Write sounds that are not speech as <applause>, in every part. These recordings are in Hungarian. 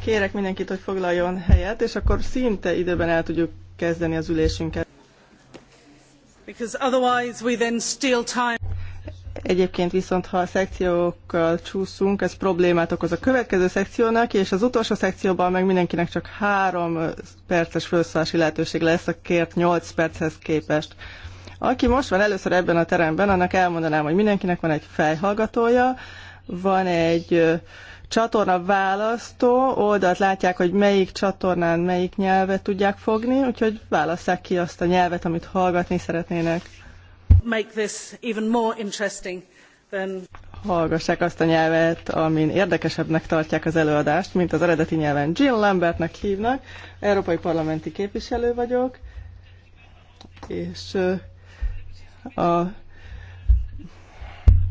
Kérek mindenkit, hogy foglaljon helyet, és akkor szinte időben el tudjuk kezdeni az ülésünket. Because otherwise we then steal time. Egyébként viszont, ha a szekciókkal csúszunk, ez problémát okoz a következő szekciónak, és az utolsó szekcióban meg mindenkinek csak három perces felszólási lehetőség lesz a kért 8 perchez képest. Aki most van először ebben a teremben, annak elmondanám, hogy mindenkinek van egy fejhallgatója, van egy csatorna választó oldalt látják, hogy melyik csatornán melyik nyelvet tudják fogni, úgyhogy válasszák ki azt a nyelvet, amit hallgatni szeretnének. Make this even more interesting than... Hallgassák azt a nyelvet, amin érdekesebbnek tartják az előadást, mint az eredeti nyelven. Jill Lambertnek hívnak, európai parlamenti képviselő vagyok, és a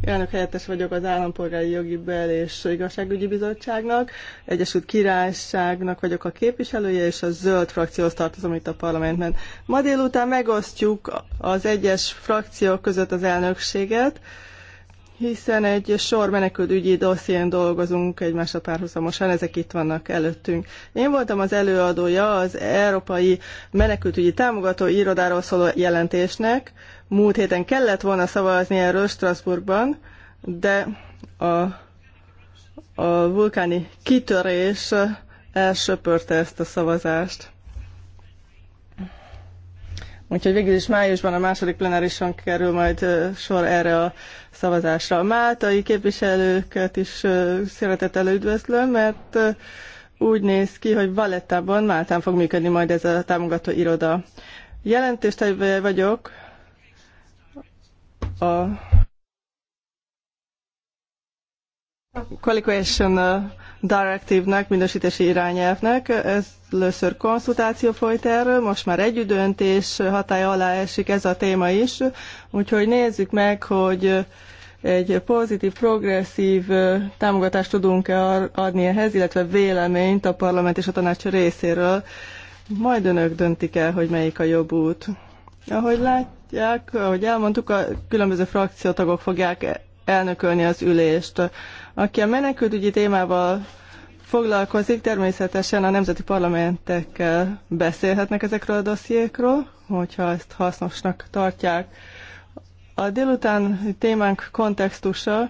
elnök helyettes vagyok az Állampolgári Jogi Bel és Igazságügyi Bizottságnak, Egyesült Királyságnak vagyok a képviselője, és a zöld frakcióhoz tartozom itt a parlamentben. Ma délután megosztjuk az egyes frakciók között az elnökséget, hiszen egy sor ügyi dosszién dolgozunk egymásra párhuzamosan, ezek itt vannak előttünk. Én voltam az előadója az Európai Menekültügyi Támogató Irodáról szóló jelentésnek, Múlt héten kellett volna szavazni erről Strasbourgban, de a, a vulkáni kitörés eh, elsöpörte ezt a szavazást. Úgyhogy végül is májusban a második plenárison kerül majd eh, sor erre a szavazásra. A máltai képviselőket is eh, szeretettel üdvözlöm, mert úgy néz ki, hogy Valettában Máltán fog működni majd ez a támogató iroda. Jelentéstevője vagyok a Collocation uh, Directive-nek, minősítési irányelvnek. Ez először konszultáció folyt erről, most már döntés hatája alá esik ez a téma is, úgyhogy nézzük meg, hogy egy pozitív, progresszív uh, támogatást tudunk-e adni ehhez, illetve véleményt a parlament és a tanács részéről. Majd önök döntik el, hogy melyik a jobb út. Ahogy látjuk, látják, ahogy elmondtuk, a különböző frakciótagok fogják elnökölni az ülést. Aki a menekültügyi témával foglalkozik, természetesen a nemzeti parlamentekkel beszélhetnek ezekről a dossziékról, hogyha ezt hasznosnak tartják. A délután témánk kontextusa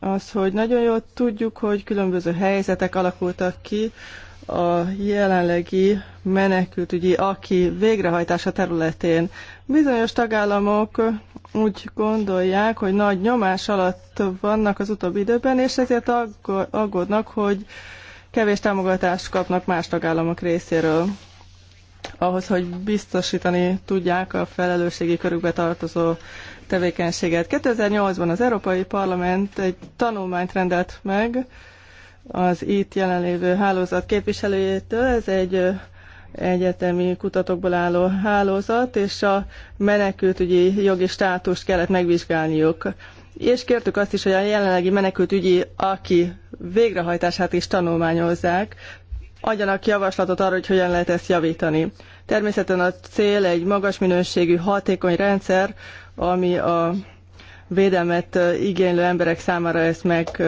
az, hogy nagyon jól tudjuk, hogy különböző helyzetek alakultak ki a jelenlegi menekültügyi aki végrehajtása területén. Bizonyos tagállamok úgy gondolják, hogy nagy nyomás alatt vannak az utóbbi időben, és ezért aggódnak, hogy kevés támogatást kapnak más tagállamok részéről ahhoz, hogy biztosítani tudják a felelősségi körükbe tartozó tevékenységet. 2008-ban az Európai Parlament egy tanulmányt rendelt meg, az itt jelenlévő hálózat képviselőjétől. Ez egy egyetemi kutatókból álló hálózat, és a menekültügyi jogi státust kellett megvizsgálniuk. És kértük azt is, hogy a jelenlegi menekültügyi, aki végrehajtását is tanulmányozzák, adjanak javaslatot arra, hogy hogyan lehet ezt javítani. Természetesen a cél egy magas minőségű, hatékony rendszer, ami a védelmet igénylő emberek számára ezt meg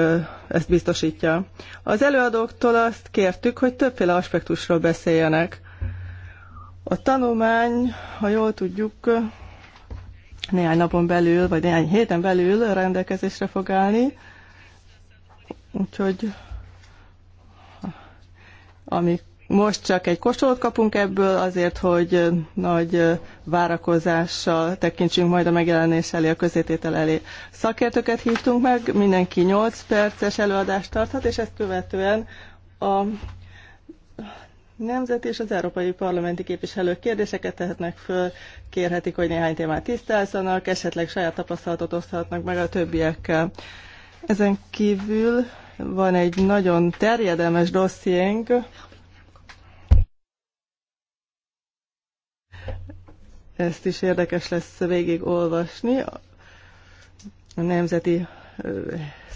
ezt biztosítja. Az előadóktól azt kértük, hogy többféle aspektusról beszéljenek. A tanulmány, ha jól tudjuk, néhány napon belül, vagy néhány héten belül rendelkezésre fog állni. Úgyhogy amik most csak egy kóstolót kapunk ebből azért, hogy nagy várakozással tekintsünk majd a megjelenés elé, a közététel elé. Szakértőket hívtunk meg, mindenki 8 perces előadást tarthat, és ezt követően a nemzeti és az európai parlamenti képviselők kérdéseket tehetnek föl, kérhetik, hogy néhány témát tisztázzanak, esetleg saját tapasztalatot oszthatnak meg a többiekkel. Ezen kívül van egy nagyon terjedelmes dossziénk, Ezt is érdekes lesz végigolvasni. A nemzeti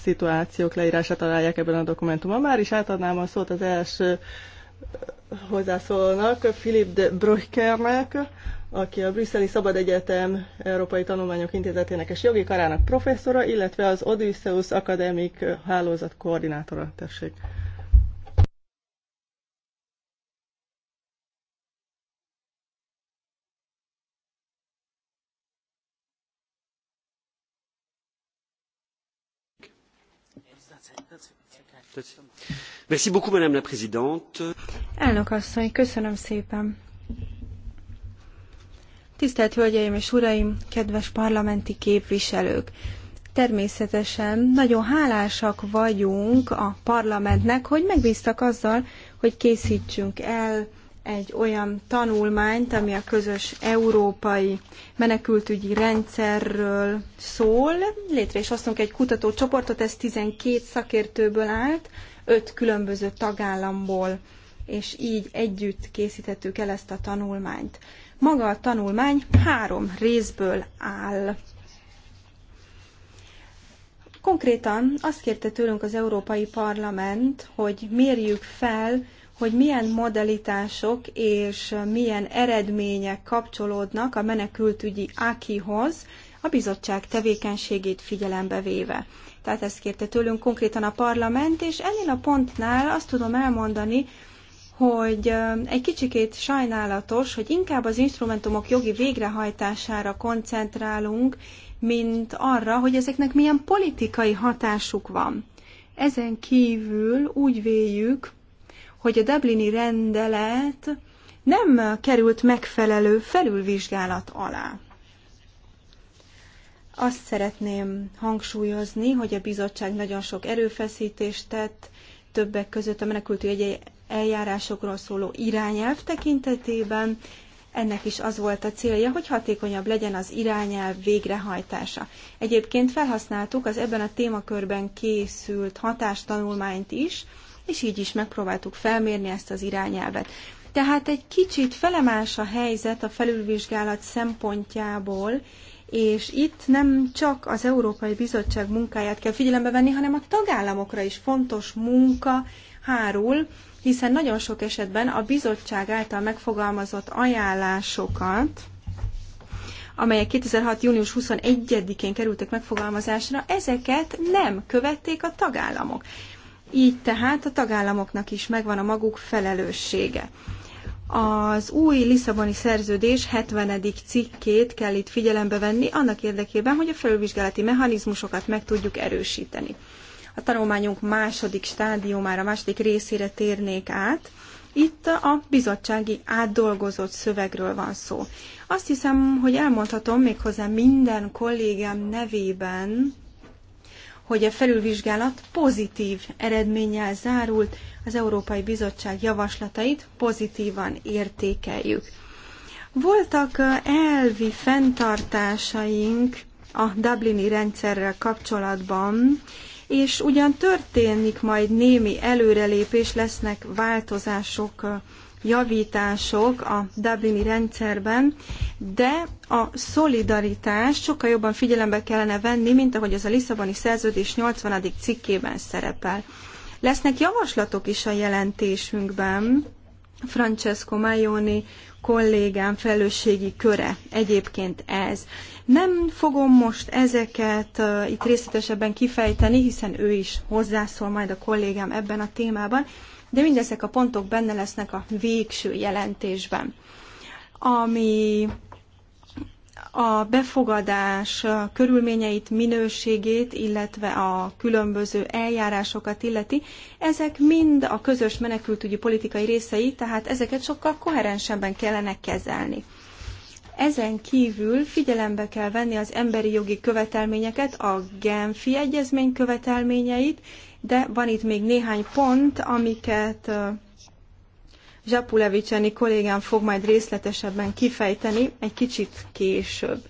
szituációk leírását találják ebben a dokumentumban. Már is átadnám a szót az első hozzászólónak, Philip de Brückernek, aki a Brüsszeli Szabad Egyetem Európai Tanulmányok Intézetének és jogi karának professzora, illetve az Odysseus Akadémik hálózat koordinátora. Tessék. Madame la Présidente. Elnök asszony, köszönöm szépen. Tisztelt Hölgyeim és Uraim, kedves parlamenti képviselők! Természetesen nagyon hálásak vagyunk a parlamentnek, hogy megbíztak azzal, hogy késztsünk el egy olyan tanulmányt, ami a közös európai menekültügyi rendszerről szól. Létre is hoztunk egy kutatócsoportot, ez 12 szakértőből állt, 5 különböző tagállamból, és így együtt készítettük el ezt a tanulmányt. Maga a tanulmány három részből áll. Konkrétan azt kérte tőlünk az Európai Parlament, hogy mérjük fel, hogy milyen modalitások és milyen eredmények kapcsolódnak a menekültügyi ákihoz, a bizottság tevékenységét figyelembe véve. Tehát ezt kérte tőlünk konkrétan a parlament, és ennél a pontnál azt tudom elmondani, hogy egy kicsikét sajnálatos, hogy inkább az instrumentumok jogi végrehajtására koncentrálunk, mint arra, hogy ezeknek milyen politikai hatásuk van. Ezen kívül úgy véljük, hogy a Dublini rendelet nem került megfelelő felülvizsgálat alá. Azt szeretném hangsúlyozni, hogy a bizottság nagyon sok erőfeszítést tett, többek között a menekültügyi eljárásokról szóló irányelv tekintetében. Ennek is az volt a célja, hogy hatékonyabb legyen az irányelv végrehajtása. Egyébként felhasználtuk az ebben a témakörben készült hatástanulmányt is, és így is megpróbáltuk felmérni ezt az irányelvet. Tehát egy kicsit felemás a helyzet a felülvizsgálat szempontjából, és itt nem csak az Európai Bizottság munkáját kell figyelembe venni, hanem a tagállamokra is fontos munka hárul, hiszen nagyon sok esetben a bizottság által megfogalmazott ajánlásokat, amelyek 2006. június 21-én kerültek megfogalmazásra, ezeket nem követték a tagállamok. Így tehát a tagállamoknak is megvan a maguk felelőssége. Az új Lisszaboni szerződés 70. cikkét kell itt figyelembe venni, annak érdekében, hogy a felülvizsgálati mechanizmusokat meg tudjuk erősíteni. A tanulmányunk második stádiumára, második részére térnék át. Itt a bizottsági átdolgozott szövegről van szó. Azt hiszem, hogy elmondhatom méghozzá minden kollégám nevében, hogy a felülvizsgálat pozitív eredménnyel zárult, az Európai Bizottság javaslatait pozitívan értékeljük. Voltak elvi fenntartásaink a Dublini rendszerrel kapcsolatban, és ugyan történik majd némi előrelépés, lesznek változások javítások a Dublini rendszerben, de a szolidaritást sokkal jobban figyelembe kellene venni, mint ahogy az a Lisszaboni szerződés 80. cikkében szerepel. Lesznek javaslatok is a jelentésünkben, Francesco Maioni kollégám felelősségi köre egyébként ez. Nem fogom most ezeket uh, itt részletesebben kifejteni, hiszen ő is hozzászól majd a kollégám ebben a témában, de mindezek a pontok benne lesznek a végső jelentésben. Ami a befogadás körülményeit, minőségét, illetve a különböző eljárásokat illeti, ezek mind a közös menekültügyi politikai részei, tehát ezeket sokkal koherensebben kellene kezelni. Ezen kívül figyelembe kell venni az emberi jogi követelményeket, a Genfi egyezmény követelményeit, de van itt még néhány pont, amiket Zsapulevicseni kollégám fog majd részletesebben kifejteni egy kicsit később.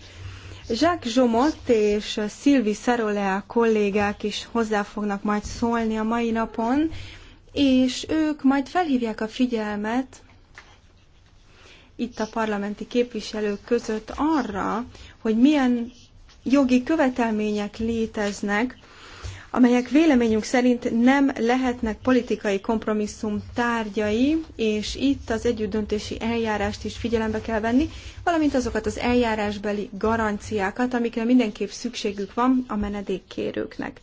Jacques Zsomot és Szilvi Szerolea kollégák is hozzá fognak majd szólni a mai napon, és ők majd felhívják a figyelmet itt a parlamenti képviselők között arra, hogy milyen jogi követelmények léteznek amelyek véleményünk szerint nem lehetnek politikai kompromisszum tárgyai, és itt az együttdöntési eljárást is figyelembe kell venni, valamint azokat az eljárásbeli garanciákat, amikre mindenképp szükségük van a menedékkérőknek.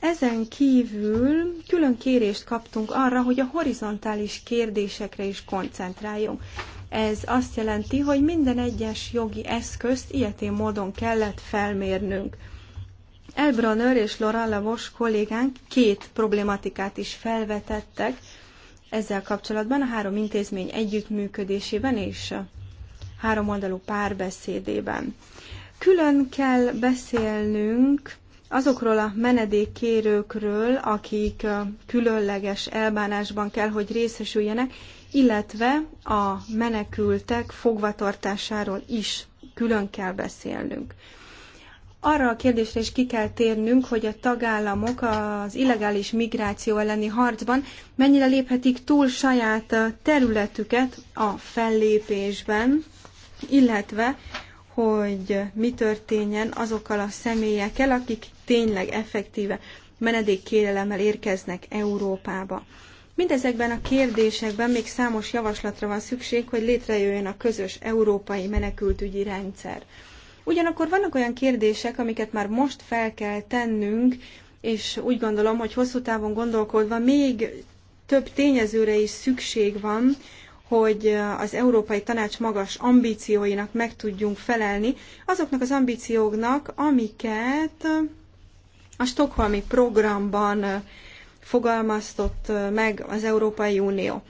Ezen kívül külön kérést kaptunk arra, hogy a horizontális kérdésekre is koncentráljunk. Ez azt jelenti, hogy minden egyes jogi eszközt ilyetén módon kellett felmérnünk. Elbronner és Laura Lavos kollégánk két problématikát is felvetettek ezzel kapcsolatban a három intézmény együttműködésében és három oldalú párbeszédében. Külön kell beszélnünk azokról a menedékkérőkről, akik különleges elbánásban kell, hogy részesüljenek, illetve a menekültek fogvatartásáról is külön kell beszélnünk. Arra a kérdésre is ki kell térnünk, hogy a tagállamok az illegális migráció elleni harcban mennyire léphetik túl saját területüket a fellépésben, illetve hogy mi történjen azokkal a személyekkel, akik tényleg effektíve menedékkérelemmel érkeznek Európába. Mindezekben a kérdésekben még számos javaslatra van szükség, hogy létrejöjjön a közös európai menekültügyi rendszer. Ugyanakkor vannak olyan kérdések, amiket már most fel kell tennünk, és úgy gondolom, hogy hosszú távon gondolkodva még több tényezőre is szükség van, hogy az Európai Tanács magas ambícióinak meg tudjunk felelni, azoknak az ambícióknak, amiket a Stockholmi programban fogalmaztott meg az Európai Unió.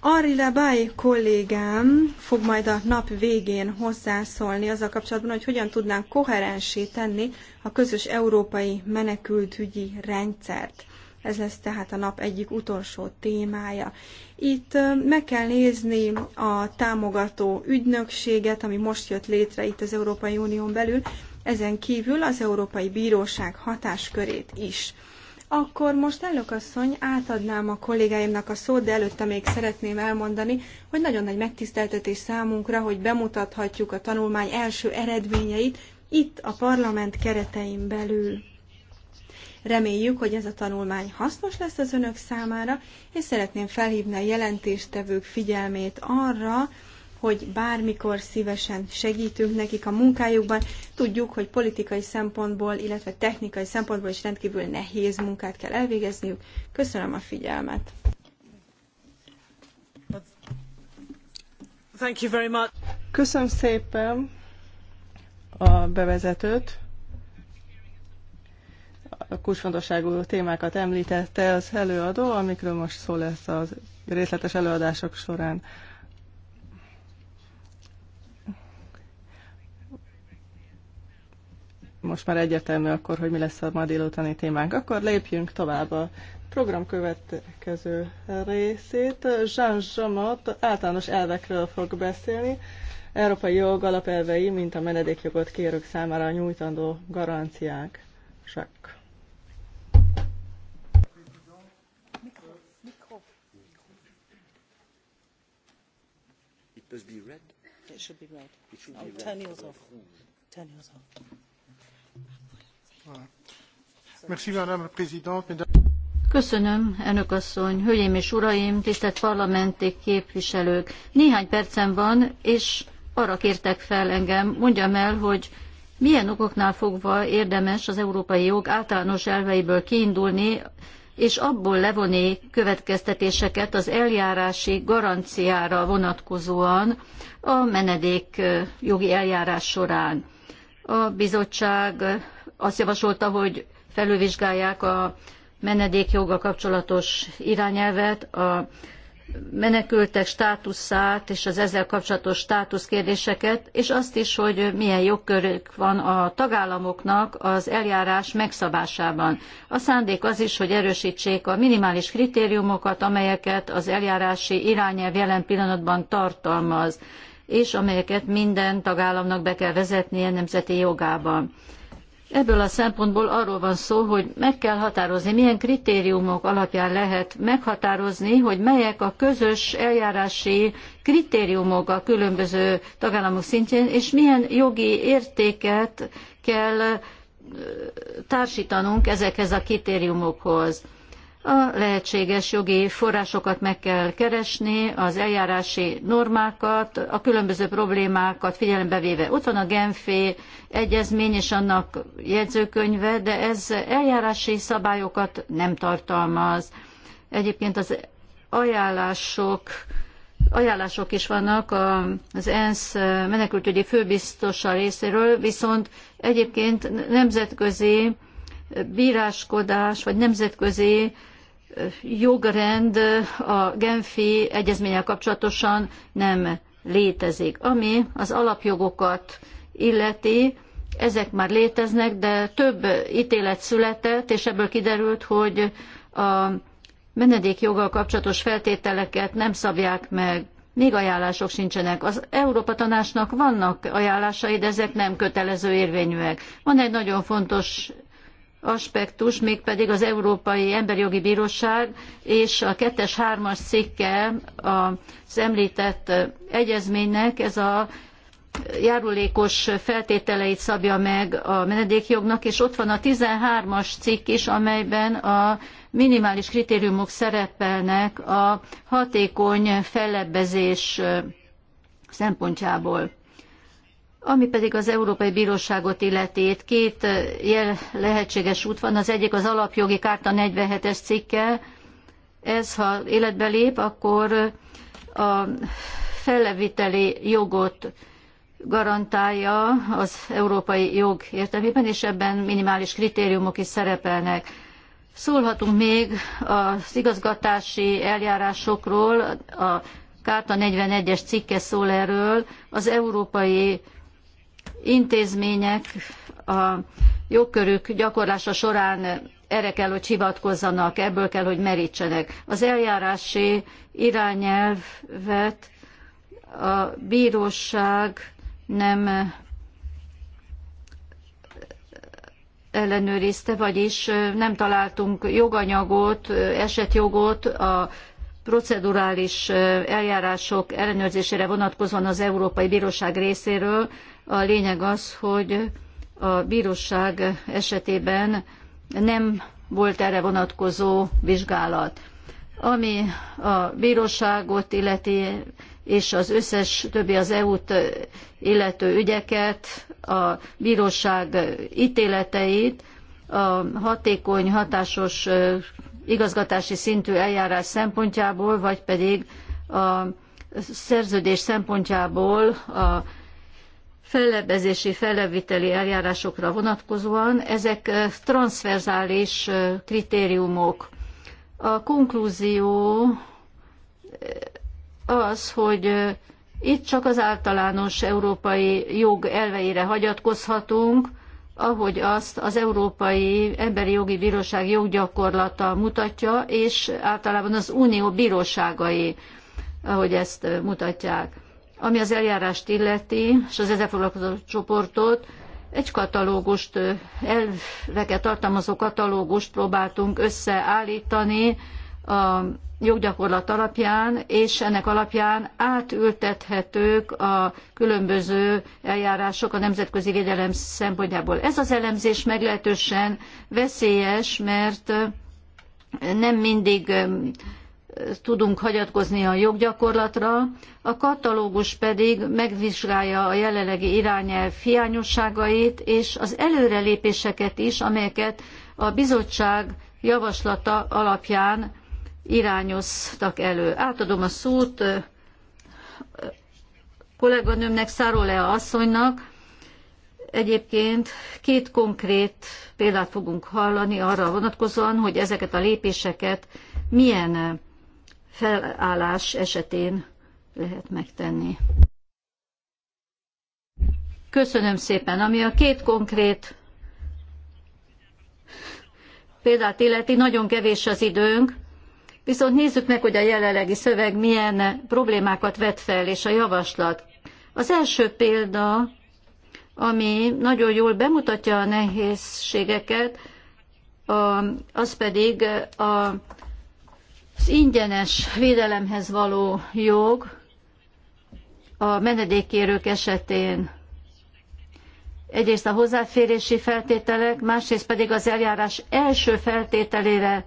Ari Labai kollégám fog majd a nap végén hozzászólni azzal kapcsolatban, hogy hogyan tudnánk koherensé tenni a közös európai menekültügyi rendszert. Ez lesz tehát a nap egyik utolsó témája. Itt meg kell nézni a támogató ügynökséget, ami most jött létre itt az Európai Unión belül, ezen kívül az Európai Bíróság hatáskörét is. Akkor most elnök asszony, átadnám a kollégáimnak a szót, de előtte még szeretném elmondani, hogy nagyon nagy megtiszteltetés számunkra, hogy bemutathatjuk a tanulmány első eredményeit itt a parlament keretein belül. Reméljük, hogy ez a tanulmány hasznos lesz az önök számára, és szeretném felhívni a jelentéstevők figyelmét arra, hogy bármikor szívesen segítünk nekik a munkájukban. Tudjuk, hogy politikai szempontból, illetve technikai szempontból is rendkívül nehéz munkát kell elvégezniük. Köszönöm a figyelmet! Thank you very much. Köszönöm szépen a bevezetőt. A kulcsfontosságú témákat említette az előadó, amikről most szó lesz a részletes előadások során. most már egyértelmű akkor, hogy mi lesz a ma délutáni témánk. Akkor lépjünk tovább a program következő részét. Jean Jamat általános elvekről fog beszélni. Európai jog alapelvei, mint a menedékjogot kérők számára nyújtandó garanciák. Sok. It must be red. It should be red. It should be oh, red. Turn yours off. Turn yours off. Köszönöm, elnök asszony, hölgyeim és uraim, tisztelt parlamenti képviselők. Néhány percem van, és arra kértek fel engem, mondjam el, hogy milyen okoknál fogva érdemes az európai jog általános elveiből kiindulni, és abból levonni következtetéseket az eljárási garanciára vonatkozóan a menedék jogi eljárás során. A bizottság azt javasolta, hogy felülvizsgálják a menedékjoga kapcsolatos irányelvet, a menekültek státuszát és az ezzel kapcsolatos státuszkérdéseket, és azt is, hogy milyen jogkörük van a tagállamoknak az eljárás megszabásában. A szándék az is, hogy erősítsék a minimális kritériumokat, amelyeket az eljárási irányelv jelen pillanatban tartalmaz, és amelyeket minden tagállamnak be kell vezetnie nemzeti jogába. Ebből a szempontból arról van szó, hogy meg kell határozni, milyen kritériumok alapján lehet meghatározni, hogy melyek a közös eljárási kritériumok a különböző tagállamok szintjén, és milyen jogi értéket kell társítanunk ezekhez a kritériumokhoz. A lehetséges jogi forrásokat meg kell keresni, az eljárási normákat, a különböző problémákat figyelembe véve. Ott van a Genfi egyezmény és annak jegyzőkönyve, de ez eljárási szabályokat nem tartalmaz. Egyébként az ajánlások ajánlások is vannak az ENSZ menekültügyi főbiztosa részéről, viszont egyébként nemzetközi bíráskodás vagy nemzetközi jogrend a Genfi egyezménnyel kapcsolatosan nem létezik. Ami az alapjogokat illeti, ezek már léteznek, de több ítélet született, és ebből kiderült, hogy a menedékjoggal kapcsolatos feltételeket nem szabják meg. Még ajánlások sincsenek. Az Európa Tanácsnak vannak ajánlásai, de ezek nem kötelező érvényűek. Van egy nagyon fontos aspektus, mégpedig az Európai emberi jogi Bíróság és a 2-es 3-as cikke az említett egyezménynek, ez a járulékos feltételeit szabja meg a menedékjognak, és ott van a 13-as cikk is, amelyben a minimális kritériumok szerepelnek a hatékony fellebbezés szempontjából. Ami pedig az Európai Bíróságot illeti, itt két jel lehetséges út van. Az egyik az alapjogi kárta 47-es cikke. Ez, ha életbe lép, akkor a felleviteli jogot garantálja az európai jog értelmében, és ebben minimális kritériumok is szerepelnek. Szólhatunk még az igazgatási eljárásokról, a Kárta 41-es cikke szól erről, az európai intézmények a jogkörük gyakorlása során erre kell, hogy hivatkozzanak, ebből kell, hogy merítsenek. Az eljárási irányelvet a bíróság nem ellenőrizte, vagyis nem találtunk joganyagot, esetjogot a procedurális eljárások ellenőrzésére vonatkozóan az Európai Bíróság részéről, a lényeg az, hogy a bíróság esetében nem volt erre vonatkozó vizsgálat. Ami a bíróságot illeti, és az összes többi az EU-t illető ügyeket, a bíróság ítéleteit, a hatékony, hatásos igazgatási szintű eljárás szempontjából, vagy pedig a szerződés szempontjából a fellebbezési, felleviteli eljárásokra vonatkozóan, ezek transzverzális kritériumok. A konklúzió az, hogy itt csak az általános európai jog elveire hagyatkozhatunk, ahogy azt az Európai Emberi Jogi Bíróság joggyakorlata mutatja, és általában az Unió bíróságai, ahogy ezt mutatják. Ami az eljárást illeti, és az ezzel foglalkozó csoportot, egy katalógust, elveket tartalmazó katalógust próbáltunk összeállítani a joggyakorlat alapján, és ennek alapján átültethetők a különböző eljárások a nemzetközi védelem szempontjából. Ez az elemzés meglehetősen veszélyes, mert nem mindig tudunk hagyatkozni a joggyakorlatra, a katalógus pedig megvizsgálja a jelenlegi irányelv hiányosságait és az előrelépéseket is, amelyeket a bizottság javaslata alapján irányoztak elő. Átadom a szót kolléganőmnek, Szárolea asszonynak. Egyébként két konkrét példát fogunk hallani arra vonatkozóan, hogy ezeket a lépéseket milyen felállás esetén lehet megtenni. Köszönöm szépen. Ami a két konkrét példát illeti, nagyon kevés az időnk, viszont nézzük meg, hogy a jelenlegi szöveg milyen problémákat vet fel, és a javaslat. Az első példa, ami nagyon jól bemutatja a nehézségeket, az pedig a az ingyenes védelemhez való jog a menedékkérők esetén egyrészt a hozzáférési feltételek, másrészt pedig az eljárás első feltételére,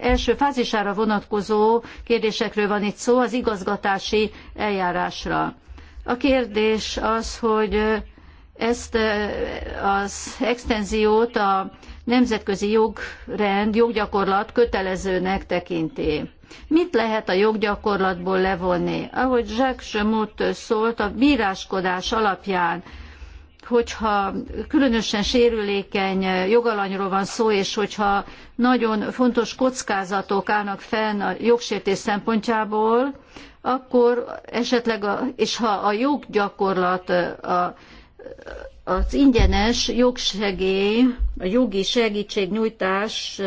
első fázisára vonatkozó kérdésekről van itt szó, az igazgatási eljárásra. A kérdés az, hogy ezt az extenziót a nemzetközi jogrend, joggyakorlat kötelezőnek tekinti. Mit lehet a joggyakorlatból levonni? Ahogy Jacques Semut szólt, a bíráskodás alapján hogyha különösen sérülékeny jogalanyról van szó, és hogyha nagyon fontos kockázatok állnak fenn a jogsértés szempontjából, akkor esetleg, a, és ha a joggyakorlat a az ingyenes jogsegély, a jogi segítségnyújtás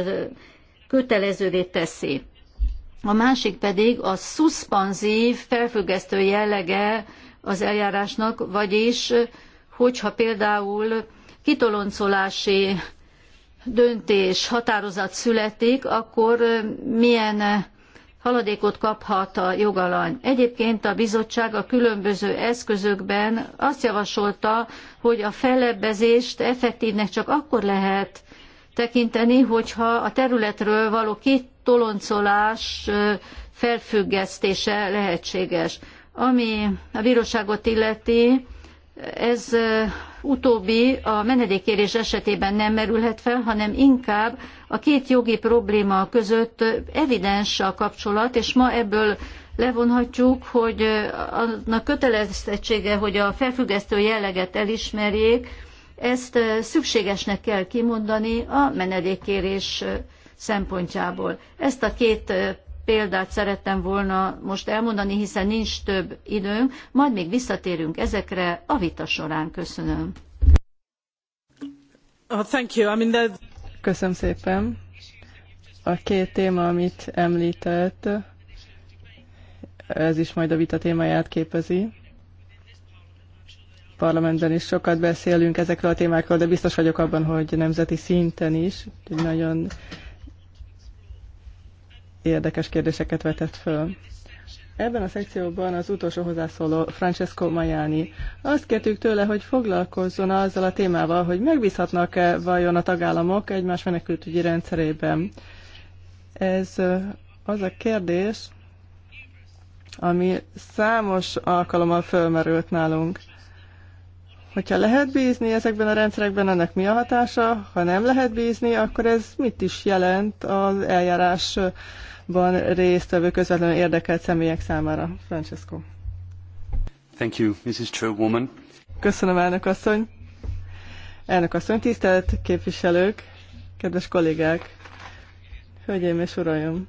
kötelezővé teszi. A másik pedig a szuszpanzív, felfüggesztő jellege az eljárásnak, vagyis hogyha például kitoloncolási döntés, határozat születik, akkor milyen haladékot kaphat a jogalany. Egyébként a bizottság a különböző eszközökben azt javasolta, hogy a fellebbezést effektívnek csak akkor lehet tekinteni, hogyha a területről való kitoloncolás felfüggesztése lehetséges. Ami a bíróságot illeti, ez Utóbbi a menedékkérés esetében nem merülhet fel, hanem inkább a két jogi probléma között evidens a kapcsolat, és ma ebből levonhatjuk, hogy annak kötelezettsége, hogy a felfüggesztő jelleget elismerjék, ezt szükségesnek kell kimondani a menedékkérés szempontjából. Ezt a két példát szerettem volna most elmondani, hiszen nincs több időnk, majd még visszatérünk ezekre a vita során. Köszönöm. Oh, Köszönöm szépen. A két téma, amit említett, ez is majd a vita témáját képezi. Parlamentben is sokat beszélünk ezekről a témákról, de biztos vagyok abban, hogy nemzeti szinten is, nagyon érdekes kérdéseket vetett föl. Ebben a szekcióban az utolsó hozzászóló Francesco Majani. Azt kértük tőle, hogy foglalkozzon azzal a témával, hogy megbízhatnak-e vajon a tagállamok egymás menekültügyi rendszerében. Ez az a kérdés, ami számos alkalommal fölmerült nálunk. Hogyha lehet bízni ezekben a rendszerekben, ennek mi a hatása? Ha nem lehet bízni, akkor ez mit is jelent az eljárás van résztvevő közvetlenül érdekelt személyek számára. Francesco. Thank you, Mrs. Chairwoman. Köszönöm, elnök asszony. Elnök asszony, tisztelt képviselők, kedves kollégák, hölgyeim és uraim!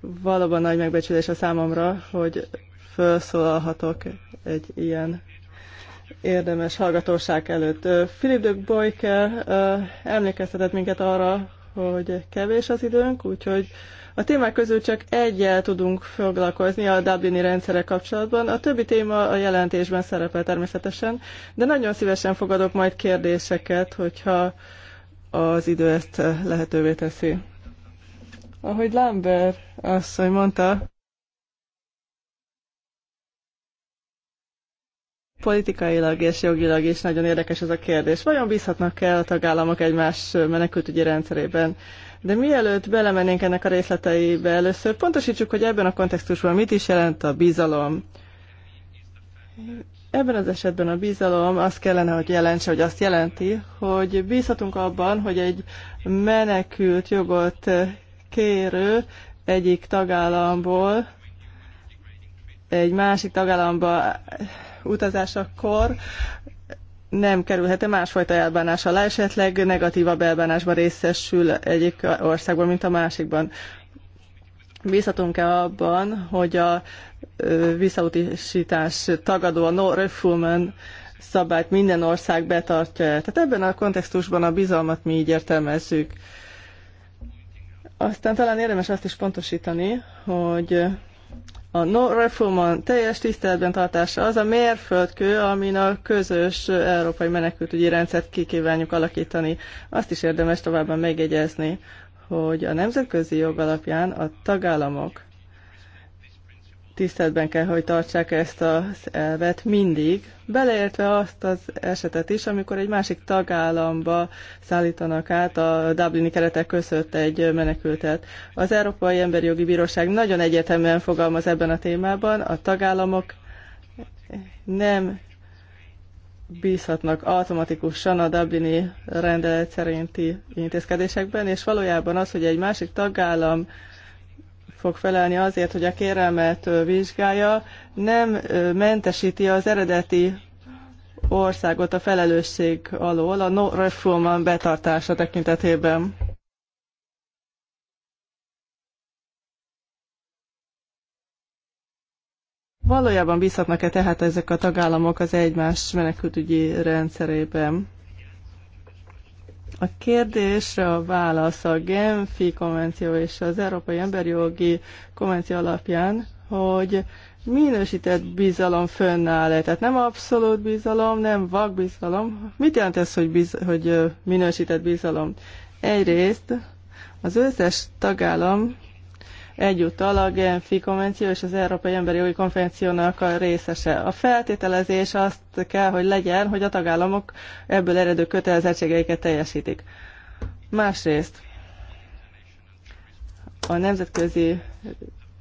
Valóban nagy megbecsülés a számomra, hogy felszólalhatok egy ilyen érdemes hallgatóság előtt. Philip de Boyker emlékeztetett minket arra, hogy kevés az időnk, úgyhogy a témák közül csak egyel tudunk foglalkozni a Dublini rendszerek kapcsolatban. A többi téma a jelentésben szerepel természetesen, de nagyon szívesen fogadok majd kérdéseket, hogyha az idő ezt lehetővé teszi. Ahogy Lambert asszony mondta, politikailag és jogilag is nagyon érdekes ez a kérdés. Vajon bízhatnak-e a tagállamok egymás menekültügyi rendszerében? De mielőtt belemennénk ennek a részleteibe, először pontosítsuk, hogy ebben a kontextusban mit is jelent a bizalom. Ebben az esetben a bizalom azt kellene, hogy jelentse, hogy azt jelenti, hogy bízhatunk abban, hogy egy menekült jogot kérő egyik tagállamból egy másik tagállamba utazásakor nem kerülhet-e másfajta elbánás alá, esetleg negatívabb elbánásban részesül egyik országban, mint a másikban. Bízhatunk-e abban, hogy a visszautisítás tagadó, a no refoulement szabályt minden ország betartja -e? Tehát ebben a kontextusban a bizalmat mi így értelmezzük. Aztán talán érdemes azt is pontosítani, hogy a no reformon teljes tiszteletben tartása az a mérföldkő, amin a közös európai menekültügyi rendszert kikívánjuk alakítani. Azt is érdemes továbbá megjegyezni, hogy a nemzetközi jog alapján a tagállamok tiszteletben kell, hogy tartsák ezt az elvet mindig, beleértve azt az esetet is, amikor egy másik tagállamba szállítanak át a Dublini keretek között egy menekültet. Az Európai Emberi Jogi Bíróság nagyon egyetemben fogalmaz ebben a témában, a tagállamok nem bízhatnak automatikusan a Dublini rendelet szerinti intézkedésekben, és valójában az, hogy egy másik tagállam fog felelni azért, hogy a kérelmet vizsgálja, nem mentesíti az eredeti országot a felelősség alól a no reform betartása tekintetében. Valójában bízhatnak-e tehát ezek a tagállamok az egymás menekültügyi rendszerében? A kérdésre a válasz a Genfi konvenció és az Európai Emberi Jogi konvenció alapján, hogy minősített bizalom fönnáll-e? Tehát nem abszolút bizalom, nem vak bizalom. Mit jelent ez, hogy, biz, hogy minősített bizalom? Egyrészt az összes tagállam egyúttal a Genfi konvenció és az Európai Emberi Jogi Konvenciónak a részese. A feltételezés azt kell, hogy legyen, hogy a tagállamok ebből eredő kötelezettségeiket teljesítik. Másrészt a nemzetközi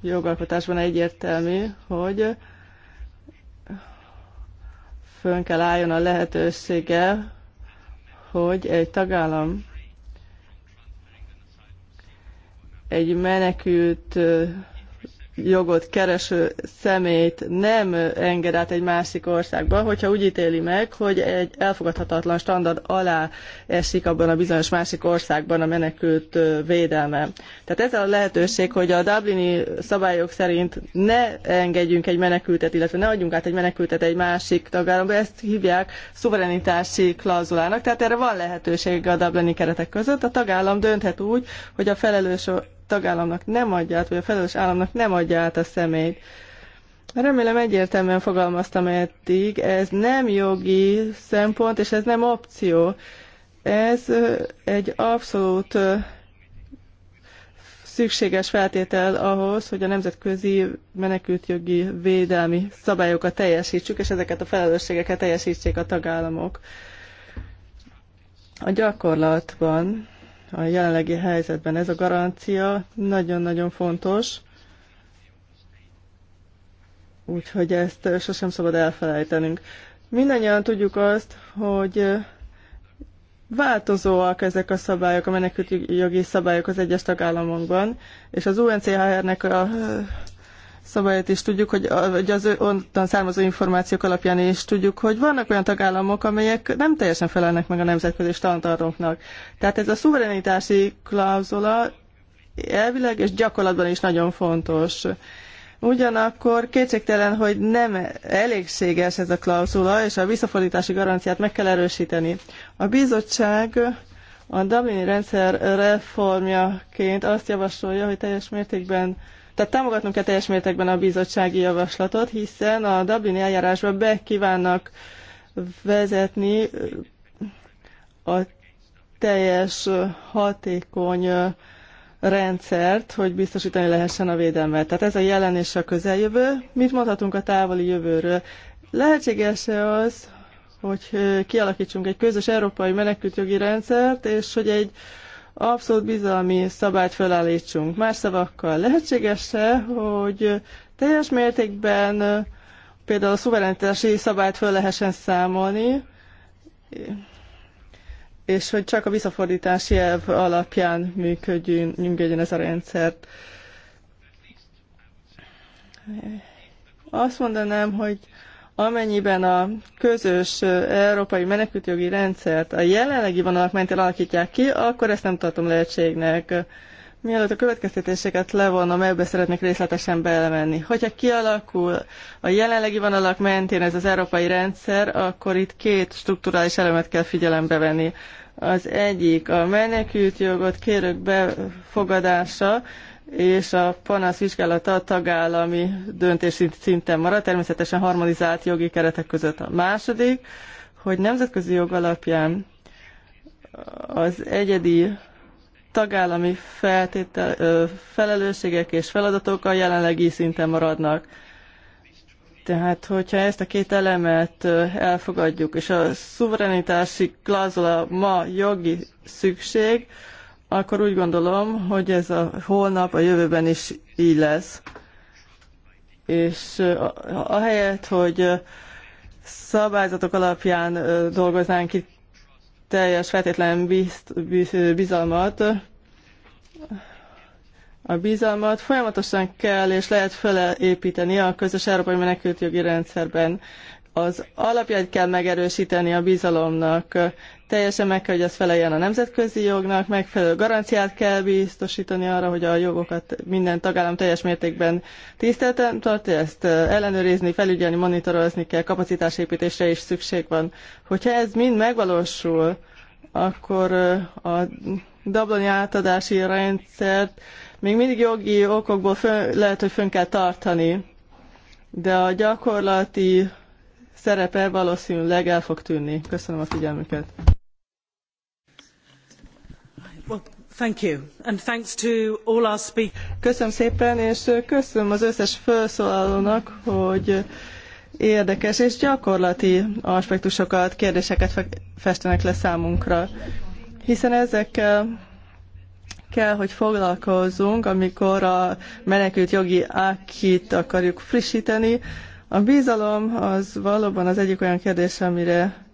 jogalkotásban egyértelmű, hogy fönn kell álljon a lehetősége, hogy egy tagállam egy menekült jogot kereső személyt nem enged át egy másik országba, hogyha úgy ítéli meg, hogy egy elfogadhatatlan standard alá esik abban a bizonyos másik országban a menekült védelme. Tehát ez a lehetőség, hogy a Dublini szabályok szerint ne engedjünk egy menekültet, illetve ne adjunk át egy menekültet egy másik tagállamba, ezt hívják szuverenitási klauzulának, tehát erre van lehetőség a Dublini keretek között. A tagállam dönthet úgy, hogy a felelős tagállamnak nem adja át, vagy a felelős államnak nem adja át a személyt. Remélem egyértelműen fogalmaztam eddig, ez nem jogi szempont, és ez nem opció. Ez egy abszolút szükséges feltétel ahhoz, hogy a nemzetközi menekültjogi védelmi szabályokat teljesítsük, és ezeket a felelősségeket teljesítsék a tagállamok. A gyakorlatban a jelenlegi helyzetben. Ez a garancia nagyon-nagyon fontos, úgyhogy ezt sosem szabad elfelejtenünk. Mindannyian tudjuk azt, hogy változóak ezek a szabályok, a menekültjogi szabályok az egyes tagállamokban, és az UNCHR-nek a szabályt is tudjuk, hogy, hogy az onnan származó információk alapján is tudjuk, hogy vannak olyan tagállamok, amelyek nem teljesen felelnek meg a nemzetközi standardoknak. Tehát ez a szuverenitási klauzula elvileg és gyakorlatban is nagyon fontos. Ugyanakkor kétségtelen, hogy nem elégséges ez a klauzula, és a visszafordítási garanciát meg kell erősíteni. A bizottság a Dublini rendszer reformjaként azt javasolja, hogy teljes mértékben tehát támogatnunk kell teljes mértékben a bizottsági javaslatot, hiszen a Dublini eljárásba be kívánnak vezetni a teljes hatékony rendszert, hogy biztosítani lehessen a védelmet. Tehát ez a jelen és a közeljövő. Mit mondhatunk a távoli jövőről? Lehetséges-e az, hogy kialakítsunk egy közös európai menekültjogi rendszert, és hogy egy abszolút bizalmi szabályt felállítsunk. Más szavakkal lehetséges-e, hogy teljes mértékben például a szuverenitási szabályt föl lehessen számolni, és hogy csak a visszafordítási elv alapján működjön, ez a rendszert. Azt mondanám, hogy Amennyiben a közös európai menekültjogi rendszert a jelenlegi vonalak mentén alakítják ki, akkor ezt nem tartom lehetségnek. Mielőtt a következtetéseket levonom, ebbe szeretnék részletesen belemenni. Hogyha kialakul a jelenlegi vonalak mentén ez az európai rendszer, akkor itt két strukturális elemet kell figyelembe venni. Az egyik a menekült jogot kérők befogadása, és a panasz vizsgálata a tagállami döntés szinten marad, természetesen harmonizált jogi keretek között a második, hogy nemzetközi jog alapján az egyedi tagállami feltétel, felelősségek és feladatok a jelenlegi szinten maradnak. Tehát, hogyha ezt a két elemet elfogadjuk, és a szuverenitási klauzula ma jogi szükség, akkor úgy gondolom, hogy ez a holnap, a jövőben is így lesz. És ahelyett, hogy szabályzatok alapján dolgoznánk ki teljes, feltétlen bizt, bizalmat, a bizalmat folyamatosan kell és lehet felépíteni a közös európai menekültjogi rendszerben az alapjait kell megerősíteni a bizalomnak, teljesen meg kell, hogy ez feleljen a nemzetközi jognak, megfelelő garanciát kell biztosítani arra, hogy a jogokat minden tagállam teljes mértékben tisztelten tartja, ezt ellenőrizni, felügyelni, monitorozni kell, kapacitásépítésre is szükség van. Hogyha ez mind megvalósul, akkor a dabloni átadási rendszert még mindig jogi okokból fön, lehet, hogy fönn kell tartani, de a gyakorlati szerepe valószínűleg el fog tűnni. Köszönöm a figyelmüket. Köszönöm szépen, és köszönöm az összes felszólalónak, hogy érdekes és gyakorlati aspektusokat, kérdéseket festenek le számunkra. Hiszen ezekkel kell, hogy foglalkozzunk, amikor a menekült jogi ákit akarjuk frissíteni, a bizalom az valóban az egyik olyan kérdés, amire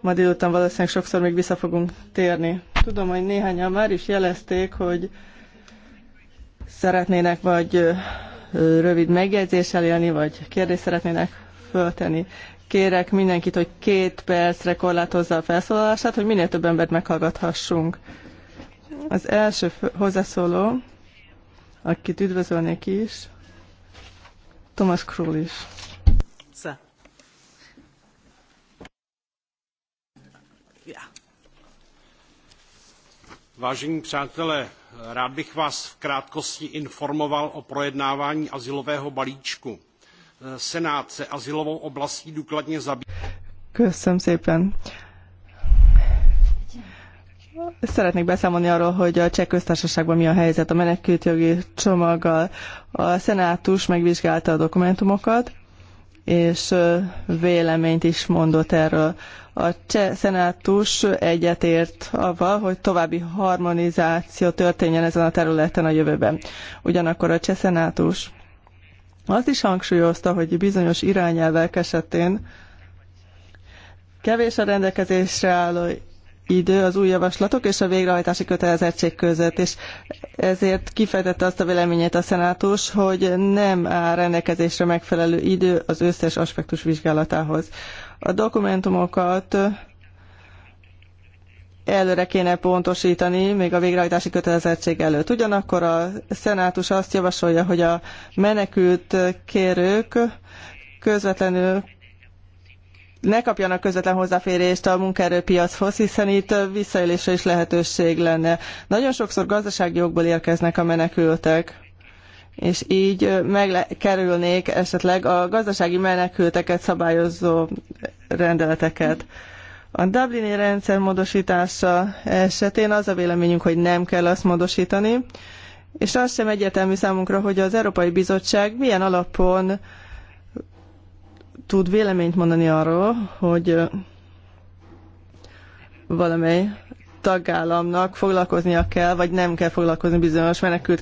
ma délután valószínűleg sokszor még vissza fogunk térni. Tudom, hogy néhányan már is jelezték, hogy szeretnének vagy rövid megjegyzéssel élni, vagy kérdést szeretnének föltenni. Kérek mindenkit, hogy két percre korlátozza a felszólalását, hogy minél több embert meghallgathassunk. Az első hozzászóló, akit üdvözölnék is, Thomas Krull is. Vážení přátelé, rád bych vás v krátkosti informoval o projednávání azylového balíčku. Senát se azylovou oblastí důkladně zabývá. Köszönöm szépen. Szeretnék beszámolni arról, hogy a cseh köztársaságban mi a helyzet a menekültjogi csomaggal. A szenátus megvizsgálta a dokumentumokat, és véleményt is mondott erről. A cseh szenátus egyetért avval, hogy további harmonizáció történjen ezen a területen a jövőben. Ugyanakkor a cseh szenátus azt is hangsúlyozta, hogy bizonyos irányelvek esetén kevés a rendelkezésre álló idő az új javaslatok és a végrehajtási kötelezettség között, és ezért kifejtette azt a véleményét a szenátus, hogy nem áll rendelkezésre megfelelő idő az összes aspektus vizsgálatához. A dokumentumokat előre kéne pontosítani, még a végrehajtási kötelezettség előtt. Ugyanakkor a szenátus azt javasolja, hogy a menekült kérők közvetlenül ne kapjanak közvetlen hozzáférést a munkaerőpiachoz, hiszen itt visszaélésre is lehetőség lenne. Nagyon sokszor gazdasági jogból érkeznek a menekültek és így megkerülnék esetleg a gazdasági menekülteket szabályozó rendeleteket. A Dublini rendszer módosítása esetén az a véleményünk, hogy nem kell azt módosítani, és az sem egyértelmű számunkra, hogy az Európai Bizottság milyen alapon tud véleményt mondani arról, hogy valamely tagállamnak foglalkoznia kell, vagy nem kell foglalkozni bizonyos menekült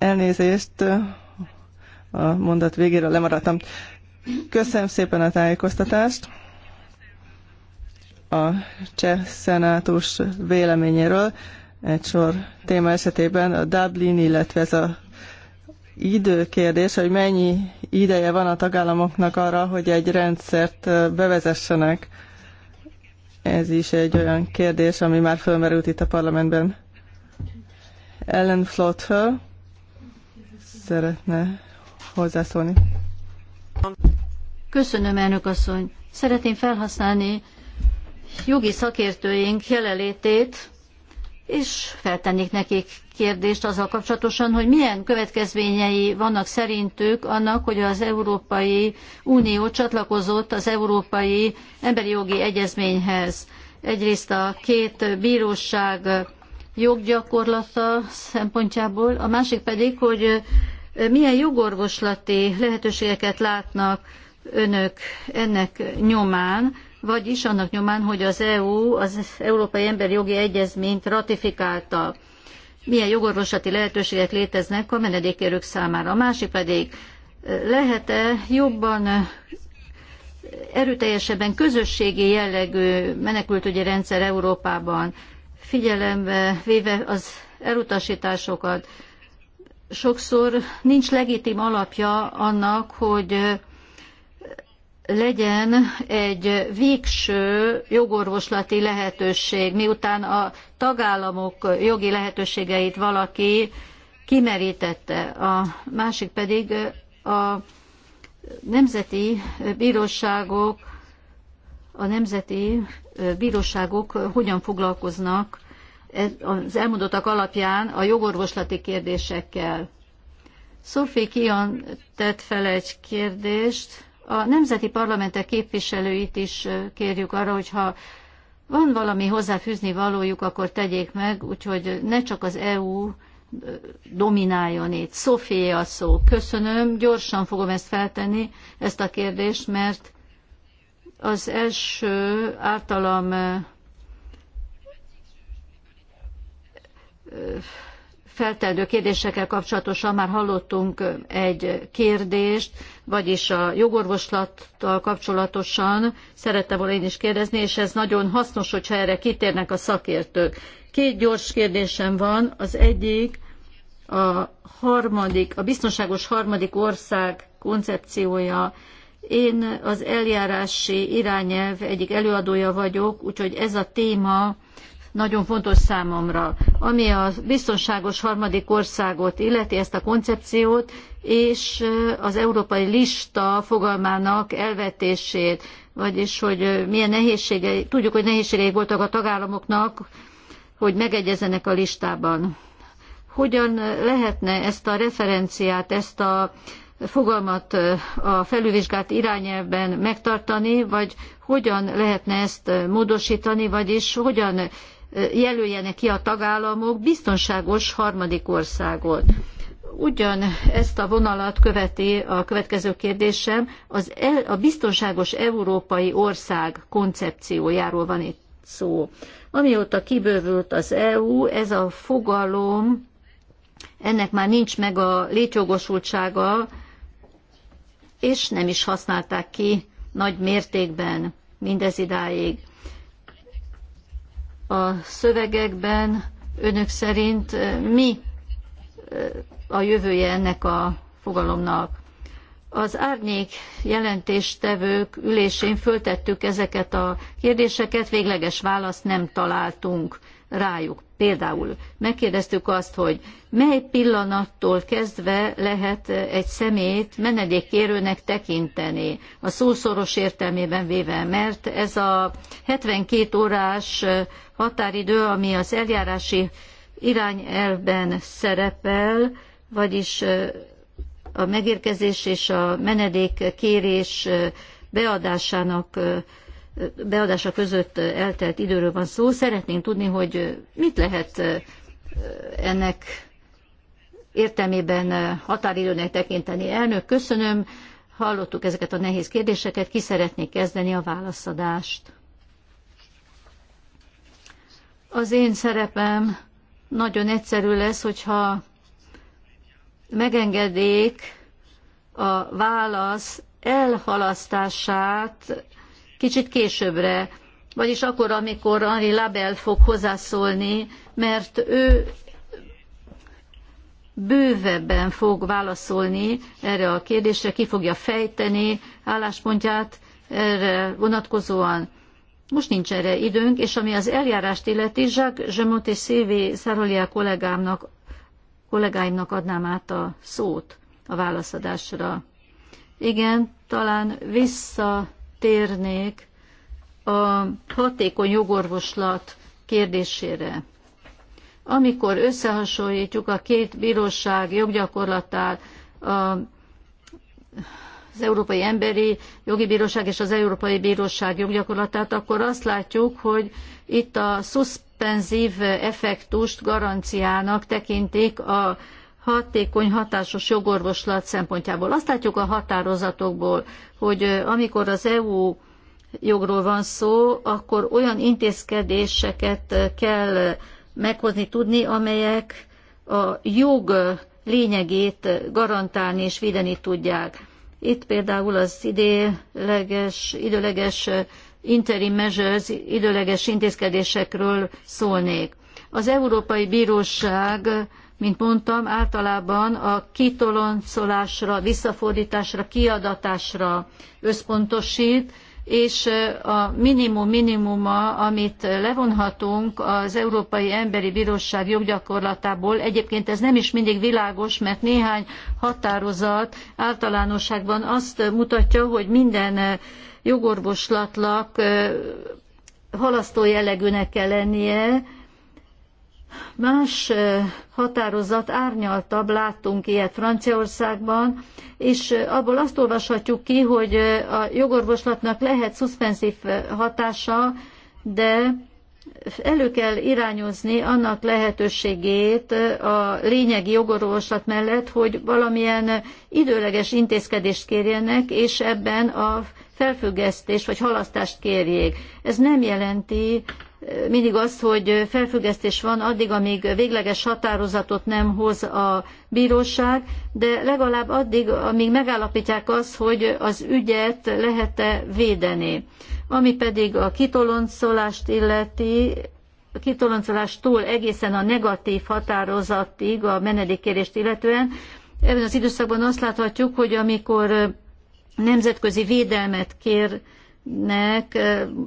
Elnézést, a mondat végére lemaradtam. Köszönöm szépen a tájékoztatást a cseh szenátus véleményéről egy sor téma esetében a Dublin, illetve ez a időkérdés, hogy mennyi ideje van a tagállamoknak arra, hogy egy rendszert bevezessenek. Ez is egy olyan kérdés, ami már fölmerült itt a parlamentben. Ellen Flothöl szeretne hozzászólni. Köszönöm, elnök asszony. Szeretném felhasználni jogi szakértőink jelenlétét, és feltennék nekik kérdést azzal kapcsolatosan, hogy milyen következményei vannak szerintük annak, hogy az Európai Unió csatlakozott az Európai Emberi Jogi Egyezményhez. Egyrészt a két bíróság joggyakorlata szempontjából, a másik pedig, hogy milyen jogorvoslati lehetőségeket látnak önök ennek nyomán, vagyis annak nyomán, hogy az EU az Európai Emberi Jogi Egyezményt ratifikálta. Milyen jogorvoslati lehetőségek léteznek a menedékérők számára. A másik pedig lehet-e jobban erőteljesebben közösségi jellegű menekültügyi rendszer Európában, figyelembe véve az elutasításokat, sokszor nincs legitim alapja annak, hogy legyen egy végső jogorvoslati lehetőség, miután a tagállamok jogi lehetőségeit valaki kimerítette. A másik pedig a nemzeti bíróságok, a nemzeti bíróságok hogyan foglalkoznak az elmondottak alapján a jogorvoslati kérdésekkel. Sophie Kion tett fel egy kérdést. A nemzeti parlamentek képviselőit is kérjük arra, hogyha van valami hozzáfűzni valójuk, akkor tegyék meg, úgyhogy ne csak az EU domináljon itt. Sophie, a szó. Köszönöm, gyorsan fogom ezt feltenni, ezt a kérdést, mert az első általam feltendő kérdésekkel kapcsolatosan már hallottunk egy kérdést, vagyis a jogorvoslattal kapcsolatosan szerettem volna én is kérdezni, és ez nagyon hasznos, hogyha erre kitérnek a szakértők. Két gyors kérdésem van, az egyik a harmadik, a biztonságos harmadik ország koncepciója. Én az eljárási irányelv egyik előadója vagyok, úgyhogy ez a téma nagyon fontos számomra, ami a biztonságos harmadik országot illeti ezt a koncepciót, és az európai lista fogalmának elvetését, vagyis hogy milyen nehézségei, tudjuk, hogy nehézségeik voltak a tagállamoknak, hogy megegyezenek a listában. Hogyan lehetne ezt a referenciát, ezt a fogalmat a felülvizsgált irányelvben megtartani, vagy hogyan lehetne ezt módosítani, vagyis hogyan jelöljenek ki a tagállamok biztonságos harmadik országot. Ugyan ezt a vonalat követi a következő kérdésem, az el, a biztonságos európai ország koncepciójáról van itt szó. Amióta kibővült az EU, ez a fogalom, ennek már nincs meg a létjogosultsága, és nem is használták ki nagy mértékben mindez idáig a szövegekben önök szerint mi a jövője ennek a fogalomnak. Az árnyék jelentéstevők ülésén föltettük ezeket a kérdéseket, végleges választ nem találtunk rájuk. Például megkérdeztük azt, hogy mely pillanattól kezdve lehet egy szemét menedékkérőnek tekinteni, a szószoros értelmében véve, mert ez a 72 órás határidő, ami az eljárási irányelvben szerepel, vagyis a megérkezés és a menedékkérés beadásának beadása között eltelt időről van szó. Szeretném tudni, hogy mit lehet ennek értelmében határidőnek tekinteni. Elnök, köszönöm. Hallottuk ezeket a nehéz kérdéseket. Ki szeretné kezdeni a válaszadást? Az én szerepem nagyon egyszerű lesz, hogyha megengedék a válasz elhalasztását kicsit későbbre, vagyis akkor, amikor Henri Label fog hozzászólni, mert ő bővebben fog válaszolni erre a kérdésre, ki fogja fejteni álláspontját erre vonatkozóan. Most nincs erre időnk, és ami az eljárást illeti, Jacques Zsemot és Szévé Szároliá kollégámnak, kollégáimnak adnám át a szót a válaszadásra. Igen, talán vissza térnék a hatékony jogorvoslat kérdésére. Amikor összehasonlítjuk a két bíróság joggyakorlatát, a az Európai Emberi Jogi Bíróság és az Európai Bíróság joggyakorlatát, akkor azt látjuk, hogy itt a szuszpenzív effektust garanciának tekintik a hatékony, hatásos jogorvoslat szempontjából. Azt látjuk a határozatokból, hogy amikor az EU jogról van szó, akkor olyan intézkedéseket kell meghozni tudni, amelyek a jog lényegét garantálni és védeni tudják. Itt például az időleges interim measures, időleges intézkedésekről szólnék. Az Európai Bíróság mint mondtam, általában a kitoloncolásra, visszafordításra, kiadatásra összpontosít, és a minimum minimuma, amit levonhatunk az Európai Emberi Bíróság joggyakorlatából, egyébként ez nem is mindig világos, mert néhány határozat általánosságban azt mutatja, hogy minden jogorvoslatnak halasztó jellegűnek kell lennie, Más határozat árnyaltabb, láttunk ilyet Franciaországban, és abból azt olvashatjuk ki, hogy a jogorvoslatnak lehet szuszpenzív hatása, de elő kell irányozni annak lehetőségét a lényegi jogorvoslat mellett, hogy valamilyen időleges intézkedést kérjenek, és ebben a felfüggesztést vagy halasztást kérjék. Ez nem jelenti mindig az, hogy felfüggesztés van addig, amíg végleges határozatot nem hoz a bíróság, de legalább addig, amíg megállapítják azt, hogy az ügyet lehet-e védeni. Ami pedig a kitoloncolást illeti, a kitoloncolástól egészen a negatív határozatig a menedékkérést illetően, ebben az időszakban azt láthatjuk, hogy amikor nemzetközi védelmet kér nek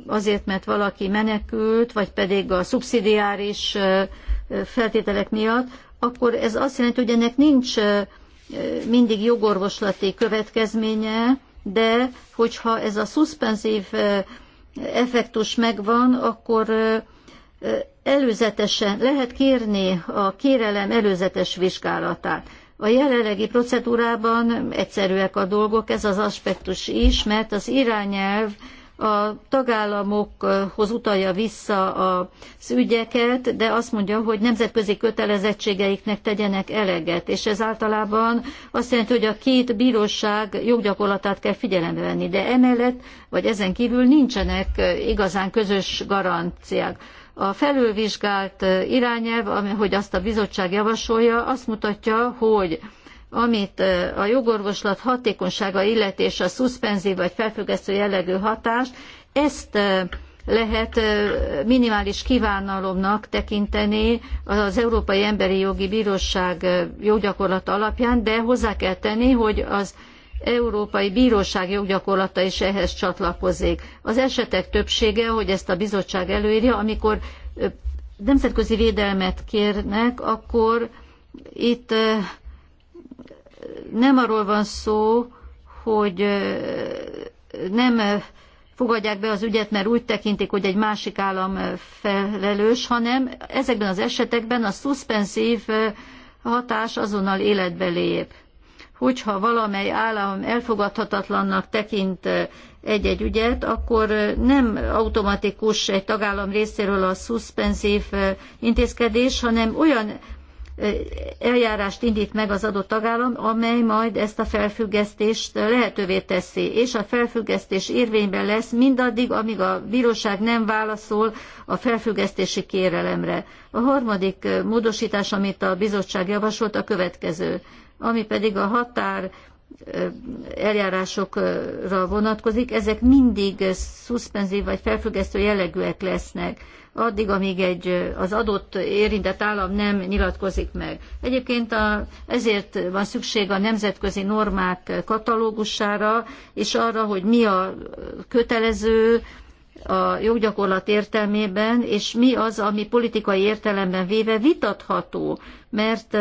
azért, mert valaki menekült, vagy pedig a szubszidiáris feltételek miatt, akkor ez azt jelenti, hogy ennek nincs mindig jogorvoslati következménye, de hogyha ez a szuszpenzív effektus megvan, akkor előzetesen lehet kérni a kérelem előzetes vizsgálatát. A jelenlegi procedúrában egyszerűek a dolgok, ez az aspektus is, mert az irányelv a tagállamokhoz utalja vissza az ügyeket, de azt mondja, hogy nemzetközi kötelezettségeiknek tegyenek eleget, és ez általában azt jelenti, hogy a két bíróság joggyakorlatát kell figyelembe venni, de emellett, vagy ezen kívül nincsenek igazán közös garanciák. A felülvizsgált irányelv, hogy azt a bizottság javasolja, azt mutatja, hogy amit a jogorvoslat hatékonysága illeti és a szuszpenzív vagy felfüggesztő jellegű hatást, ezt lehet minimális kívánalomnak tekinteni az Európai Emberi Jogi Bíróság joggyakorlata alapján, de hozzá kell tenni, hogy az Európai Bíróság joggyakorlata is ehhez csatlakozik. Az esetek többsége, hogy ezt a bizottság előírja, amikor nemzetközi védelmet kérnek, akkor itt nem arról van szó, hogy nem fogadják be az ügyet, mert úgy tekintik, hogy egy másik állam felelős, hanem ezekben az esetekben a szuszpenzív hatás azonnal életbe lép hogyha valamely állam elfogadhatatlannak tekint eh, egy-egy ügyet, akkor eh, nem automatikus egy tagállam részéről a szuszpenzív eh, intézkedés, hanem olyan eljárást indít meg az adott tagállam, amely majd ezt a felfüggesztést lehetővé teszi, és a felfüggesztés érvényben lesz mindaddig, amíg a bíróság nem válaszol a felfüggesztési kérelemre. A harmadik módosítás, amit a bizottság javasolt, a következő, ami pedig a határ eljárásokra vonatkozik, ezek mindig szuszpenzív vagy felfüggesztő jellegűek lesznek, addig, amíg egy, az adott érintett állam nem nyilatkozik meg. Egyébként a, ezért van szükség a nemzetközi normák katalógusára, és arra, hogy mi a kötelező, a joggyakorlat értelmében, és mi az, ami politikai értelemben véve vitatható, mert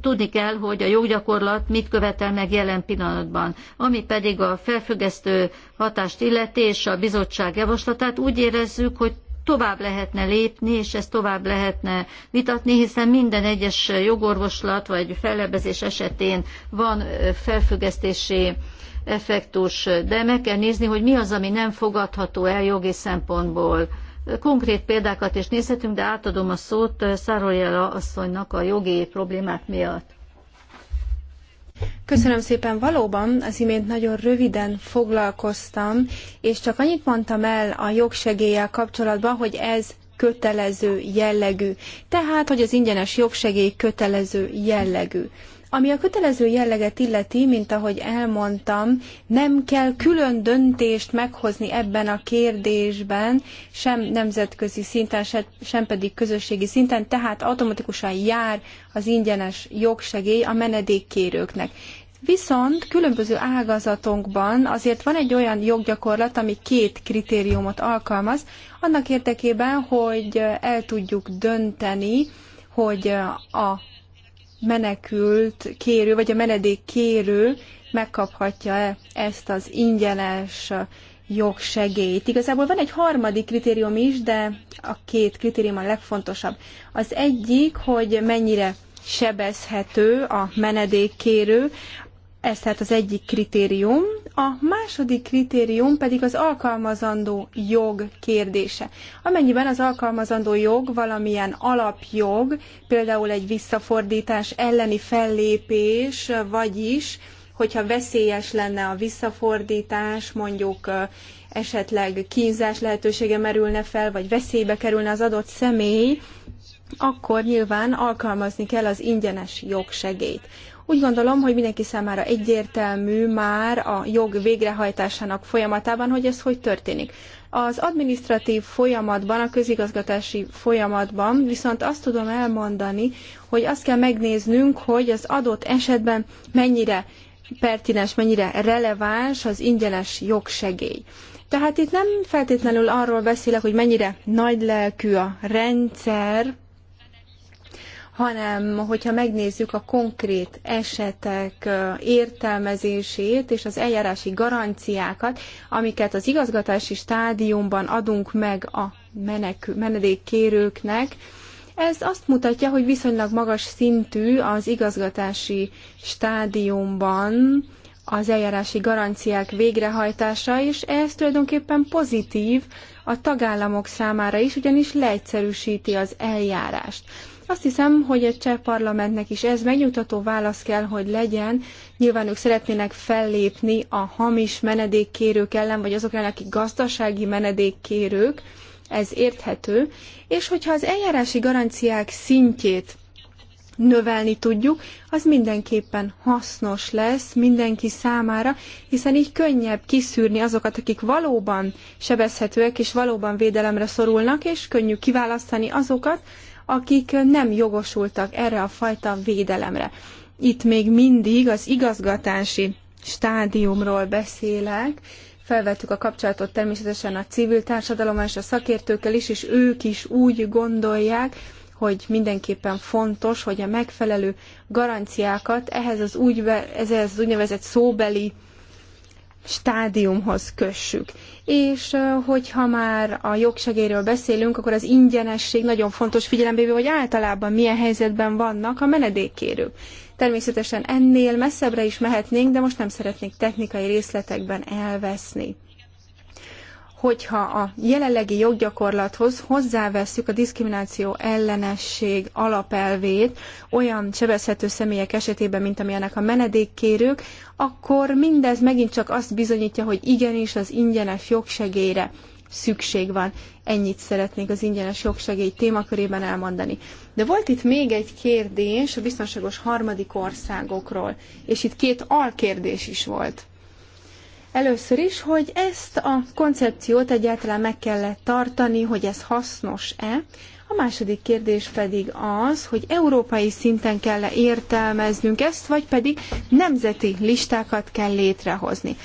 tudni kell, hogy a joggyakorlat mit követel meg jelen pillanatban. Ami pedig a felfüggesztő hatást illeti és a bizottság javaslatát, úgy érezzük, hogy tovább lehetne lépni, és ezt tovább lehetne vitatni, hiszen minden egyes jogorvoslat vagy fellebezés esetén van felfüggesztési effektus, de meg kell nézni, hogy mi az, ami nem fogadható el jogi szempontból Konkrét példákat is nézhetünk, de átadom a szót eh, Szárojela asszonynak a jogi problémák miatt. Köszönöm szépen. Valóban az imént nagyon röviden foglalkoztam, és csak annyit mondtam el a jogsegéllyel kapcsolatban, hogy ez kötelező jellegű. Tehát, hogy az ingyenes jogsegély kötelező jellegű. Ami a kötelező jelleget illeti, mint ahogy elmondtam, nem kell külön döntést meghozni ebben a kérdésben, sem nemzetközi szinten, sem pedig közösségi szinten, tehát automatikusan jár az ingyenes jogsegély a menedékkérőknek. Viszont különböző ágazatokban azért van egy olyan joggyakorlat, ami két kritériumot alkalmaz, annak érdekében, hogy el tudjuk dönteni, hogy a menekült kérő, vagy a menedék kérő megkaphatja-e ezt az ingyenes jogsegélyt. Igazából van egy harmadik kritérium is, de a két kritérium a legfontosabb. Az egyik, hogy mennyire sebezhető a menedékkérő, ez tehát az egyik kritérium, a második kritérium pedig az alkalmazandó jog kérdése. Amennyiben az alkalmazandó jog valamilyen alapjog, például egy visszafordítás elleni fellépés, vagyis hogyha veszélyes lenne a visszafordítás, mondjuk esetleg kínzás lehetősége merülne fel, vagy veszélybe kerülne az adott személy, akkor nyilván alkalmazni kell az ingyenes jogsegélyt. Úgy gondolom, hogy mindenki számára egyértelmű már a jog végrehajtásának folyamatában, hogy ez hogy történik. Az administratív folyamatban, a közigazgatási folyamatban viszont azt tudom elmondani, hogy azt kell megnéznünk, hogy az adott esetben mennyire pertinens, mennyire releváns az ingyenes jogsegély. Tehát itt nem feltétlenül arról beszélek, hogy mennyire nagylelkű a rendszer, hanem hogyha megnézzük a konkrét esetek értelmezését és az eljárási garanciákat, amiket az igazgatási stádiumban adunk meg a menedékkérőknek, ez azt mutatja, hogy viszonylag magas szintű az igazgatási stádiumban az eljárási garanciák végrehajtása, és ez tulajdonképpen pozitív a tagállamok számára is, ugyanis leegyszerűsíti az eljárást. Azt hiszem, hogy egy cseh parlamentnek is ez megnyugtató válasz kell, hogy legyen. Nyilván ők szeretnének fellépni a hamis menedékkérők ellen, vagy azok ellen, akik gazdasági menedékkérők, ez érthető. És hogyha az eljárási garanciák szintjét növelni tudjuk, az mindenképpen hasznos lesz mindenki számára, hiszen így könnyebb kiszűrni azokat, akik valóban sebezhetőek és valóban védelemre szorulnak, és könnyű kiválasztani azokat, akik nem jogosultak erre a fajta védelemre. Itt még mindig az igazgatási stádiumról beszélek, felvettük a kapcsolatot természetesen a civil társadalommal és a szakértőkkel is, és ők is úgy gondolják, hogy mindenképpen fontos, hogy a megfelelő garanciákat ehhez az, úgy, ez, az úgynevezett szóbeli stádiumhoz kössük. És hogyha már a jogsegéről beszélünk, akkor az ingyenesség nagyon fontos figyelembe, hogy általában milyen helyzetben vannak a menedékkérők. Természetesen ennél messzebbre is mehetnénk, de most nem szeretnék technikai részletekben elveszni hogyha a jelenlegi joggyakorlathoz hozzáveszük a diszkrimináció ellenesség alapelvét olyan sebezhető személyek esetében, mint amilyenek a menedékkérők, akkor mindez megint csak azt bizonyítja, hogy igenis az ingyenes jogsegélyre szükség van. Ennyit szeretnék az ingyenes jogsegély témakörében elmondani. De volt itt még egy kérdés a biztonságos harmadik országokról, és itt két alkérdés is volt. Először is, hogy ezt a koncepciót egyáltalán meg kellett tartani, hogy ez hasznos-e. A második kérdés pedig az, hogy európai szinten kell -e értelmeznünk ezt, vagy pedig nemzeti listákat kell létrehozni.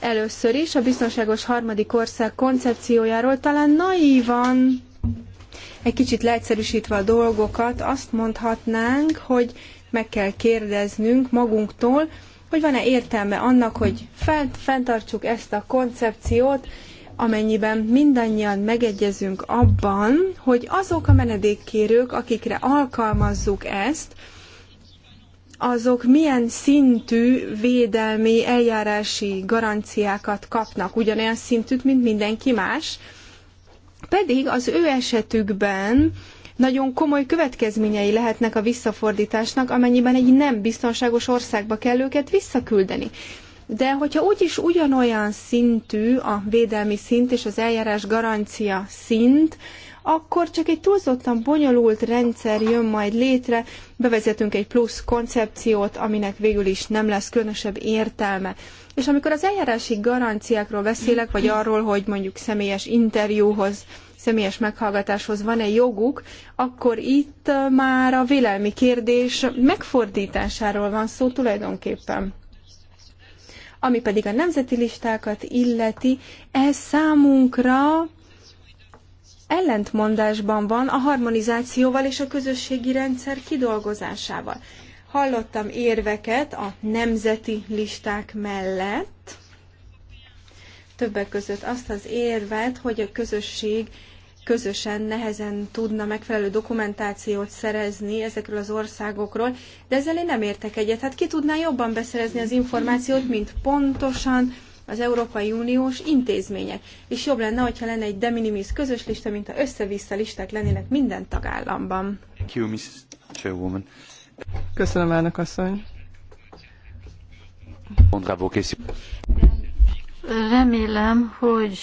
Először is a biztonságos harmadik ország koncepciójáról talán naívan, egy kicsit leegyszerűsítve a dolgokat, azt mondhatnánk, hogy meg kell kérdeznünk magunktól, hogy van-e értelme annak, hogy fent, fenntartsuk ezt a koncepciót, amennyiben mindannyian megegyezünk abban, hogy azok a menedékkérők, akikre alkalmazzuk ezt, azok milyen szintű védelmi eljárási garanciákat kapnak, ugyanolyan szintűt, mint mindenki más, pedig az ő esetükben nagyon komoly következményei lehetnek a visszafordításnak, amennyiben egy nem biztonságos országba kell őket visszaküldeni. De hogyha úgyis ugyanolyan szintű a védelmi szint és az eljárás garancia szint, akkor csak egy túlzottan bonyolult rendszer jön majd létre, bevezetünk egy plusz koncepciót, aminek végül is nem lesz különösebb értelme. És amikor az eljárási garanciákról beszélek, vagy arról, hogy mondjuk személyes interjúhoz személyes meghallgatáshoz van-e joguk, akkor itt már a vélelmi kérdés megfordításáról van szó tulajdonképpen. Ami pedig a nemzeti listákat illeti, ez számunkra ellentmondásban van a harmonizációval és a közösségi rendszer kidolgozásával. Hallottam érveket a nemzeti listák mellett, többek között azt az érvet, hogy a közösség közösen nehezen tudna megfelelő dokumentációt szerezni ezekről az országokról, de ezzel én nem értek egyet. Hát ki tudná jobban beszerezni az információt, mint pontosan az Európai Uniós intézmények. És jobb lenne, hogyha lenne egy de minimis közös lista, mint ha össze-vissza listák lennének minden tagállamban. Köszönöm, elnök asszony. Remélem, hogy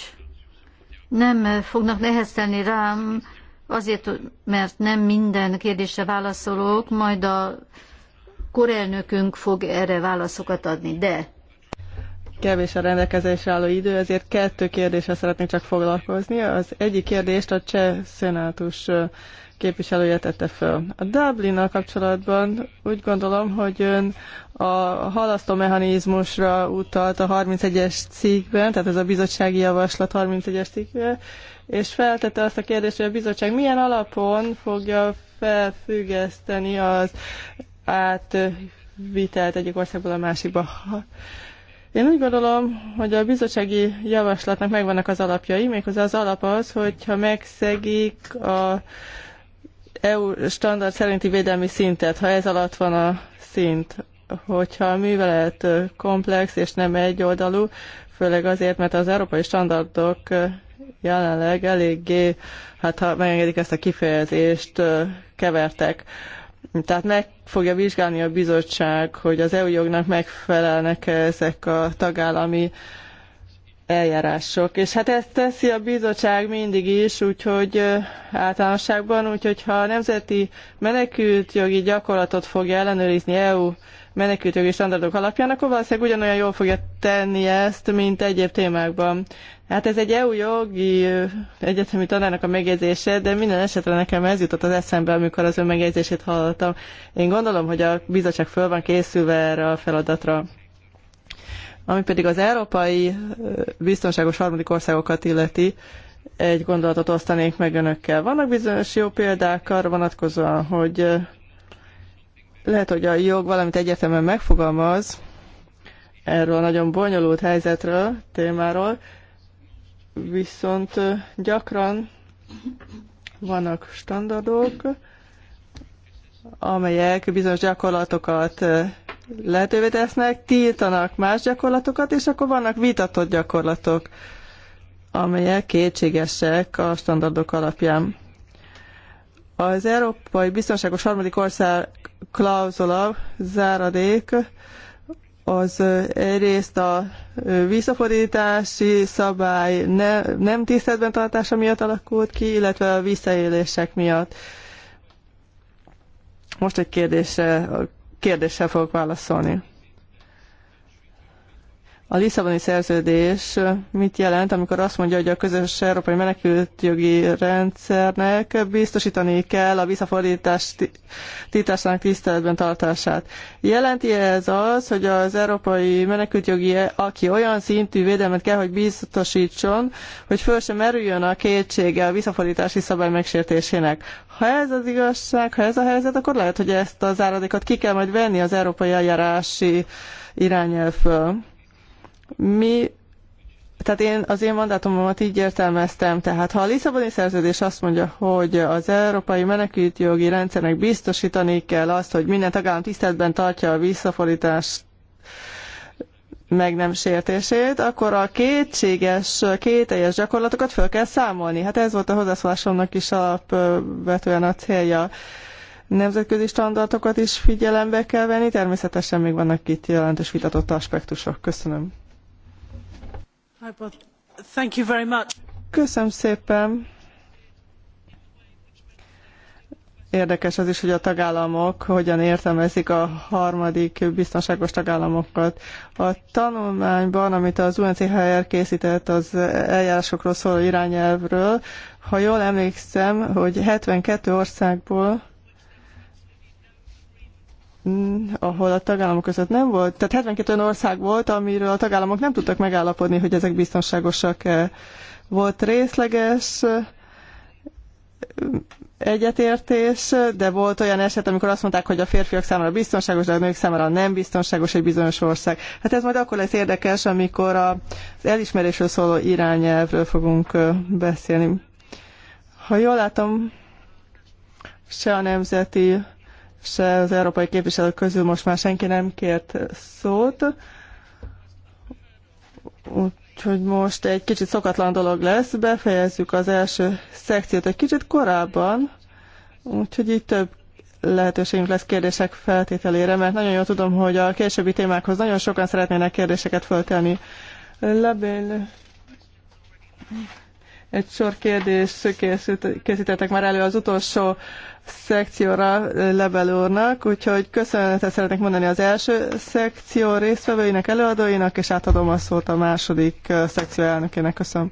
nem fognak neheztelni rám, azért, mert nem minden kérdésre válaszolok, majd a korelnökünk fog erre válaszokat adni, de kevés a rendelkezésre álló idő, ezért kettő kérdésre szeretnék csak foglalkozni. Az egyik kérdést a cseh szenátus képviselője tette föl. A Dublinnal kapcsolatban úgy gondolom, hogy ön a halasztó mechanizmusra utalt a 31-es cikkben, tehát ez a bizottsági javaslat 31-es cikkben, és feltette azt a kérdést, hogy a bizottság milyen alapon fogja felfüggeszteni az átvitelt egyik országból a másikba. Én úgy gondolom, hogy a bizottsági javaslatnak megvannak az alapjai, méghozzá az alap az, hogyha megszegik a EU standard szerinti védelmi szintet, ha ez alatt van a szint, hogyha a művelet komplex és nem egyoldalú, főleg azért, mert az európai standardok jelenleg eléggé, hát ha megengedik ezt a kifejezést, kevertek. Tehát meg fogja vizsgálni a bizottság, hogy az EU jognak megfelelnek -e ezek a tagállami uh, eljárások. És hát ezt teszi a bizottság mindig is, úgyhogy általánosságban, úgyhogy ha a nemzeti jogi gyakorlatot fogja ellenőrizni EU menekültjogi standardok alapján, akkor valószínűleg ugyanolyan jól fogja tenni ezt, mint egyéb témákban. Hát ez egy EU jogi egyetemi tanárnak a megjegyzése, de minden esetre nekem ez jutott az eszembe, amikor az ön megjegyzését hallottam. Én gondolom, hogy a bizottság föl van készülve erre a feladatra. Ami pedig az európai biztonságos harmadik országokat illeti, egy gondolatot osztanék meg önökkel. Vannak bizonyos jó példák arra vonatkozóan, hogy lehet, hogy a jog valamit egyetemen megfogalmaz erről a nagyon bonyolult helyzetről, témáról, viszont gyakran vannak standardok, amelyek bizonyos gyakorlatokat lehetővé tesznek, tiltanak más gyakorlatokat, és akkor vannak vitatott gyakorlatok, amelyek kétségesek a standardok alapján. Az Európai Biztonságos Harmadik Ország klauzula záradék az egyrészt a visszafordítási szabály ne, nem tiszteletben tartása miatt alakult ki, illetve a visszaélések miatt. Most egy kérdésre kérdéssel fogok válaszolni a Lisszaboni szerződés mit jelent, amikor azt mondja, hogy a közös európai menekültjogi rendszernek biztosítani kell a visszafordítás tiltásának tiszteletben tartását. Jelenti ez az, hogy az európai menekültjogi, aki olyan szintű védelmet kell, hogy biztosítson, hogy föl sem merüljön a kétsége a visszafordítási szabály megsértésének. Ha ez az igazság, ha ez a helyzet, akkor lehet, hogy ezt az áradékot ki kell majd venni az európai eljárási irányelvből mi tehát én az én mandátumomat így értelmeztem, tehát ha a Lisszaboni szerződés azt mondja, hogy az európai menekültjogi rendszernek biztosítani kell azt, hogy minden tagállam tiszteletben tartja a visszafordítás meg nem sértését, akkor a kétséges, kételjes gyakorlatokat föl kell számolni. Hát ez volt a hozzászólásomnak is alapvetően a célja. Nemzetközi standardokat is figyelembe kell venni, természetesen még vannak itt jelentős vitatott aspektusok. Köszönöm. Köszönöm szépen. Érdekes az is, hogy a tagállamok hogyan értelmezik a harmadik biztonságos tagállamokat. A tanulmányban, amit az UNCHR készített az eljárásokról szóló irányelvről, ha jól emlékszem, hogy 72 országból Mm, ahol a tagállamok között nem volt, tehát 72 olyan ország volt, amiről a tagállamok nem tudtak megállapodni, hogy ezek biztonságosak-e. Volt részleges mm, egyetértés, de volt olyan eset, amikor azt mondták, hogy a férfiak számára biztonságos, de a nők számára nem biztonságos egy bizonyos ország. Hát ez majd akkor lesz érdekes, amikor az elismerésről szóló irányelvről fogunk beszélni. Ha jól látom, se a nemzeti se az európai képviselők közül most már senki nem kért szót. Úgyhogy most egy kicsit szokatlan dolog lesz, befejezzük az első szekciót egy kicsit korábban, úgyhogy így több lehetőségünk lesz kérdések feltételére, mert nagyon jól tudom, hogy a későbbi témákhoz nagyon sokan szeretnének kérdéseket föltenni. Lebél egy sor kérdés készítettek már elő az utolsó szekcióra Lebel úrnak, úgyhogy köszönetet szeretnék mondani az első szekció résztvevőinek, előadóinak, és átadom a szót a második szekció elnökének. Köszönöm.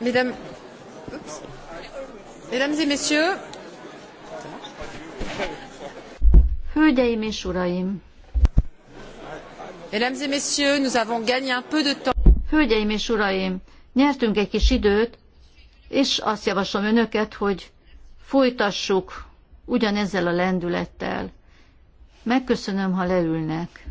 Mesdames, et messieurs. Hölgyeim és uraim. Mesdames et messieurs, nous avons gagné un peu de temps. Hölgyeim és uraim, nyertünk egy kis időt, és azt javaslom önöket, hogy folytassuk ugyanezzel a lendülettel. Megköszönöm, ha leülnek.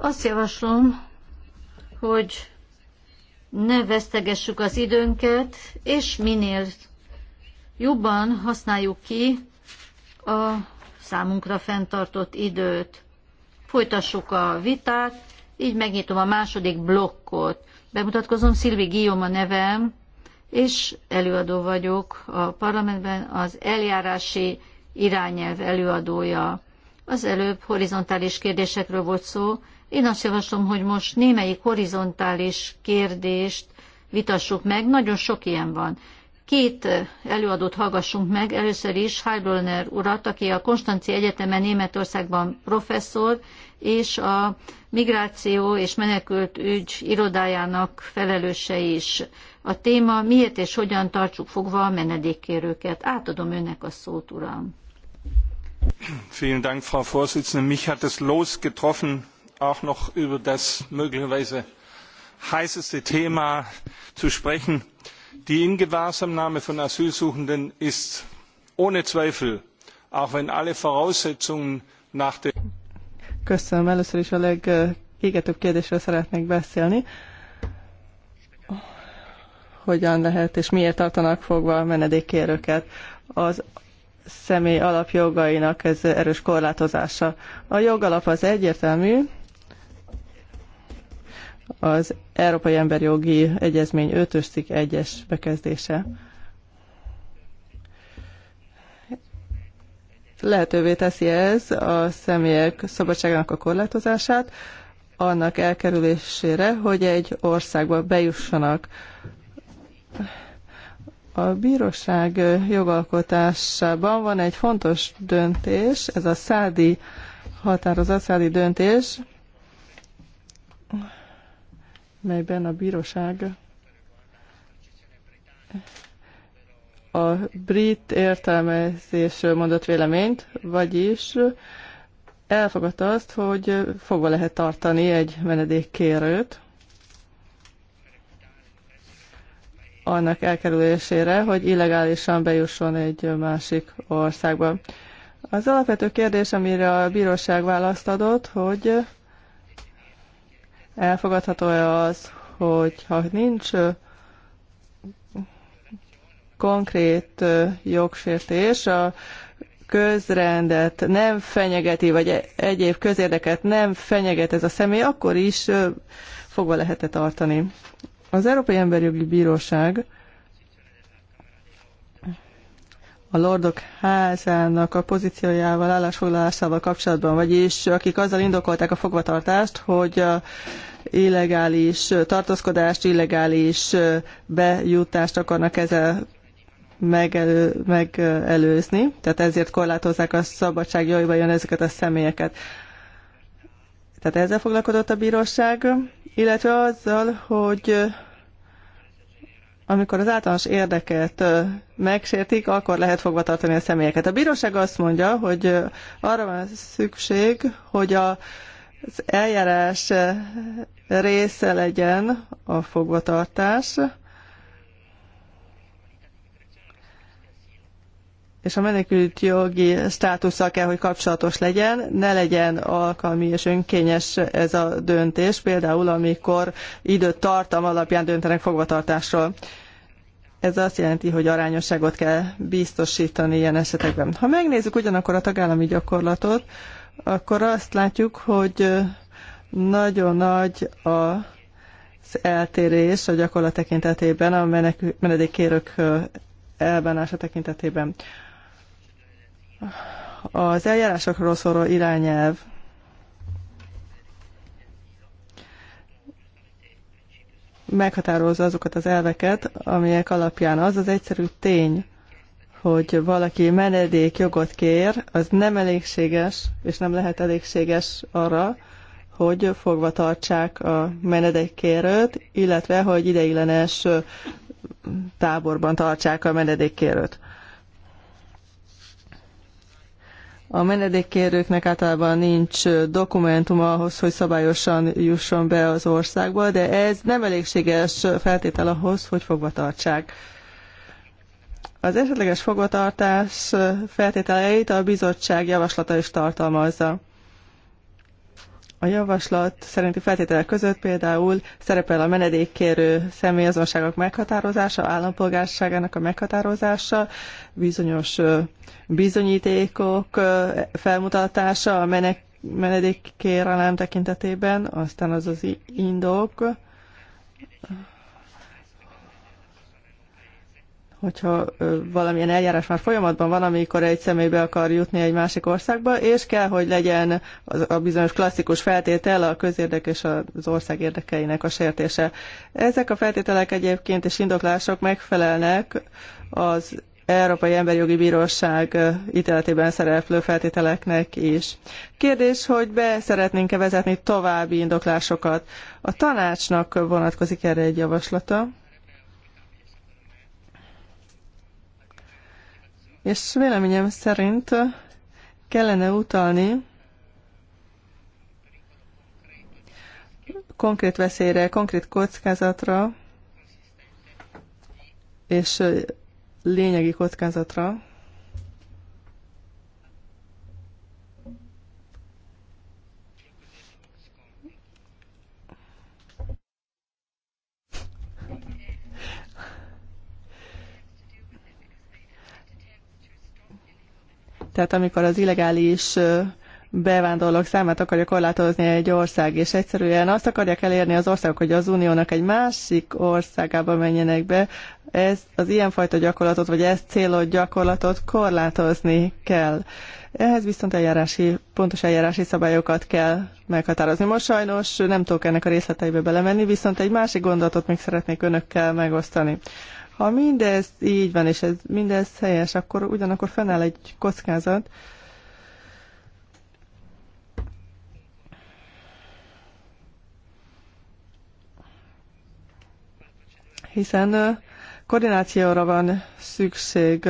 Azt javaslom, hogy ne vesztegessük az időnket, és minél jobban használjuk ki a számunkra fenntartott időt. Folytassuk a vitát, így megnyitom a második blokkot. Bemutatkozom, Szilvi Guillaume a nevem, és előadó vagyok a parlamentben, az eljárási irányelv előadója. Az előbb horizontális kérdésekről volt szó, én azt javaslom, hogy most némelyik horizontális kérdést vitassuk meg, nagyon sok ilyen van. Két előadót hallgassunk meg, először is Heilbrunner urat, aki a Konstanci Egyetemen Németországban professzor, és a migráció és menekült ügy irodájának felelőse is. A téma miért és hogyan tartsuk fogva a menedékkérőket. Átadom önnek a szót, uram. Vielen Dank, Frau Vorsitzende. Mich hat es losgetroffen, auch noch über das möglicherweise heißeste Thema zu sprechen. Die Ingewahrsamnahme von Asylsuchenden ist ohne Zweifel, auch wenn alle Voraussetzungen nach dem... Köszönöm, először is a legégetőbb kérdésről szeretnék beszélni. Hogyan lehet és miért tartanak fogva a menedékkérőket? Az személy alapjogainak ez erős korlátozása. A jogalap az egyértelmű, az Európai Emberi Jogi Egyezmény 5-ös cikk 1-es bekezdése. Lehetővé teszi ez a személyek szabadságának a korlátozását, annak elkerülésére, hogy egy országba bejussanak. A bíróság jogalkotásában van egy fontos döntés, ez a szádi határozat, szádi döntés, melyben a bíróság a brit értelmezésről mondott véleményt, vagyis elfogadta azt, hogy fogva lehet tartani egy menedékkérőt, annak elkerülésére, hogy illegálisan bejusson egy másik országba. Az alapvető kérdés, amire a bíróság választ adott, hogy Elfogadható-e az, hogy ha nincs konkrét jogsértés, a közrendet nem fenyegeti, vagy e- egyéb közérdeket nem fenyeget ez a személy, akkor is fogva lehet -e tartani. Az Európai emberi jogi Bíróság a Lordok házának a pozíciójával, állásfoglalásával kapcsolatban, vagyis akik azzal indokolták a fogvatartást, hogy a illegális tartózkodást, illegális bejutást akarnak ezzel megelő, megelőzni, tehát ezért korlátozzák a szabadság jön ezeket a személyeket. Tehát ezzel foglalkozott a bíróság, illetve azzal, hogy amikor az általános érdeket megsértik, akkor lehet fogva tartani a személyeket. A bíróság azt mondja, hogy arra van szükség, hogy a az eljárás eh, része legyen a fogvatartás, és a menekült jogi státusszal kell, hogy kapcsolatos legyen, ne legyen alkalmi és önkényes ez a döntés, például amikor időt tartam alapján döntenek fogvatartásról. Ez azt jelenti, hogy arányosságot kell biztosítani ilyen esetekben. Ha megnézzük ugyanakkor a tagállami gyakorlatot, akkor azt látjuk, hogy nagyon nagy a az eltérés a gyakorlat tekintetében, a menedékkérők elbánása tekintetében. Az eljárásokról szóló irányelv meghatározza azokat az elveket, amelyek alapján az az egyszerű tény, hogy valaki menedék jogot kér, az nem elégséges, és nem lehet elégséges arra, hogy fogva tartsák a menedékkérőt, illetve hogy ideiglenes táborban tartsák a menedékkérőt. A menedékkérőknek általában nincs dokumentum ahhoz, hogy szabályosan jusson be az országba, de ez nem elégséges feltétel ahhoz, hogy fogva tartsák. Az esetleges fogvatartás feltételeit a bizottság javaslata is tartalmazza. A javaslat szerinti feltételek között például szerepel a menedékkérő személyazonosságok meghatározása, állampolgárságának a meghatározása, bizonyos bizonyítékok felmutatása a menedékkérelem tekintetében, aztán az az indok, hogyha valamilyen eljárás már folyamatban van, amikor egy személy be akar jutni egy másik országba, és kell, hogy legyen az, a bizonyos klasszikus feltétel a közérdek és az ország érdekeinek a sértése. Ezek a feltételek egyébként és indoklások megfelelnek az Európai Emberi Jogi Bíróság ítéletében szereplő feltételeknek is. Kérdés, hogy be szeretnénk-e vezetni további indoklásokat. A tanácsnak vonatkozik erre egy javaslata. és véleményem szerint kellene utalni konkrét veszélyre, konkrét kockázatra és lényegi kockázatra, Tehát amikor az illegális bevándorlók számát akarja korlátozni egy ország, és egyszerűen azt akarják elérni az országok, hogy az uniónak egy másik országába menjenek be, ez, az ilyenfajta gyakorlatot, vagy ezt célot gyakorlatot korlátozni kell. Ehhez viszont eljárási, pontos eljárási szabályokat kell meghatározni. Most sajnos nem tudok ennek a részleteibe belemenni, viszont egy másik gondolatot még szeretnék önökkel megosztani. Ha mindez így van, és ez mindez helyes, akkor ugyanakkor fennáll egy kockázat, hiszen koordinációra van szükség.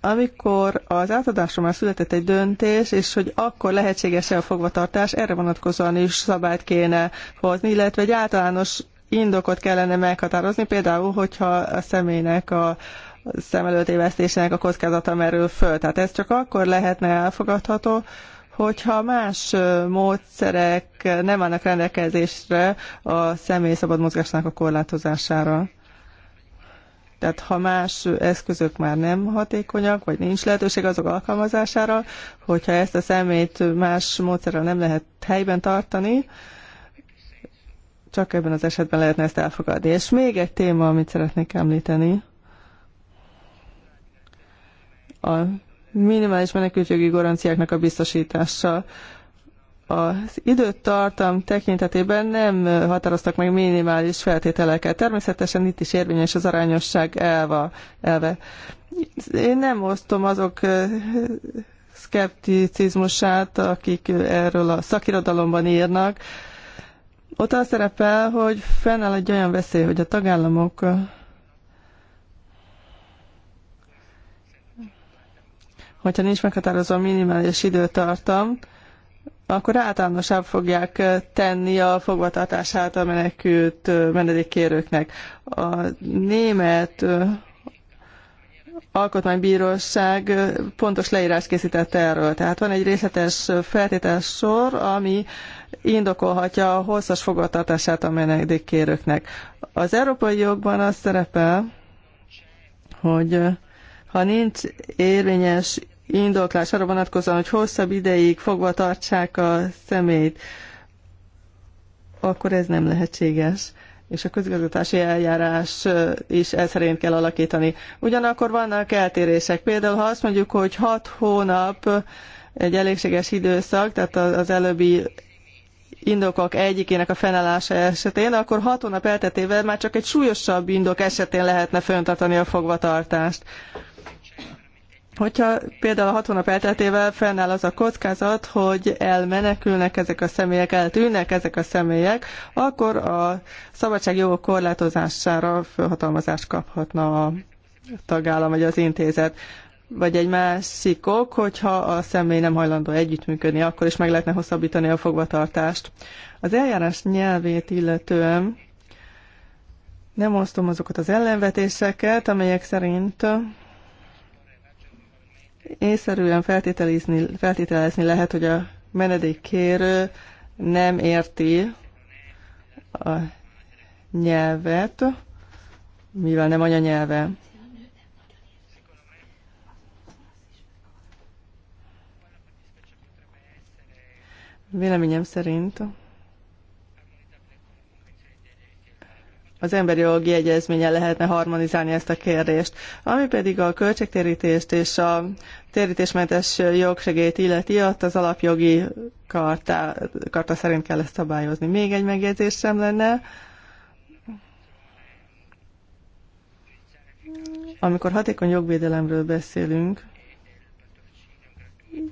Amikor az átadásról már született egy döntés, és hogy akkor lehetséges-e a fogvatartás, erre vonatkozóan is szabályt kéne hozni, illetve egy általános indokot kellene meghatározni, például, hogyha a személynek a szem a kockázata merül föl. Tehát ez csak akkor lehetne elfogadható, hogyha más módszerek nem vannak rendelkezésre a személy szabad mozgásának a korlátozására. Tehát ha más eszközök már nem hatékonyak, vagy nincs lehetőség azok alkalmazására, hogyha ezt a szemét más módszerrel nem lehet helyben tartani, csak ebben az esetben lehetne ezt elfogadni. És még egy téma, amit szeretnék említeni. A minimális menekültjogi garanciáknak a biztosítása. Az időtartam tekintetében nem határoztak meg minimális feltételeket. Természetesen itt is érvényes az arányosság elva, elve. Én nem osztom azok szkepticizmusát, akik erről a szakirodalomban írnak, ott az szerepel, hogy fennáll egy olyan veszély, hogy a tagállamok hogyha nincs meghatározva minimális időtartam, akkor általánosabb fogják tenni a fogvatartását a menekült menedékkérőknek. A német alkotmánybíróság pontos leírás készített erről. Tehát van egy részletes feltételsor, ami indokolhatja a hosszas fogadtatását a menedékkérőknek. Az európai jogban az szerepel, hogy ha nincs érvényes indoklás arra vonatkozóan, hogy hosszabb ideig fogva tartsák a szemét, akkor ez nem lehetséges és a közigazgatási eljárás is ez szerint kell alakítani. Ugyanakkor vannak eltérések. Például, ha azt mondjuk, hogy hat hónap egy elégséges időszak, tehát az előbbi indokok egyikének a fennállása esetén, akkor hat hónap elteltével már csak egy súlyosabb indok esetén lehetne föntartani a fogvatartást. Hogyha például a hat hónap elteltével fennáll az a kockázat, hogy elmenekülnek ezek a személyek, eltűnnek ezek a személyek, akkor a szabadságjogok korlátozására felhatalmazást kaphatna a tagállam vagy az intézet vagy egy másik ok, hogyha a személy nem hajlandó együttműködni, akkor is meg lehetne hosszabbítani a fogvatartást. Az eljárás nyelvét illetően nem osztom azokat az ellenvetéseket, amelyek szerint észszerűen feltételezni, feltételezni lehet, hogy a menedékkérő nem érti a nyelvet, mivel nem anyanyelve. Véleményem szerint az emberi jogi egyezményen lehetne harmonizálni ezt a kérdést. Ami pedig a költségtérítést és a térítésmentes jogsegélyt illeti, ott az alapjogi karta, karta szerint kell ezt szabályozni. Még egy megjegyzésem lenne, amikor hatékony jogvédelemről beszélünk,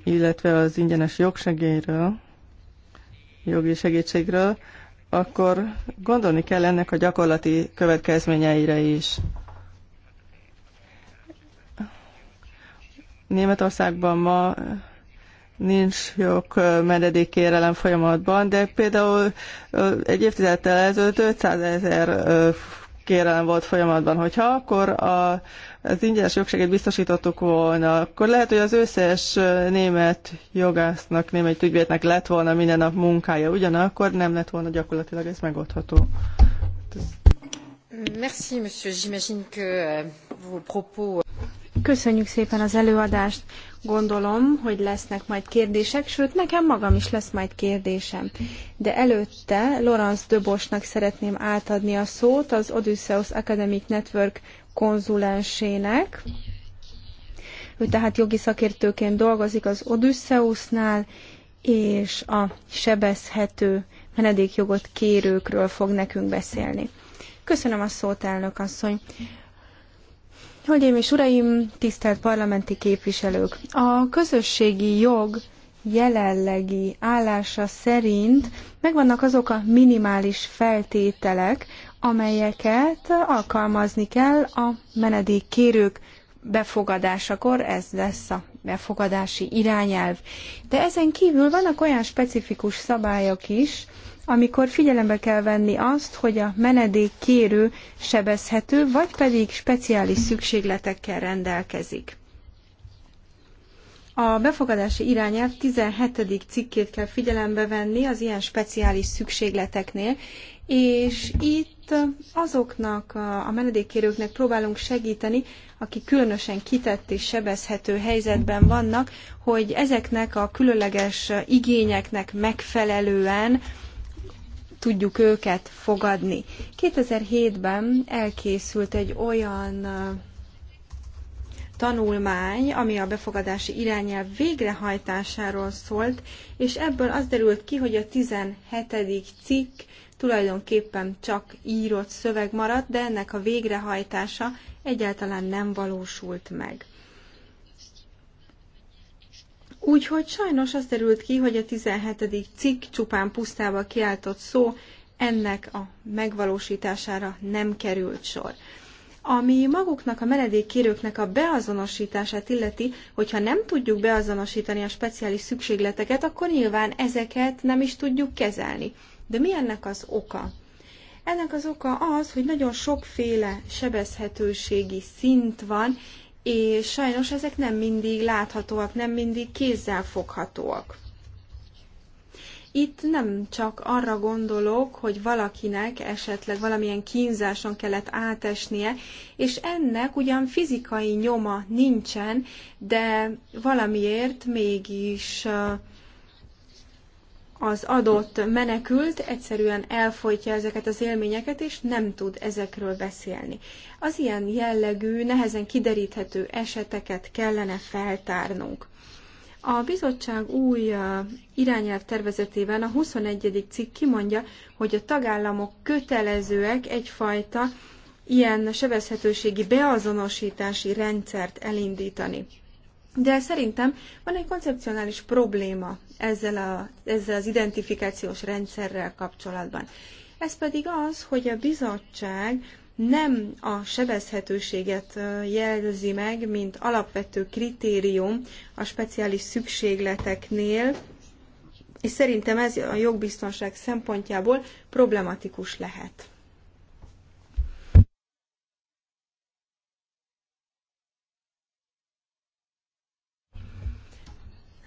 illetve az ingyenes jogsegélyről, jogi segítségről, akkor gondolni kell ennek a gyakorlati következményeire is. Németországban ma nincs jog jogmenedékkérelem folyamatban, de például egy évtizedtel ezelőtt 500 ezer kérelem volt folyamatban, hogyha akkor a, az ingyenes jogsegélyt biztosítottuk volna, akkor lehet, hogy az összes német jogásznak, német ügyvédnek lett volna minden nap munkája, ugyanakkor nem lett volna gyakorlatilag ez megoldható. Hát Merci, monsieur. J'imagine que euh, vos propos Köszönjük szépen az előadást. Gondolom, hogy lesznek majd kérdések, sőt, nekem magam is lesz majd kérdésem. De előtte Lorenz Döbosnak szeretném átadni a szót, az Odysseus Academic Network konzulensének. Ő tehát jogi szakértőként dolgozik az Odysseusnál, és a sebezhető menedékjogot kérőkről fog nekünk beszélni. Köszönöm a szót, elnök asszony. Hölgyeim és uraim, tisztelt parlamenti képviselők! A közösségi jog jelenlegi állása szerint megvannak azok a minimális feltételek, amelyeket alkalmazni kell a menedékkérők befogadásakor, ez lesz a befogadási irányelv. De ezen kívül vannak olyan specifikus szabályok is, amikor figyelembe kell venni azt, hogy a menedékkérő sebezhető, vagy pedig speciális szükségletekkel rendelkezik. A befogadási irányelv 17. cikkét kell figyelembe venni az ilyen speciális szükségleteknél, és itt azoknak a menedékkérőknek próbálunk segíteni, akik különösen kitett és sebezhető helyzetben vannak, hogy ezeknek a különleges igényeknek megfelelően tudjuk őket fogadni. 2007-ben elkészült egy olyan tanulmány, ami a befogadási irányelv végrehajtásáról szólt, és ebből az derült ki, hogy a 17. cikk tulajdonképpen csak írott szöveg maradt, de ennek a végrehajtása egyáltalán nem valósult meg. Úgyhogy sajnos az derült ki, hogy a 17. cikk csupán pusztába kiáltott szó, ennek a megvalósítására nem került sor. Ami maguknak a menedékkérőknek a beazonosítását illeti, hogyha nem tudjuk beazonosítani a speciális szükségleteket, akkor nyilván ezeket nem is tudjuk kezelni. De mi ennek az oka? Ennek az oka az, hogy nagyon sokféle sebezhetőségi szint van, és sajnos ezek nem mindig láthatóak, nem mindig kézzel foghatóak. Itt nem csak arra gondolok, hogy valakinek esetleg valamilyen kínzáson kellett átesnie, és ennek ugyan fizikai nyoma nincsen, de valamiért mégis az adott menekült egyszerűen elfolytja ezeket az élményeket, és nem tud ezekről beszélni. Az ilyen jellegű, nehezen kideríthető eseteket kellene feltárnunk. A bizottság új irányelv tervezetében a 21. cikk kimondja, hogy a tagállamok kötelezőek egyfajta ilyen sebezhetőségi beazonosítási rendszert elindítani. De szerintem van egy koncepcionális probléma ezzel, a, ezzel az identifikációs rendszerrel kapcsolatban. Ez pedig az, hogy a bizottság nem a sebezhetőséget jelzi meg, mint alapvető kritérium a speciális szükségleteknél, és szerintem ez a jogbiztonság szempontjából problematikus lehet.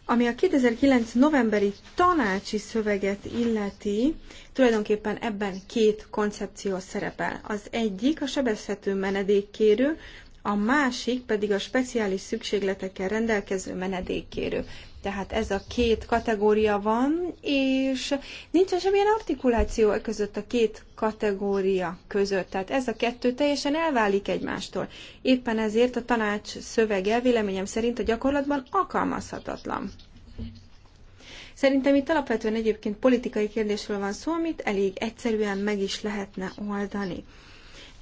Ami a 2009. novemberi tanácsi szöveget illeti, tulajdonképpen ebben két koncepció szerepel. Az egyik a sebezhető menedékkérő, a másik pedig a speciális szükségletekkel rendelkező menedékkérő. Tehát ez a két kategória van, és nincsen semmilyen artikuláció e között a két kategória között. Tehát ez a kettő teljesen elválik egymástól. Éppen ezért a tanács szövege véleményem szerint a gyakorlatban alkalmazhatatlan. Szerintem itt alapvetően egyébként politikai kérdésről van szó, amit elég egyszerűen meg is lehetne oldani.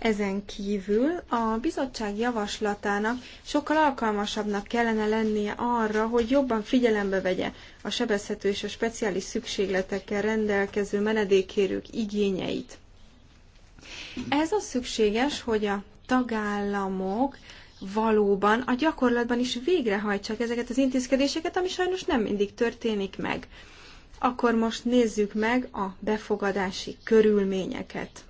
Ezen kívül a bizottság javaslatának sokkal alkalmasabbnak kellene lennie arra, hogy jobban figyelembe vegye a sebezhető és a speciális szükségletekkel rendelkező menedékkérők igényeit. Ez az szükséges, hogy a tagállamok valóban a gyakorlatban is végrehajtsák ezeket az intézkedéseket, ami sajnos nem mindig történik meg. Akkor most nézzük meg a befogadási körülményeket.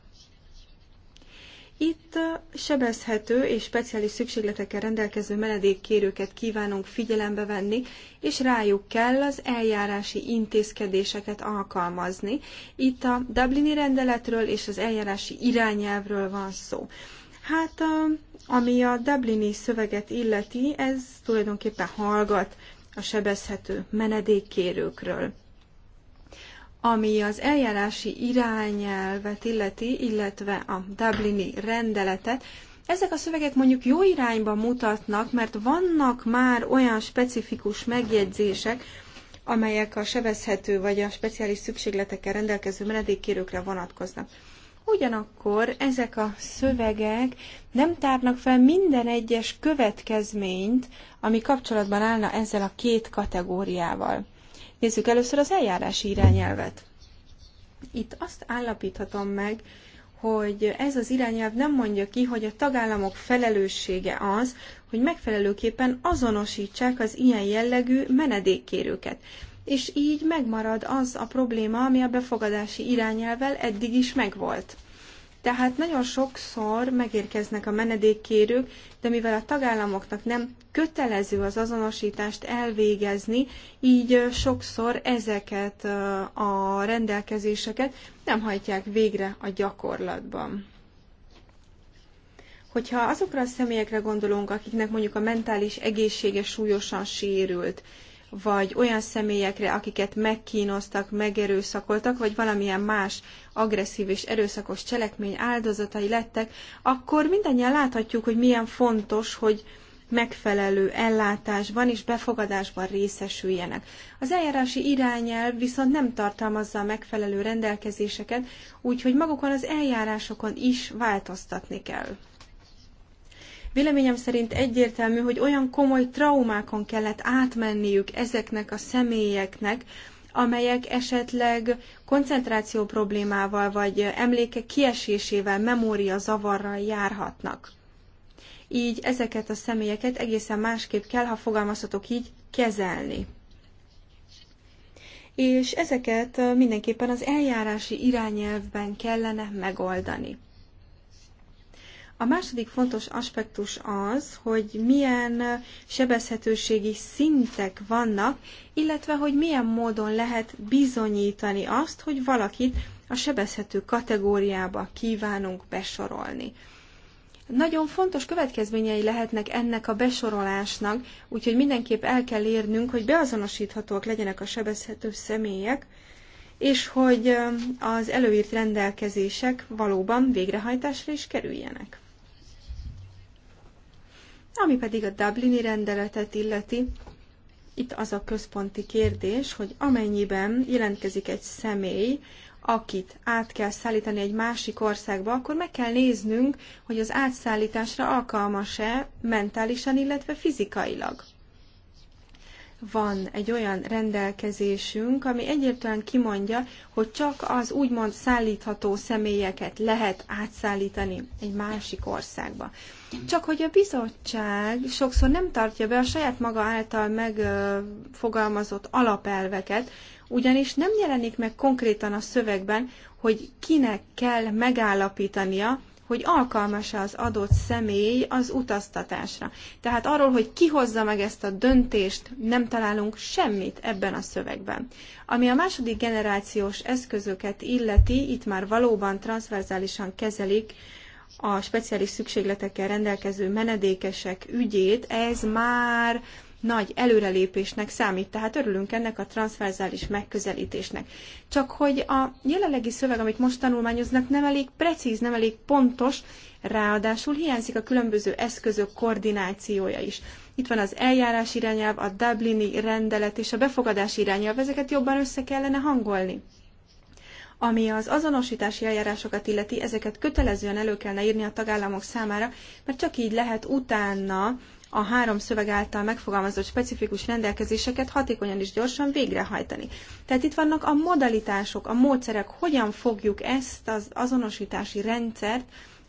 Itt sebezhető és speciális szükségletekkel rendelkező menedékkérőket kívánunk figyelembe venni, és rájuk kell az eljárási intézkedéseket alkalmazni. Itt a Dublini rendeletről és az eljárási irányelvről van szó. Hát, ami a Dublini szöveget illeti, ez tulajdonképpen hallgat a sebezhető menedékkérőkről. Ami az eljárási irányelvet illeti, illetve a Dublini rendeletet, ezek a szövegek mondjuk jó irányba mutatnak, mert vannak már olyan specifikus megjegyzések, amelyek a sebezhető vagy a speciális szükségletekkel rendelkező menedékkérőkre vonatkoznak. Ugyanakkor ezek a szövegek nem tárnak fel minden egyes következményt, ami kapcsolatban állna ezzel a két kategóriával. Nézzük először az eljárási irányelvet. Itt azt állapíthatom meg, hogy ez az irányelv nem mondja ki, hogy a tagállamok felelőssége az, hogy megfelelőképpen azonosítsák az ilyen jellegű menedékkérőket. És így megmarad az a probléma, ami a befogadási irányelvel eddig is megvolt. Tehát nagyon sokszor megérkeznek a menedékkérők, de mivel a tagállamoknak nem kötelező az azonosítást elvégezni, így sokszor ezeket a rendelkezéseket nem hajtják végre a gyakorlatban. Hogyha azokra a személyekre gondolunk, akiknek mondjuk a mentális egészsége súlyosan sérült, vagy olyan személyekre, akiket megkínoztak, megerőszakoltak, vagy valamilyen más agresszív és erőszakos cselekmény áldozatai lettek, akkor mindannyian láthatjuk, hogy milyen fontos, hogy megfelelő ellátásban és befogadásban részesüljenek. Az eljárási irányelv viszont nem tartalmazza a megfelelő rendelkezéseket, úgyhogy magukon az eljárásokon is változtatni kell. Véleményem szerint egyértelmű, hogy olyan komoly traumákon kellett átmenniük ezeknek a személyeknek, amelyek esetleg koncentráció problémával vagy emléke kiesésével, memória zavarral járhatnak. Így ezeket a személyeket egészen másképp kell, ha fogalmazhatok így, kezelni. És ezeket mindenképpen az eljárási irányelvben kellene megoldani. A második fontos aspektus az, hogy milyen sebezhetőségi szintek vannak, illetve hogy milyen módon lehet bizonyítani azt, hogy valakit a sebezhető kategóriába kívánunk besorolni. Nagyon fontos következményei lehetnek ennek a besorolásnak, úgyhogy mindenképp el kell érnünk, hogy beazonosíthatóak legyenek a sebezhető személyek, és hogy az előírt rendelkezések valóban végrehajtásra is kerüljenek. Ami pedig a Dublini rendeletet illeti, itt az a központi kérdés, hogy amennyiben jelentkezik egy személy, akit át kell szállítani egy másik országba, akkor meg kell néznünk, hogy az átszállításra alkalmas-e mentálisan, illetve fizikailag van egy olyan rendelkezésünk, ami egyértelműen kimondja, hogy csak az úgymond szállítható személyeket lehet átszállítani egy másik országba. Csak hogy a bizottság sokszor nem tartja be a saját maga által megfogalmazott alapelveket, ugyanis nem jelenik meg konkrétan a szövegben, hogy kinek kell megállapítania, hogy alkalmas-e az adott személy az utaztatásra. Tehát arról, hogy ki hozza meg ezt a döntést, nem találunk semmit ebben a szövegben. Ami a második generációs eszközöket illeti, itt már valóban transzverzálisan kezelik a speciális szükségletekkel rendelkező menedékesek ügyét, ez már nagy előrelépésnek számít, tehát örülünk ennek a transzverzális megközelítésnek. Csak hogy a jelenlegi szöveg, amit most tanulmányoznak, nem elég precíz, nem elég pontos, ráadásul hiányzik a különböző eszközök koordinációja is. Itt van az eljárás irányelv, a Dublini rendelet és a befogadás irányelv, ezeket jobban össze kellene hangolni. Ami az azonosítási eljárásokat illeti, ezeket kötelezően elő kellene írni a tagállamok számára, mert csak így lehet utána a három szöveg által megfogalmazott specifikus rendelkezéseket hatékonyan és gyorsan végrehajtani. Tehát itt vannak a modalitások, a módszerek, hogyan fogjuk ezt az azonosítási rendszert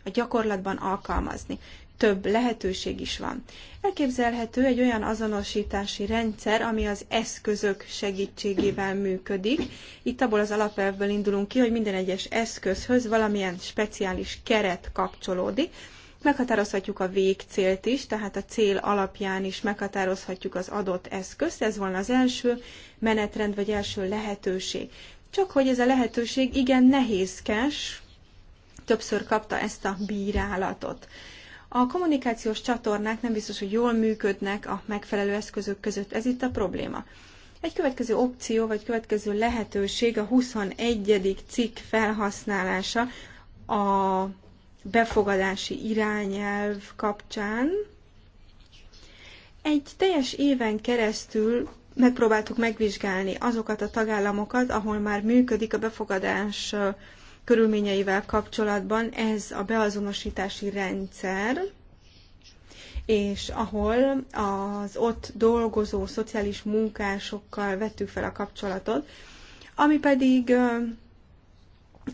a gyakorlatban alkalmazni. Több lehetőség is van. Elképzelhető egy olyan azonosítási rendszer, ami az eszközök segítségével működik. Itt abból az alapelvből indulunk ki, hogy minden egyes eszközhöz valamilyen speciális keret kapcsolódik, Meghatározhatjuk a végcélt is, tehát a cél alapján is meghatározhatjuk az adott eszközt, ez volna az első menetrend vagy első lehetőség. Csak hogy ez a lehetőség igen nehézkes, többször kapta ezt a bírálatot. A kommunikációs csatornák nem biztos, hogy jól működnek a megfelelő eszközök között. Ez itt a probléma. Egy következő opció, vagy következő lehetőség a 21. cikk felhasználása a befogadási irányelv kapcsán. Egy teljes éven keresztül megpróbáltuk megvizsgálni azokat a tagállamokat, ahol már működik a befogadás körülményeivel kapcsolatban ez a beazonosítási rendszer, és ahol az ott dolgozó szociális munkásokkal vettük fel a kapcsolatot, ami pedig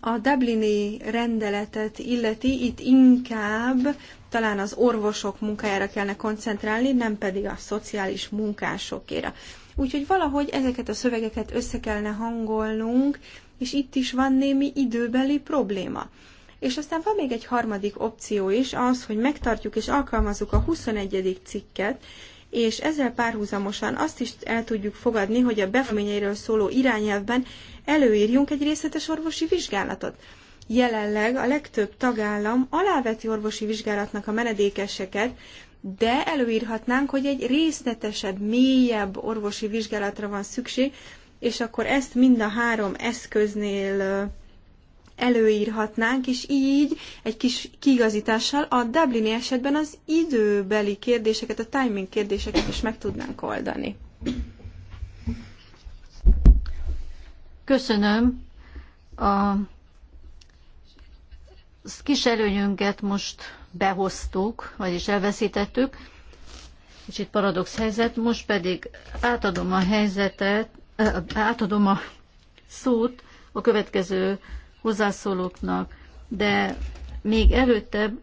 a Dublini rendeletet illeti, itt inkább talán az orvosok munkájára kellene koncentrálni, nem pedig a szociális munkásokére. Úgyhogy valahogy ezeket a szövegeket össze kellene hangolnunk, és itt is van némi időbeli probléma. És aztán van még egy harmadik opció is, az, hogy megtartjuk és alkalmazzuk a 21. cikket, és ezzel párhuzamosan azt is el tudjuk fogadni, hogy a befaményeiről szóló irányelvben előírjunk egy részletes orvosi vizsgálatot. Jelenleg a legtöbb tagállam aláveti orvosi vizsgálatnak a menedékeseket, de előírhatnánk, hogy egy részletesebb, mélyebb orvosi vizsgálatra van szükség, és akkor ezt mind a három eszköznél előírhatnánk, és így egy kis kiigazítással a Dublini esetben az időbeli kérdéseket, a timing kérdéseket is meg tudnánk oldani. Köszönöm. A kis előnyünket most behoztuk, vagyis elveszítettük. Kicsit paradox helyzet. Most pedig átadom a helyzetet, átadom a szót a következő hozzászólóknak, de még előtte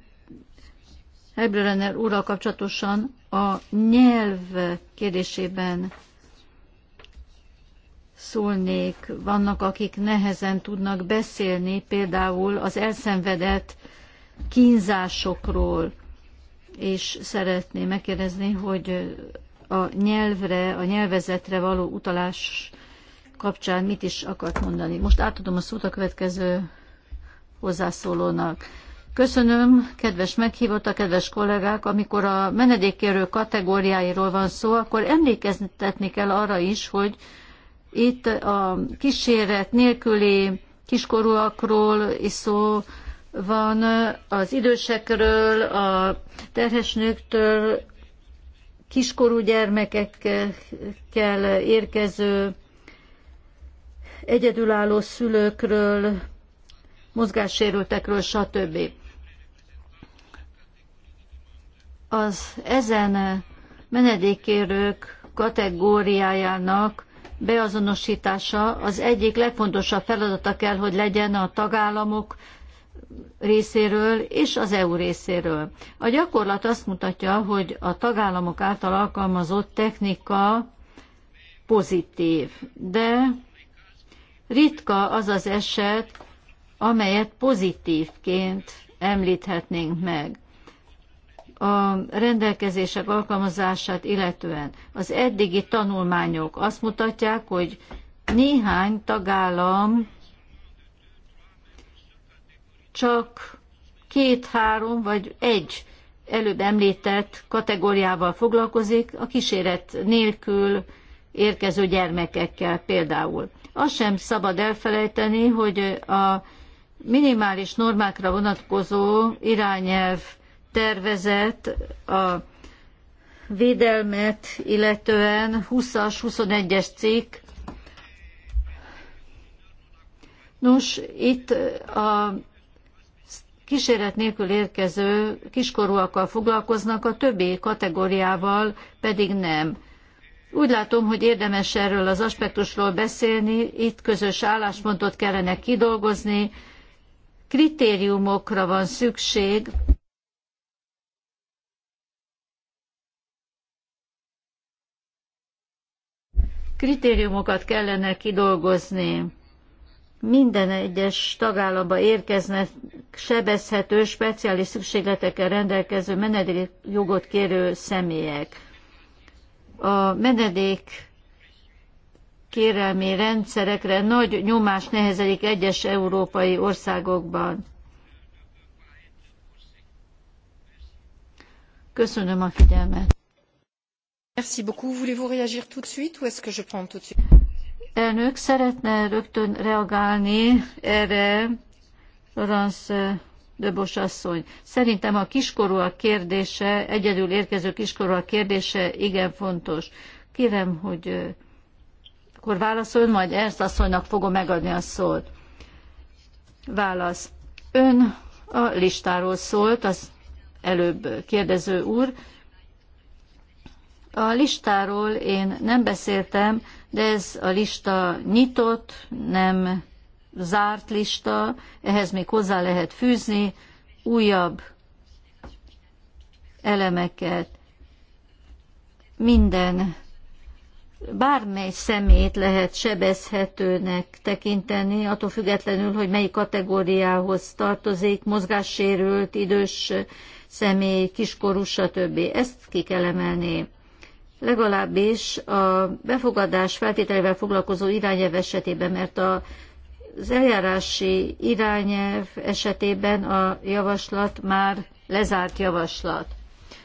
Hebrerenner úrral kapcsolatosan a nyelv kérdésében szólnék. Vannak, akik nehezen tudnak beszélni, például az elszenvedett kínzásokról, és szeretném megkérdezni, hogy a nyelvre, a nyelvezetre való utalás kapcsán mit is akart mondani. Most átadom a szót a következő hozzászólónak. Köszönöm, kedves meghívott, a kedves kollégák, amikor a menedékkérő kategóriáiról van szó, akkor emlékeztetni kell arra is, hogy itt a kíséret nélküli kiskorúakról is szó van, az idősekről, a terhes kiskorú gyermekekkel érkező egyedülálló szülőkről, mozgássérültekről, stb. Az ezen menedékérők kategóriájának beazonosítása az egyik legfontosabb feladata kell, hogy legyen a tagállamok részéről és az EU részéről. A gyakorlat azt mutatja, hogy a tagállamok által alkalmazott technika pozitív, de ritka az az eset, amelyet pozitívként említhetnénk meg a rendelkezések alkalmazását illetően. Az eddigi tanulmányok azt mutatják, hogy néhány tagállam csak két-három vagy egy előbb említett kategóriával foglalkozik, a kíséret nélkül érkező gyermekekkel például. Azt sem szabad elfelejteni, hogy a minimális normákra vonatkozó irányelv tervezet a védelmet illetően 20-as, 21-es cikk. Nos, itt a kíséret nélkül érkező kiskorúakkal foglalkoznak, a többi kategóriával pedig nem. Úgy látom, hogy érdemes erről az aspektusról beszélni, itt közös álláspontot kellene kidolgozni, kritériumokra van szükség, kritériumokat kellene kidolgozni. Minden egyes tagállamba érkeznek sebezhető, speciális szükségletekkel rendelkező menedékjogot kérő személyek a menedék kérelmi rendszerekre nagy nyomás nehezedik egyes európai országokban. Köszönöm a figyelmet. Merci beaucoup. Voulez-vous réagir tout de suite ou est-ce que je prends tout de suite? Elnök szeretne rögtön reagálni erre Laurence. Döbos asszony. Szerintem a kiskorúak kérdése, egyedül érkező kiskorúak kérdése igen fontos. Kérem, hogy akkor válaszol, majd ezt asszonynak fogom megadni a szót. Válasz. Ön a listáról szólt, az előbb kérdező úr. A listáról én nem beszéltem, de ez a lista nyitott, nem zárt lista, ehhez még hozzá lehet fűzni újabb elemeket. Minden, bármely szemét lehet sebezhetőnek tekinteni, attól függetlenül, hogy melyik kategóriához tartozik, mozgássérült, idős személy, kiskorú, stb. Ezt ki kell emelni. Legalábbis a befogadás feltételével foglalkozó irányelv esetében, mert a az eljárási irányelv esetében a javaslat már lezárt javaslat.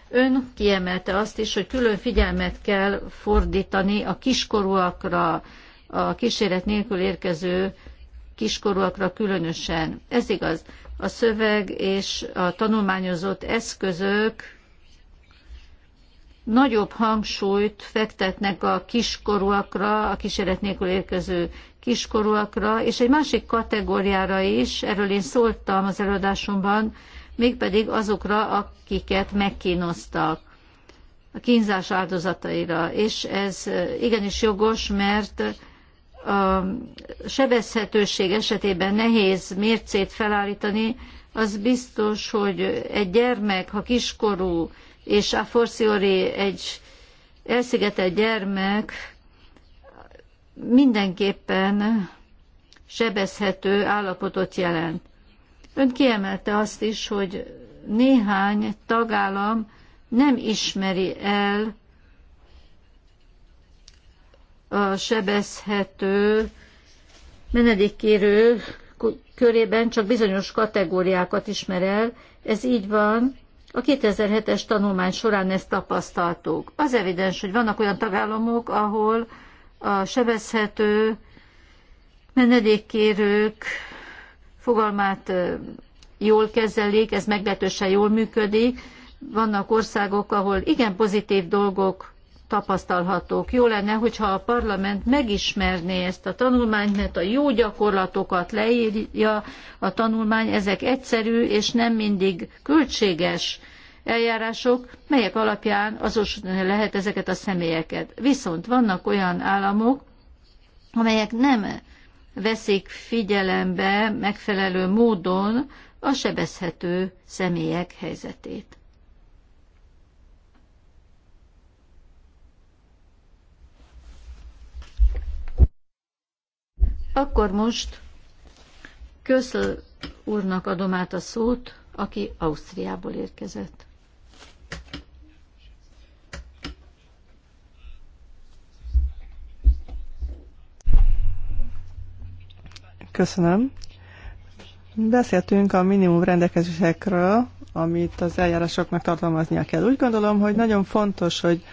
Ön kiemelte azt is, hogy külön figyelmet kell fordítani a kiskorúakra, a kíséret nélkül érkező kiskorúakra különösen. Ez igaz. A szöveg és a tanulmányozott eszközök nagyobb hangsúlyt fektetnek a kiskorúakra, a kíséret nélkül érkező kiskorúakra, és egy másik kategóriára is, erről én szóltam az előadásomban, mégpedig azokra, akiket megkínoztak, a kínzás áldozataira. És ez igenis jogos, mert a sebezhetőség esetében nehéz mércét felállítani, az biztos, hogy egy gyermek, ha kiskorú, és a forciori egy elszigetelt gyermek mindenképpen sebezhető állapotot jelent. Ön kiemelte azt is, hogy néhány tagállam nem ismeri el a sebezhető menedékkérő körében csak bizonyos kategóriákat ismer el. Ez így van. A 2007-es tanulmány során ezt tapasztaltuk. Az evidens, hogy vannak olyan tagállamok, ahol a sebezhető menedékkérők fogalmát jól kezelik, ez meglehetősen jól működik. Vannak országok, ahol igen pozitív dolgok tapasztalhatók. Jó lenne, hogyha a parlament megismerné ezt a tanulmányt, mert a jó gyakorlatokat leírja a tanulmány, ezek egyszerű és nem mindig költséges eljárások, melyek alapján azos lehet ezeket a személyeket. Viszont vannak olyan államok, amelyek nem veszik figyelembe megfelelő módon a sebezhető személyek helyzetét. Akkor most Köszl úrnak adom át a szót, aki Ausztriából érkezett. Köszönöm. Beszéltünk a minimum rendelkezésekről, amit az eljárásoknak tartalmaznia kell. Úgy gondolom, hogy nagyon fontos, hogy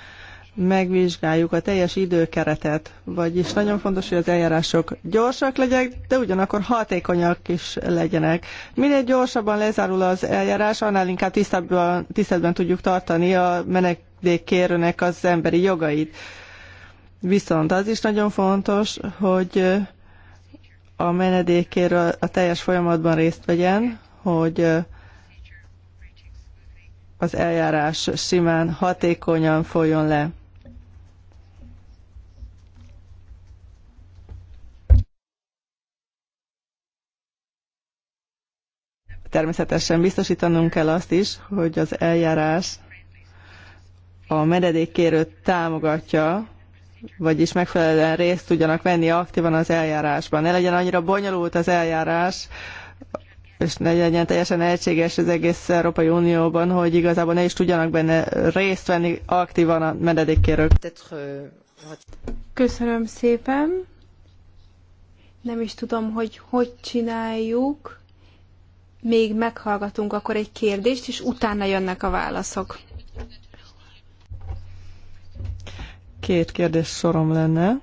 megvizsgáljuk a teljes időkeretet, vagyis nagyon fontos, hogy az eljárások gyorsak legyenek, de ugyanakkor hatékonyak is legyenek. Minél gyorsabban lezárul az eljárás, annál inkább tisztában, tiszteletben tudjuk tartani a menedékkérőnek az emberi jogait. Viszont az is nagyon fontos, hogy a menedékkérő a teljes folyamatban részt vegyen, hogy az eljárás simán, hatékonyan folyjon le. Természetesen biztosítanunk kell azt is, hogy az eljárás a menedékkérőt támogatja, vagyis megfelelően részt tudjanak venni aktívan az eljárásban. Ne legyen annyira bonyolult az eljárás, és ne legyen teljesen egységes az egész Európai Unióban, hogy igazából ne is tudjanak benne részt venni aktívan a menedékkérők. Köszönöm szépen. Nem is tudom, hogy hogy csináljuk még meghallgatunk akkor egy kérdést, és utána jönnek a válaszok. Két kérdés sorom lenne.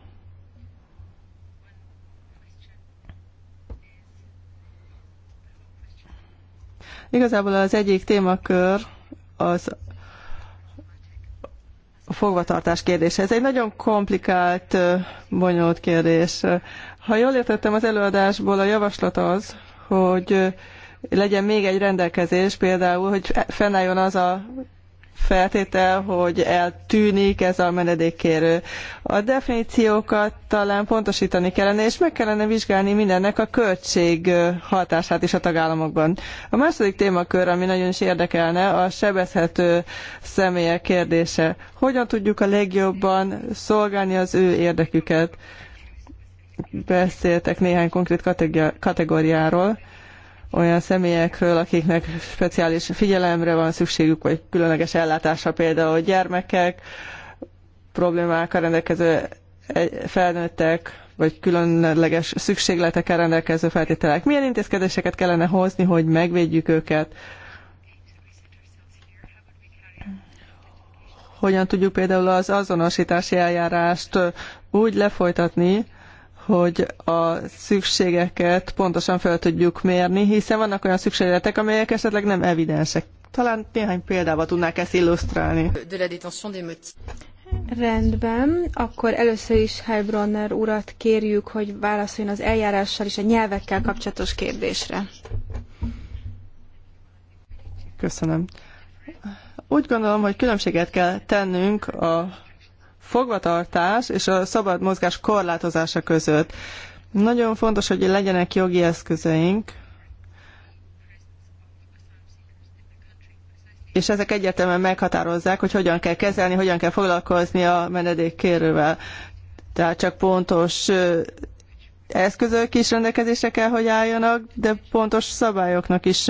Igazából az egyik témakör az a fogvatartás kérdése. Ez egy nagyon komplikált, bonyolult kérdés. Ha jól értettem az előadásból, a javaslat az, hogy legyen még egy rendelkezés, például, hogy fennálljon az a feltétel, hogy eltűnik ez a menedékkérő. A definíciókat talán pontosítani kellene, és meg kellene vizsgálni mindennek a költség hatását is a tagállamokban. A második témakör, ami nagyon is érdekelne, a sebezhető személyek kérdése. Hogyan tudjuk a legjobban szolgálni az ő érdeküket? Beszéltek néhány konkrét kategóriáról olyan személyekről, akiknek speciális figyelemre van szükségük, vagy különleges ellátásra, például gyermekek, problémákkal rendelkező e, felnőttek, vagy különleges szükségletekkel rendelkező feltételek. Milyen intézkedéseket kellene hozni, hogy megvédjük őket? Hogyan tudjuk például az azonosítási eljárást úgy lefolytatni, hogy a szükségeket pontosan fel tudjuk mérni, hiszen vannak olyan szükségletek, amelyek esetleg nem evidensek. Talán néhány példával tudnák ezt illusztrálni. Rendben, akkor először is Heilbronner urat kérjük, hogy válaszoljon az eljárással és a nyelvekkel kapcsolatos kérdésre. Köszönöm. Úgy gondolom, hogy különbséget kell tennünk a fogvatartás és a szabad mozgás korlátozása között. Nagyon fontos, hogy legyenek jogi eszközeink, és ezek egyértelműen meghatározzák, hogy hogyan kell kezelni, hogyan kell foglalkozni a menedékkérővel. Tehát csak pontos eszközök is rendelkezésre kell, hogy álljanak, de pontos szabályoknak is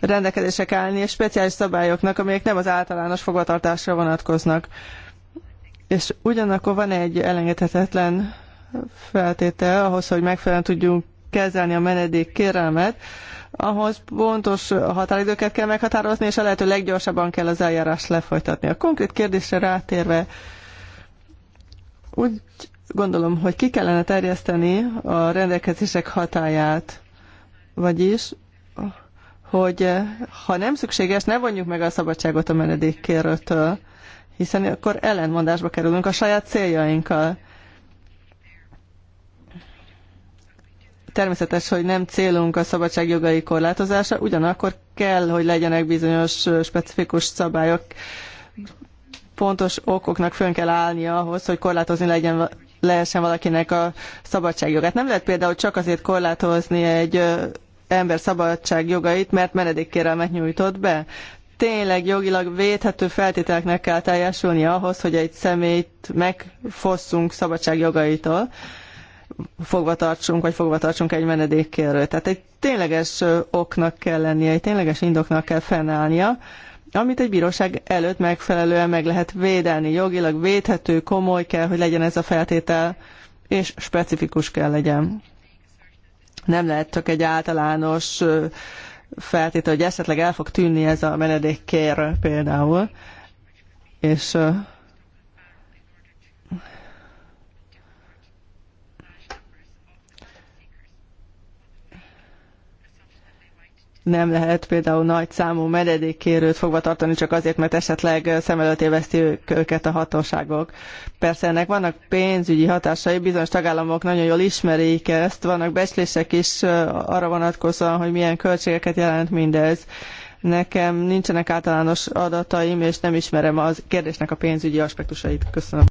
rendelkezésre kell állni, és speciális szabályoknak, amelyek nem az általános fogvatartásra vonatkoznak. És ugyanakkor van egy elengedhetetlen feltétel ahhoz, hogy megfelelően tudjunk kezelni a menedék kérelmet, ahhoz pontos határidőket kell meghatározni, és a lehető leggyorsabban kell az eljárást lefolytatni. A konkrét kérdésre rátérve, úgy gondolom, hogy ki kellene terjeszteni a rendelkezések hatáját, vagyis hogy ha nem szükséges, ne vonjuk meg a szabadságot a menedékkérőtől hiszen akkor ellentmondásba kerülünk a saját céljainkkal. Természetes, hogy nem célunk a szabadság jogai korlátozása, ugyanakkor kell, hogy legyenek bizonyos specifikus szabályok. Pontos okoknak fönn kell állni ahhoz, hogy korlátozni legyen, lehessen valakinek a szabadságjogát. Nem lehet például csak azért korlátozni egy ember szabadság jogait, mert menedékkérelmet nyújtott be tényleg jogilag védhető feltételeknek kell teljesülni ahhoz, hogy egy személyt megfosszunk szabadságjogaitól, fogva tartsunk, vagy fogva tartsunk egy menedékkérről. Tehát egy tényleges oknak kell lennie, egy tényleges indoknak kell fennállnia, amit egy bíróság előtt megfelelően meg lehet védelni. Jogilag védhető, komoly kell, hogy legyen ez a feltétel, és specifikus kell legyen. Nem lehet csak egy általános feltétel, hogy esetleg el fog tűnni ez a menedékkér például, és nem lehet például nagy számú menedékkérőt fogva tartani csak azért, mert esetleg szem előtt éveszti őket a hatóságok. Persze ennek vannak pénzügyi hatásai, bizonyos tagállamok nagyon jól ismerik ezt, vannak becslések is arra vonatkozóan, hogy milyen költségeket jelent mindez. Nekem nincsenek általános adataim, és nem ismerem a kérdésnek a pénzügyi aspektusait. Köszönöm.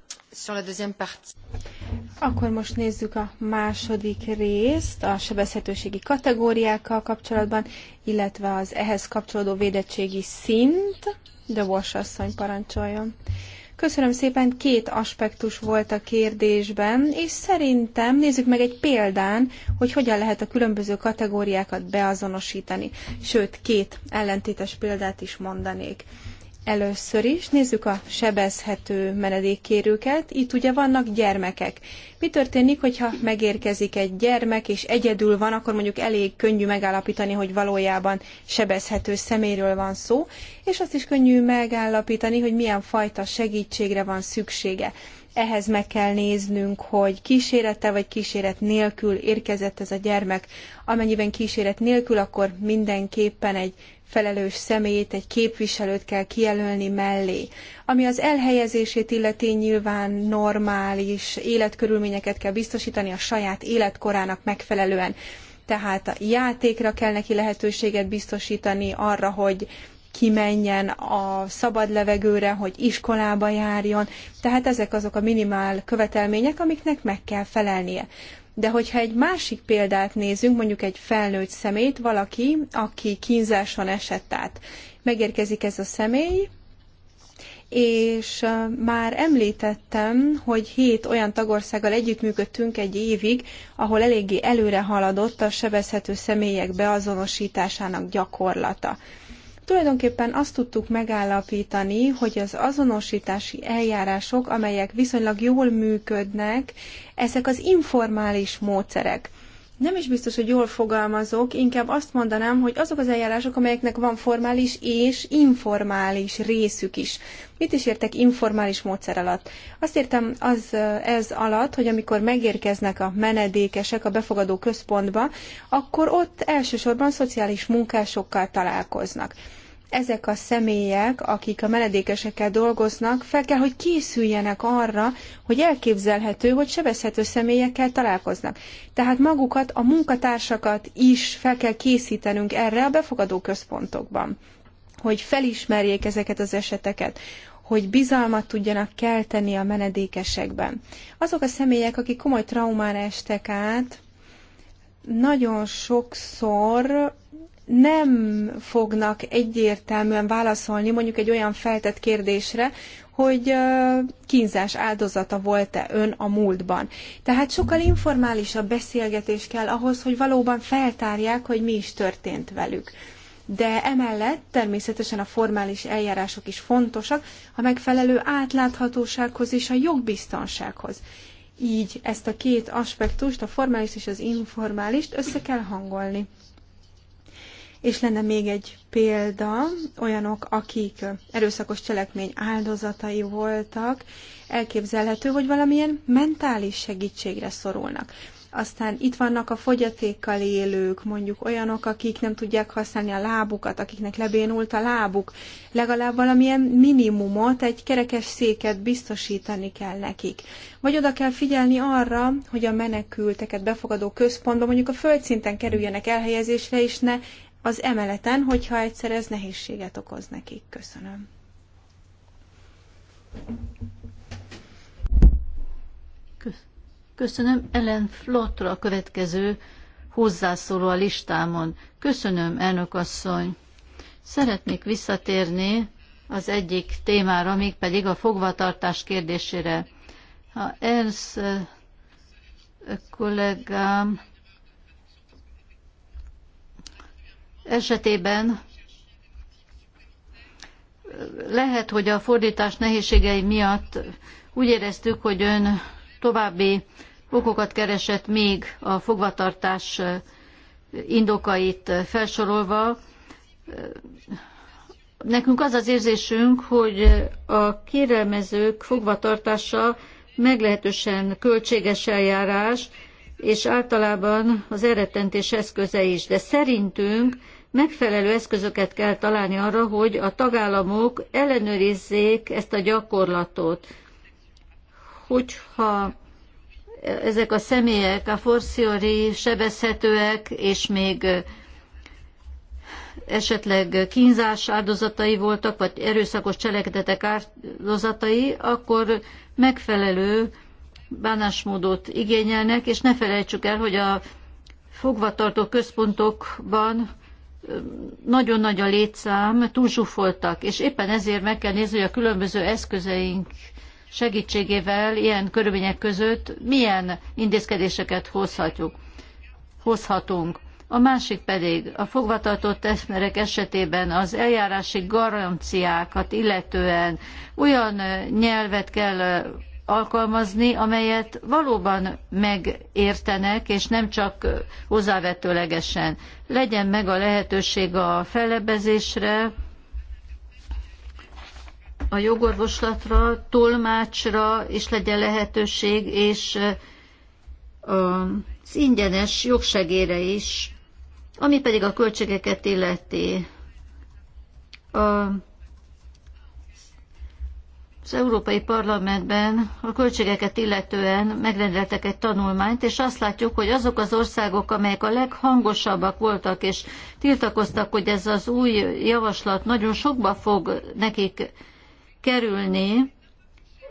Akkor most nézzük a második részt a sebezhetőségi kategóriákkal kapcsolatban, illetve az ehhez kapcsolódó védettségi szint. De Vos asszony parancsoljon. Köszönöm szépen, két aspektus volt a kérdésben, és szerintem nézzük meg egy példán, hogy hogyan lehet a különböző kategóriákat beazonosítani. Sőt, két ellentétes példát is mondanék. Először is nézzük a sebezhető menedékkérőket. Itt ugye vannak gyermekek. Mi történik, hogyha megérkezik egy gyermek, és egyedül van, akkor mondjuk elég könnyű megállapítani, hogy valójában sebezhető szeméről van szó, és azt is könnyű megállapítani, hogy milyen fajta segítségre van szüksége. Ehhez meg kell néznünk, hogy kísérete vagy kíséret nélkül érkezett ez a gyermek. Amennyiben kíséret nélkül, akkor mindenképpen egy felelős személyt egy képviselőt kell kijelölni mellé. Ami az elhelyezését illeti, nyilván normális életkörülményeket kell biztosítani a saját életkorának megfelelően. Tehát a játékra kell neki lehetőséget biztosítani arra, hogy kimenjen a szabad levegőre, hogy iskolába járjon. Tehát ezek azok a minimál követelmények, amiknek meg kell felelnie. De hogyha egy másik példát nézünk, mondjuk egy felnőtt szemét, valaki, aki kínzáson esett át, megérkezik ez a személy, és már említettem, hogy hét olyan tagországgal együttműködtünk egy évig, ahol eléggé előre haladott a sebezhető személyek beazonosításának gyakorlata. Tulajdonképpen azt tudtuk megállapítani, hogy az azonosítási eljárások, amelyek viszonylag jól működnek, ezek az informális módszerek nem is biztos, hogy jól fogalmazok, inkább azt mondanám, hogy azok az eljárások, amelyeknek van formális és informális részük is. Mit is értek informális módszer alatt? Azt értem az, ez alatt, hogy amikor megérkeznek a menedékesek a befogadó központba, akkor ott elsősorban szociális munkásokkal találkoznak ezek a személyek, akik a menedékesekkel dolgoznak, fel kell, hogy készüljenek arra, hogy elképzelhető, hogy sebezhető személyekkel találkoznak. Tehát magukat, a munkatársakat is fel kell készítenünk erre a befogadó központokban, hogy felismerjék ezeket az eseteket, hogy bizalmat tudjanak kelteni a menedékesekben. Azok a személyek, akik komoly traumán estek át, nagyon sokszor nem fognak egyértelműen válaszolni mondjuk egy olyan feltett kérdésre, hogy kínzás áldozata volt-e ön a múltban. Tehát sokkal informálisabb beszélgetés kell ahhoz, hogy valóban feltárják, hogy mi is történt velük. De emellett természetesen a formális eljárások is fontosak, a megfelelő átláthatósághoz és a jogbiztonsághoz. Így ezt a két aspektust, a formális és az informális össze kell hangolni. És lenne még egy példa, olyanok, akik erőszakos cselekmény áldozatai voltak, elképzelhető, hogy valamilyen mentális segítségre szorulnak. Aztán itt vannak a fogyatékkal élők, mondjuk olyanok, akik nem tudják használni a lábukat, akiknek lebénult a lábuk. Legalább valamilyen minimumot, egy kerekes széket biztosítani kell nekik. Vagy oda kell figyelni arra, hogy a menekülteket befogadó központban mondjuk a földszinten kerüljenek elhelyezésre, és ne az emeleten, hogyha egyszer ez nehézséget okoz nekik. Köszönöm. Köszönöm. Ellen Flotra a következő hozzászóló a listámon. Köszönöm, elnök asszony. Szeretnék visszatérni az egyik témára, pedig a fogvatartás kérdésére. Ha Ernst eh, kollégám esetében lehet, hogy a fordítás nehézségei miatt úgy éreztük, hogy ön további okokat keresett még a fogvatartás indokait felsorolva. Nekünk az az érzésünk, hogy a kérelmezők fogvatartása meglehetősen költséges eljárás, és általában az elrettentés eszköze is. De szerintünk megfelelő eszközöket kell találni arra, hogy a tagállamok ellenőrizzék ezt a gyakorlatot. Hogyha ezek a személyek a forciori sebezhetőek, és még esetleg kínzás áldozatai voltak, vagy erőszakos cselekedetek áldozatai, akkor megfelelő bánásmódot igényelnek, és ne felejtsük el, hogy a fogvatartó központokban nagyon nagy a létszám, túlzsúfoltak, és éppen ezért meg kell nézni, hogy a különböző eszközeink segítségével ilyen körülmények között milyen intézkedéseket hozhatjuk, hozhatunk. A másik pedig a fogvatartott emberek esetében az eljárási garanciákat illetően olyan nyelvet kell alkalmazni, amelyet valóban megértenek, és nem csak hozzávetőlegesen. Legyen meg a lehetőség a fellebezésre, a jogorvoslatra, tolmácsra is legyen lehetőség, és az ingyenes jogsegére is, ami pedig a költségeket illeti. A az Európai Parlamentben a költségeket illetően megrendeltek egy tanulmányt, és azt látjuk, hogy azok az országok, amelyek a leghangosabbak voltak, és tiltakoztak, hogy ez az új javaslat nagyon sokba fog nekik kerülni,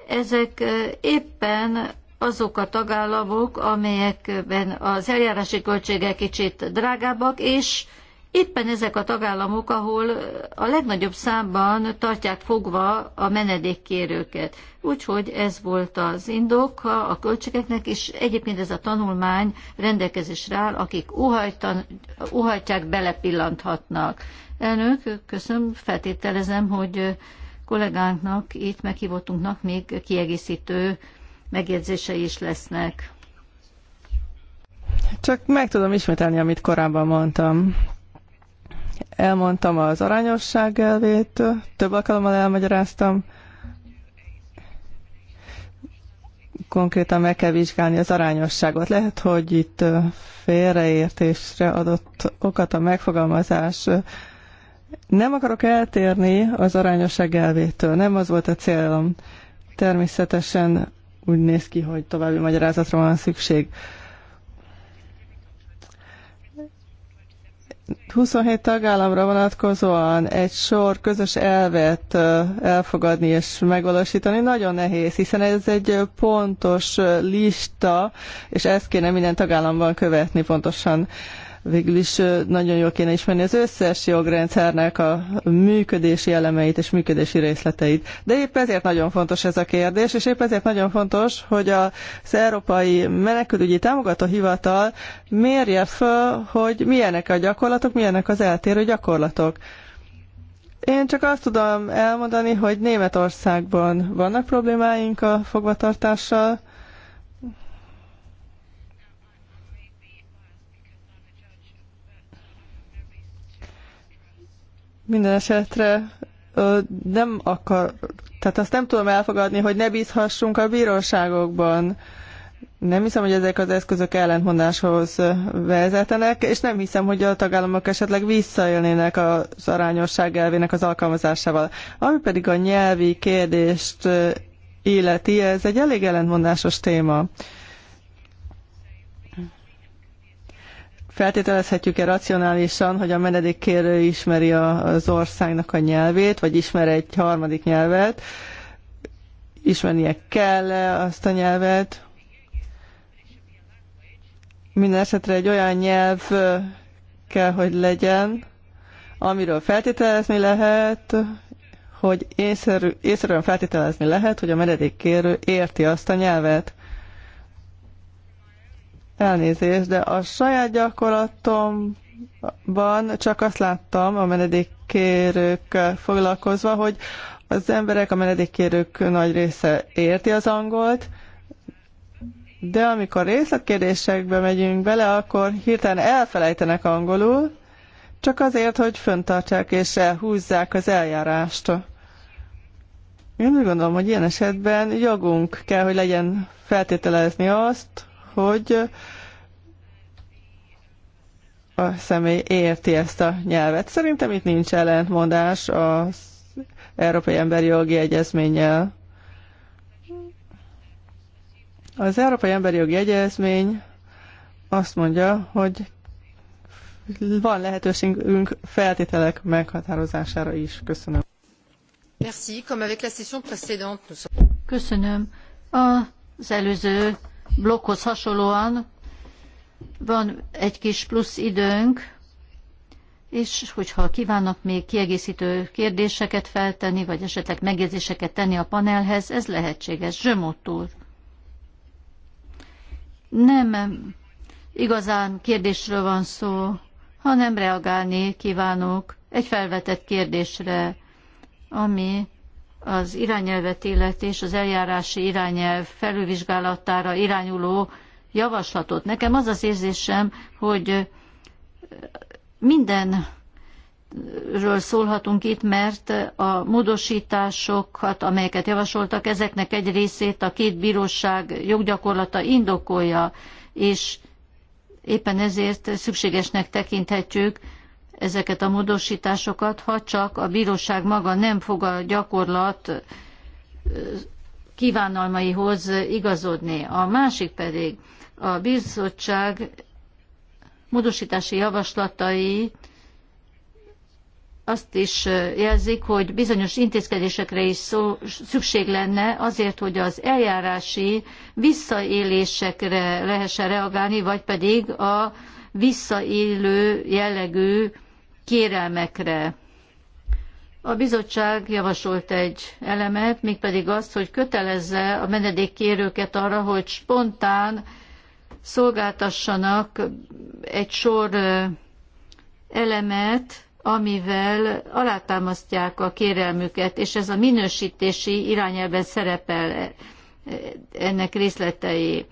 ezek éppen azok a tagállamok, amelyekben az eljárási költségek kicsit drágábbak, és Éppen ezek a tagállamok, ahol a legnagyobb számban tartják fogva a menedékkérőket. Úgyhogy ez volt az indok a költségeknek, és egyébként ez a tanulmány rendelkezésre áll, akik óhajtják, belepillanthatnak. Elnök, köszönöm, feltételezem, hogy kollégánknak, itt meghívottunknak még kiegészítő megjegyzései is lesznek. Csak meg tudom ismételni, amit korábban mondtam. Elmondtam az arányosság elvét, több alkalommal elmagyaráztam. Konkrétan meg kell vizsgálni az arányosságot. Lehet, hogy itt félreértésre adott okat a megfogalmazás. Nem akarok eltérni az arányosság elvétől, nem az volt a célom. Természetesen úgy néz ki, hogy további magyarázatra van szükség. 27 tagállamra vonatkozóan egy sor közös elvet elfogadni és megvalósítani nagyon nehéz, hiszen ez egy pontos lista, és ezt kéne minden tagállamban követni pontosan végül is nagyon jól kéne ismerni az összes jogrendszernek a működési elemeit és működési részleteit. De épp ezért nagyon fontos ez a kérdés, és épp ezért nagyon fontos, hogy az Európai Menekülügyi Támogató Hivatal mérje föl, hogy milyenek a gyakorlatok, milyenek az eltérő gyakorlatok. Én csak azt tudom elmondani, hogy Németországban vannak problémáink a fogvatartással, Minden esetre nem akar, tehát azt nem tudom elfogadni, hogy ne bízhassunk a bíróságokban. Nem hiszem, hogy ezek az eszközök ellentmondáshoz vezetenek, és nem hiszem, hogy a tagállamok esetleg visszaélnének az arányosság elvének az alkalmazásával. Ami pedig a nyelvi kérdést illeti, ez egy elég ellentmondásos téma. Feltételezhetjük-e racionálisan, hogy a menedékkérő ismeri az országnak a nyelvét, vagy ismer egy harmadik nyelvet, ismernie kell -e azt a nyelvet. Minden esetre egy olyan nyelv kell, hogy legyen, amiről feltételezni lehet, hogy észszerűen feltételezni lehet, hogy a menedékkérő érti azt a nyelvet. Elnézést, de a saját gyakorlatomban csak azt láttam a menedékkérőkkel foglalkozva, hogy az emberek, a menedékkérők nagy része érti az angolt, de amikor részletkérdésekbe megyünk bele, akkor hirtelen elfelejtenek angolul, csak azért, hogy föntartsák és elhúzzák az eljárást. Én úgy gondolom, hogy ilyen esetben jogunk kell, hogy legyen feltételezni azt, hogy a személy érti ezt a nyelvet. Szerintem itt nincs ellentmondás az Európai Emberi Jogi Egyezménnyel. Az Európai Emberi Jogi Egyezmény azt mondja, hogy van lehetőségünk feltételek meghatározására is. Köszönöm. Merci. Comme avec la session précédente, nous... Köszönöm. Az előző blokkhoz hasonlóan van egy kis plusz időnk, és hogyha kívánnak még kiegészítő kérdéseket feltenni, vagy esetleg megjegyzéseket tenni a panelhez, ez lehetséges. Zsömott úr. Nem igazán kérdésről van szó, hanem reagálni kívánok egy felvetett kérdésre, ami az irányelvet illeti és az eljárási irányelv felülvizsgálatára irányuló javaslatot. Nekem az az érzésem, hogy mindenről szólhatunk itt, mert a módosításokat, amelyeket javasoltak, ezeknek egy részét a két bíróság joggyakorlata indokolja, és éppen ezért szükségesnek tekinthetjük ezeket a módosításokat, ha csak a bíróság maga nem fog a gyakorlat kívánalmaihoz igazodni. A másik pedig a bizottság módosítási javaslatai azt is jelzik, hogy bizonyos intézkedésekre is szó, szükség lenne azért, hogy az eljárási visszaélésekre lehessen reagálni, vagy pedig a visszaélő jellegű kérelmekre. A bizottság javasolt egy elemet, mégpedig azt, hogy kötelezze a menedékkérőket arra, hogy spontán szolgáltassanak egy sor elemet, amivel alátámasztják a kérelmüket, és ez a minősítési irányelben szerepel ennek részletei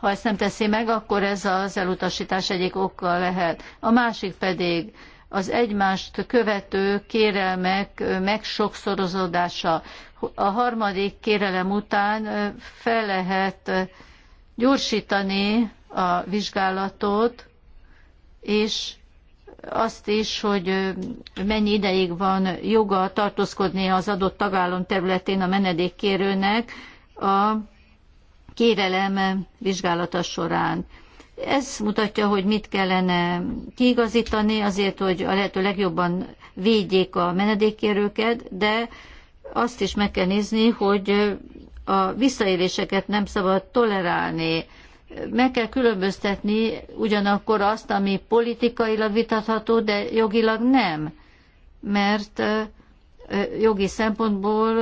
ha ezt nem teszi meg, akkor ez az elutasítás egyik oka lehet. A másik pedig az egymást követő kérelmek megsokszorozódása. A harmadik kérelem után fel lehet gyorsítani a vizsgálatot, és azt is, hogy mennyi ideig van joga tartózkodni az adott tagállam területén a menedékkérőnek a kérelem vizsgálata során. Ez mutatja, hogy mit kellene kiigazítani azért, hogy a lehető legjobban védjék a menedékkérőket, de azt is meg kell nézni, hogy a visszaéléseket nem szabad tolerálni. Meg kell különböztetni ugyanakkor azt, ami politikailag vitatható, de jogilag nem. Mert jogi szempontból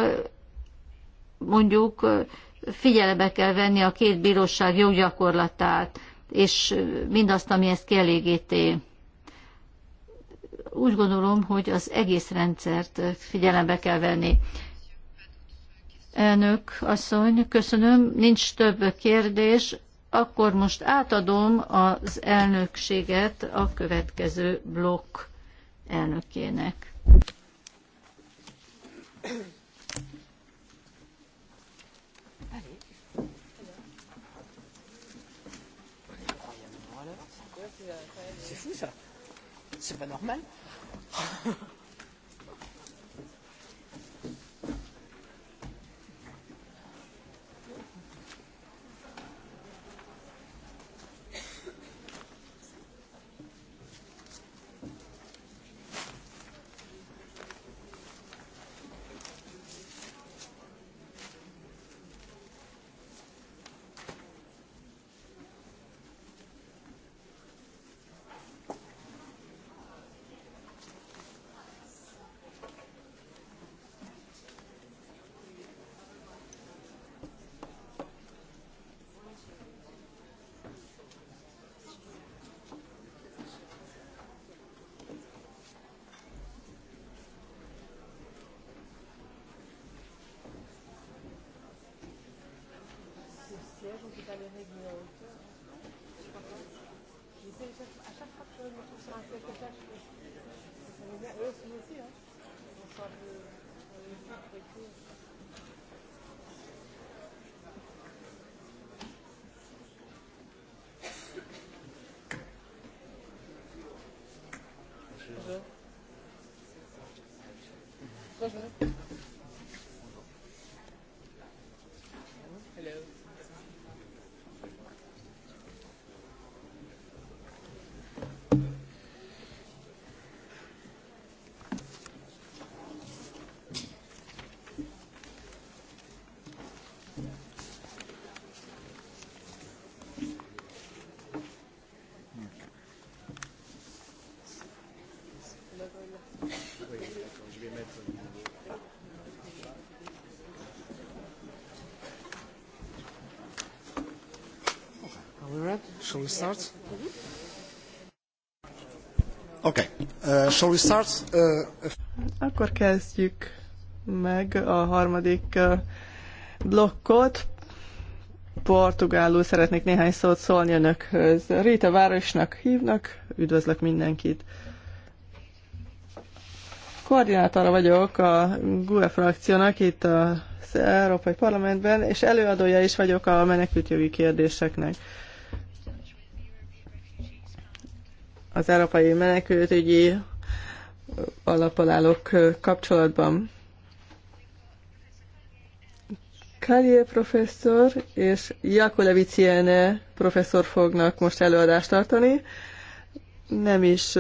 mondjuk figyelembe kell venni a két bíróság joggyakorlatát, és mindazt, ami ezt kielégíti. Úgy gondolom, hogy az egész rendszert figyelembe kell venni. Elnök asszony, köszönöm. Nincs több kérdés. Akkor most átadom az elnökséget a következő blokk elnökének. c'est pas normal. <laughs> megtörténik. Shall we start? Okay. Uh, shall we start? Uh, Akkor kezdjük meg a harmadik uh, blokkot. Portugálul szeretnék néhány szót szólni önökhöz. Rita Városnak hívnak, üdvözlök mindenkit. Koordinátora vagyok a GUE frakciónak itt az Európai Parlamentben, és előadója is vagyok a menekültjogi kérdéseknek. az Európai Menekültügyi Alappal állok kapcsolatban. Kalier professzor és Jakolevic professzor fognak most előadást tartani. Nem is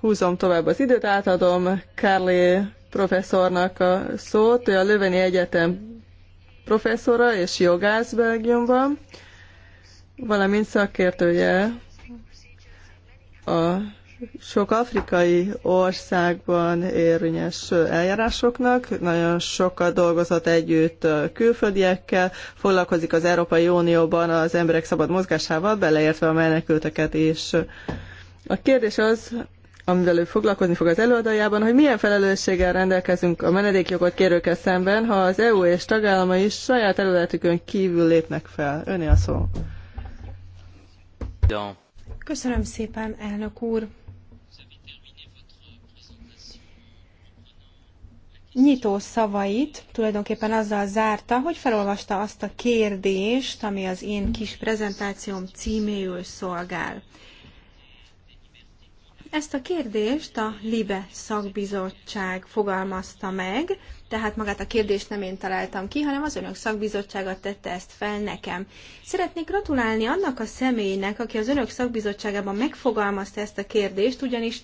húzom tovább az időt, átadom Kárli professzornak a szót. Ő a Löveni Egyetem professzora és jogász Belgiumban, valamint szakértője a sok afrikai országban érvényes eljárásoknak, nagyon sokat dolgozott együtt külföldiekkel, foglalkozik az Európai Unióban az emberek szabad mozgásával, beleértve a menekülteket is. A kérdés az, amivel ő foglalkozni fog az előadójában, hogy milyen felelősséggel rendelkezünk a menedékjogot kérőkkel szemben, ha az EU és tagállamai saját területükön kívül lépnek fel. Öné a szó. Don't. Köszönöm szépen, elnök úr. nyitó szavait tulajdonképpen azzal zárta, hogy felolvasta azt a kérdést, ami az én kis prezentációm címéül szolgál. Ezt a kérdést a LIBE szakbizottság fogalmazta meg, tehát magát a kérdést nem én találtam ki, hanem az önök szakbizottsága tette ezt fel nekem. Szeretnék gratulálni annak a személynek, aki az önök szakbizottságában megfogalmazta ezt a kérdést, ugyanis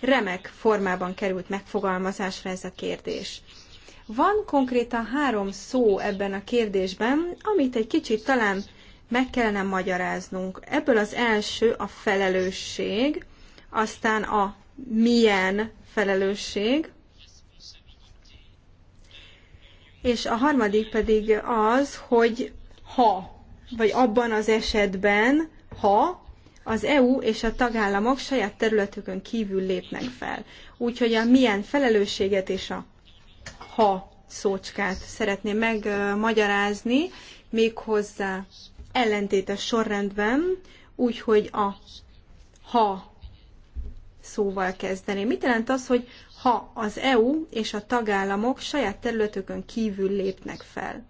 remek formában került megfogalmazásra ez a kérdés. Van konkrétan három szó ebben a kérdésben, amit egy kicsit talán meg kellene magyaráznunk. Ebből az első a felelősség, aztán a milyen felelősség, és a harmadik pedig az, hogy ha, vagy abban az esetben, ha az EU és a tagállamok saját területükön kívül lépnek fel. Úgyhogy a milyen felelősséget és a ha szócskát szeretném megmagyarázni, méghozzá ellentétes sorrendben, úgyhogy a ha szóval kezdeném. Mit jelent az, hogy ha az EU és a tagállamok saját területükön kívül lépnek fel?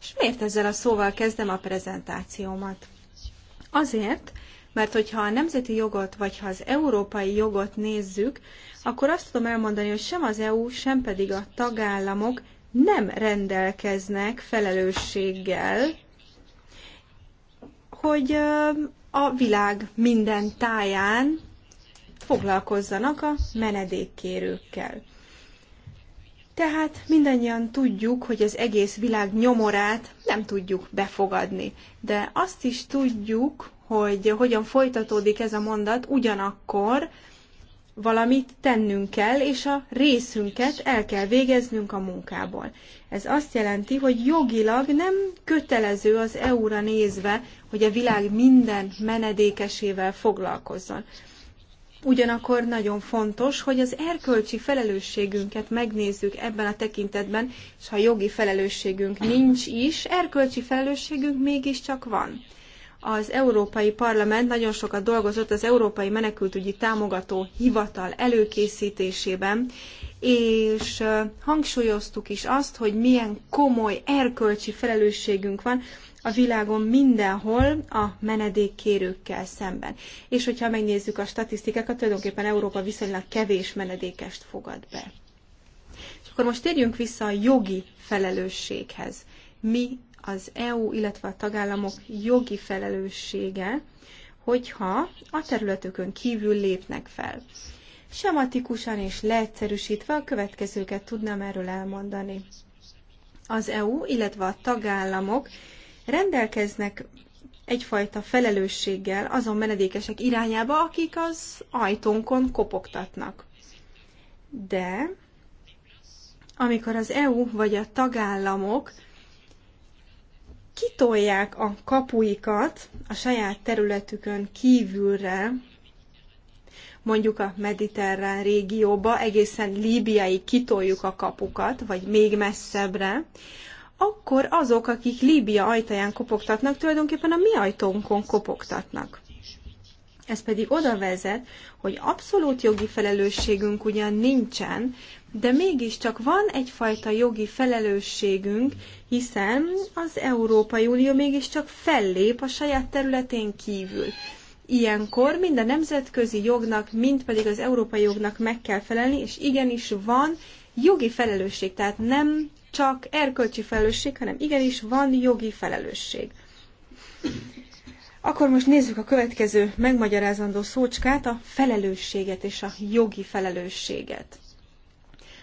És miért ezzel a szóval kezdem a prezentációmat? Azért, mert hogyha a nemzeti jogot, vagy ha az európai jogot nézzük, akkor azt tudom elmondani, hogy sem az EU, sem pedig a tagállamok nem rendelkeznek felelősséggel, hogy a világ minden táján foglalkozzanak a menedékkérőkkel. Tehát mindannyian tudjuk, hogy az egész világ nyomorát nem tudjuk befogadni, de azt is tudjuk, hogy hogyan folytatódik ez a mondat, ugyanakkor valamit tennünk kell, és a részünket el kell végeznünk a munkából. Ez azt jelenti, hogy jogilag nem kötelező az EU-ra nézve, hogy a világ minden menedékesével foglalkozzon. Ugyanakkor nagyon fontos, hogy az erkölcsi felelősségünket megnézzük ebben a tekintetben, és ha jogi felelősségünk nincs is, erkölcsi felelősségünk mégiscsak van. Az Európai Parlament nagyon sokat dolgozott az Európai Menekültügyi Támogató Hivatal előkészítésében, és hangsúlyoztuk is azt, hogy milyen komoly erkölcsi felelősségünk van a világon mindenhol a menedékkérőkkel szemben. És hogyha megnézzük a statisztikákat, tulajdonképpen Európa viszonylag kevés menedékest fogad be. És akkor most térjünk vissza a jogi felelősséghez. Mi az EU, illetve a tagállamok jogi felelőssége, hogyha a területükön kívül lépnek fel. Sematikusan és leegyszerűsítve a következőket tudnám erről elmondani. Az EU, illetve a tagállamok rendelkeznek egyfajta felelősséggel azon menedékesek irányába, akik az ajtónkon kopogtatnak. De amikor az EU vagy a tagállamok kitolják a kapuikat a saját területükön kívülre, mondjuk a mediterrán régióba, egészen Líbiáig kitoljuk a kapukat, vagy még messzebbre, akkor azok, akik Líbia ajtaján kopogtatnak, tulajdonképpen a mi ajtónkon kopogtatnak. Ez pedig oda vezet, hogy abszolút jogi felelősségünk ugyan nincsen, de mégiscsak van egyfajta jogi felelősségünk, hiszen az Európai Unió mégiscsak fellép a saját területén kívül. Ilyenkor mind a nemzetközi jognak, mind pedig az európai jognak meg kell felelni, és igenis van jogi felelősség, tehát nem csak erkölcsi felelősség, hanem igenis van jogi felelősség. Akkor most nézzük a következő megmagyarázandó szócskát, a felelősséget és a jogi felelősséget.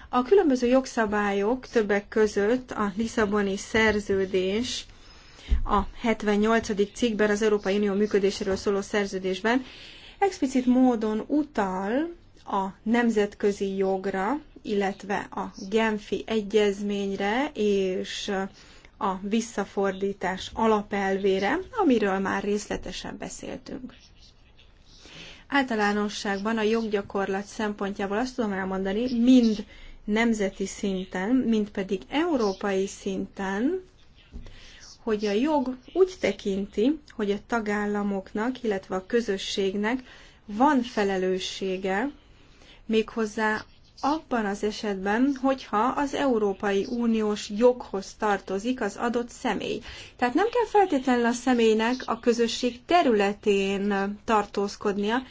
A különböző jogszabályok többek között a Lisszaboni szerződés a 78. cikkben az Európai Unió működéséről szóló szerződésben explicit módon utal a nemzetközi jogra, illetve a Genfi egyezményre és a visszafordítás alapelvére, amiről már részletesen beszéltünk. Általánosságban a joggyakorlat szempontjából azt tudom elmondani, mind nemzeti szinten, mind pedig európai szinten, hogy a jog úgy tekinti, hogy a tagállamoknak, illetve a közösségnek van felelőssége méghozzá abban az esetben, hogyha az Európai Uniós joghoz tartozik az adott személy. Tehát nem kell feltétlenül a személynek a közösség területén tartózkodnia,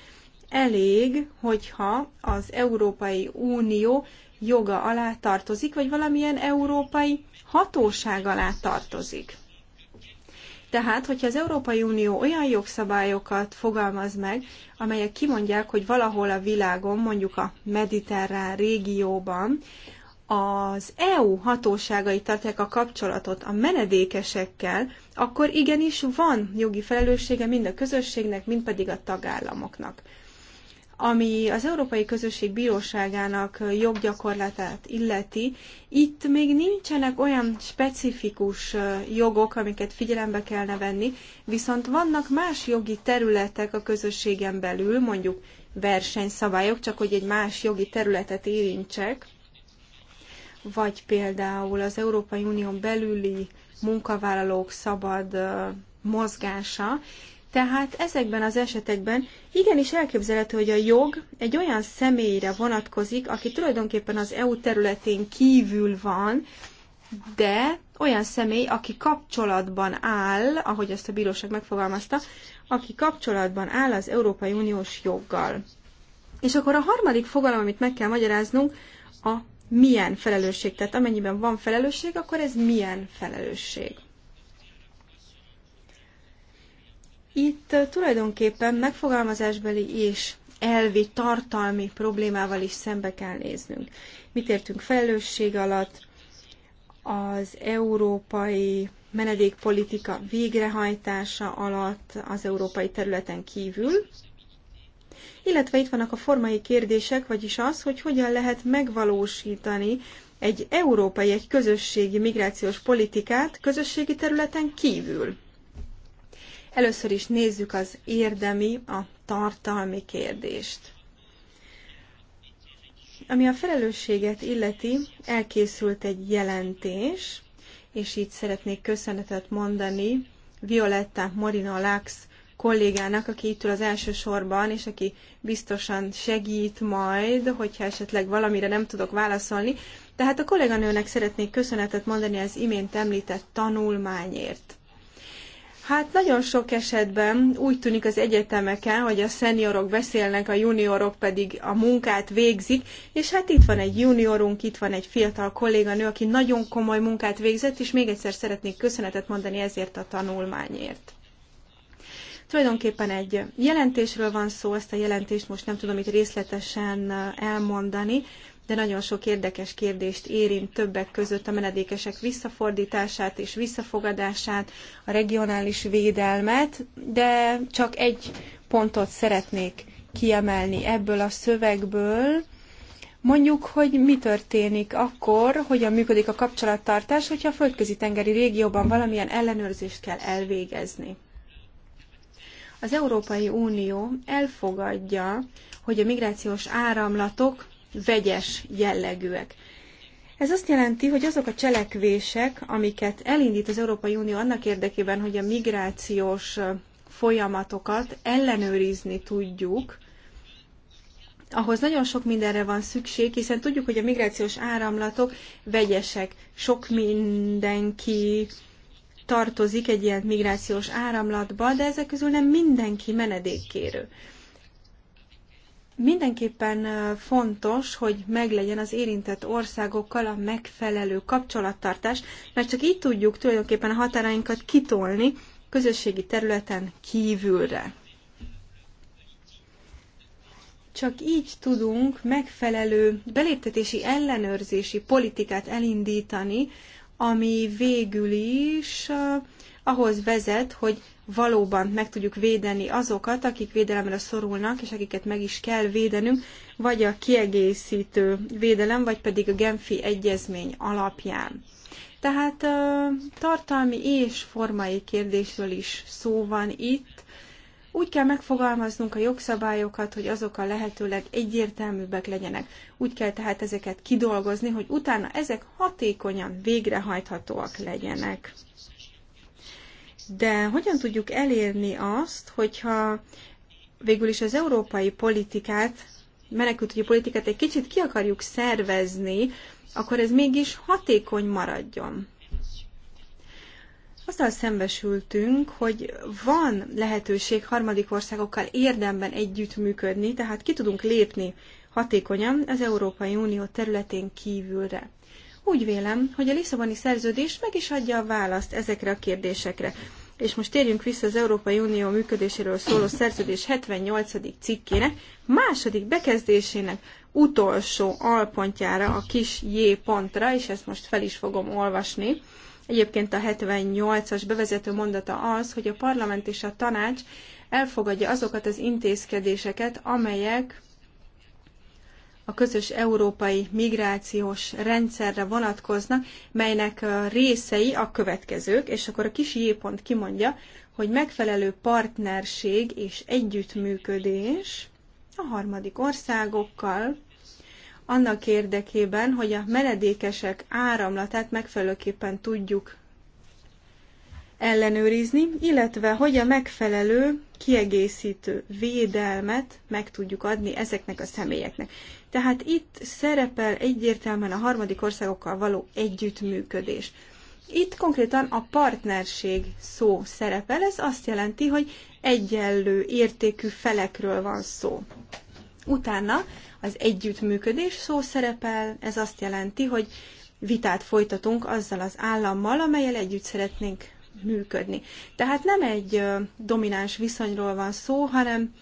elég, hogyha az Európai Unió joga alá tartozik, vagy valamilyen európai hatóság alá tartozik. Tehát, hogyha az Európai Unió olyan jogszabályokat fogalmaz meg, amelyek kimondják, hogy valahol a világon, mondjuk a mediterrán régióban, az EU hatóságai tartják a kapcsolatot a menedékesekkel, akkor igenis van jogi felelőssége mind a közösségnek, mind pedig a tagállamoknak. Ami az Európai Közösség Bíróságának joggyakorlatát illeti, itt még nincsenek olyan specifikus jogok, amiket figyelembe kellene venni, viszont vannak más jogi területek a közösségen belül, mondjuk versenyszabályok, csak hogy egy más jogi területet érintsek, vagy például az Európai Unión belüli munkavállalók szabad mozgása. Tehát ezekben az esetekben igenis elképzelhető, hogy a jog egy olyan személyre vonatkozik, aki tulajdonképpen az EU területén kívül van, de olyan személy, aki kapcsolatban áll, ahogy ezt a bíróság megfogalmazta, aki kapcsolatban áll az Európai Uniós joggal. És akkor a harmadik fogalom, amit meg kell magyaráznunk, a milyen felelősség. Tehát amennyiben van felelősség, akkor ez milyen felelősség. Itt tulajdonképpen megfogalmazásbeli és elvi, tartalmi problémával is szembe kell néznünk. Mit értünk felelősség alatt? Az európai menedékpolitika végrehajtása alatt az európai területen kívül, illetve itt vannak a formai kérdések, vagyis az, hogy hogyan lehet megvalósítani egy európai, egy közösségi migrációs politikát közösségi területen kívül. Először is nézzük az érdemi, a tartalmi kérdést. Ami a felelősséget illeti, elkészült egy jelentés, és így szeretnék köszönetet mondani Violetta Morina Lax kollégának, aki itt ül az első sorban, és aki biztosan segít majd, hogyha esetleg valamire nem tudok válaszolni. Tehát a kolléganőnek szeretnék köszönetet mondani az imént említett tanulmányért. Hát nagyon sok esetben úgy tűnik az egyetemeken, hogy a szeniorok beszélnek, a juniorok pedig a munkát végzik, és hát itt van egy juniorunk, itt van egy fiatal kolléganő, aki nagyon komoly munkát végzett, és még egyszer szeretnék köszönetet mondani ezért a tanulmányért. Tulajdonképpen egy jelentésről van szó, ezt a jelentést most nem tudom itt részletesen elmondani, de nagyon sok érdekes kérdést érint többek között a menedékesek visszafordítását és visszafogadását, a regionális védelmet, de csak egy pontot szeretnék kiemelni ebből a szövegből, Mondjuk, hogy mi történik akkor, hogyan működik a kapcsolattartás, hogyha a földközi tengeri régióban valamilyen ellenőrzést kell elvégezni. Az Európai Unió elfogadja, hogy a migrációs áramlatok vegyes jellegűek. Ez azt jelenti, hogy azok a cselekvések, amiket elindít az Európai Unió annak érdekében, hogy a migrációs folyamatokat ellenőrizni tudjuk, ahhoz nagyon sok mindenre van szükség, hiszen tudjuk, hogy a migrációs áramlatok vegyesek, sok mindenki tartozik egy ilyen migrációs áramlatba, de ezek közül nem mindenki menedékkérő. Mindenképpen fontos, hogy meglegyen az érintett országokkal a megfelelő kapcsolattartás, mert csak így tudjuk tulajdonképpen a határainkat kitolni közösségi területen kívülre. Csak így tudunk megfelelő beléptetési ellenőrzési politikát elindítani, ami végül is ahhoz vezet, hogy valóban meg tudjuk védeni azokat, akik védelemre szorulnak, és akiket meg is kell védenünk, vagy a kiegészítő védelem, vagy pedig a Genfi egyezmény alapján. Tehát tartalmi és formai kérdésről is szó van itt. Úgy kell megfogalmaznunk a jogszabályokat, hogy azok a lehetőleg egyértelműbbek legyenek. Úgy kell tehát ezeket kidolgozni, hogy utána ezek hatékonyan végrehajthatóak legyenek. De hogyan tudjuk elérni azt, hogyha végül is az európai politikát, menekültügyi politikát egy kicsit ki akarjuk szervezni, akkor ez mégis hatékony maradjon. Aztán szembesültünk, hogy van lehetőség harmadik országokkal érdemben együttműködni, tehát ki tudunk lépni hatékonyan az Európai Unió területén kívülre. Úgy vélem, hogy a Lisszaboni szerződés meg is adja a választ ezekre a kérdésekre. És most térjünk vissza az Európai Unió működéséről szóló szerződés 78. cikkének, második bekezdésének utolsó alpontjára, a kis J pontra, és ezt most fel is fogom olvasni. Egyébként a 78-as bevezető mondata az, hogy a parlament és a tanács elfogadja azokat az intézkedéseket, amelyek a közös európai migrációs rendszerre vonatkoznak, melynek részei a következők, és akkor a kis J kimondja, hogy megfelelő partnerség és együttműködés a harmadik országokkal, annak érdekében, hogy a menedékesek áramlatát megfelelőképpen tudjuk ellenőrizni, illetve hogy a megfelelő kiegészítő védelmet meg tudjuk adni ezeknek a személyeknek. Tehát itt szerepel egyértelműen a harmadik országokkal való együttműködés. Itt konkrétan a partnerség szó szerepel, ez azt jelenti, hogy egyenlő értékű felekről van szó. Utána az együttműködés szó szerepel, ez azt jelenti, hogy vitát folytatunk azzal az állammal, amelyel együtt szeretnénk működni. Tehát nem egy domináns viszonyról van szó, hanem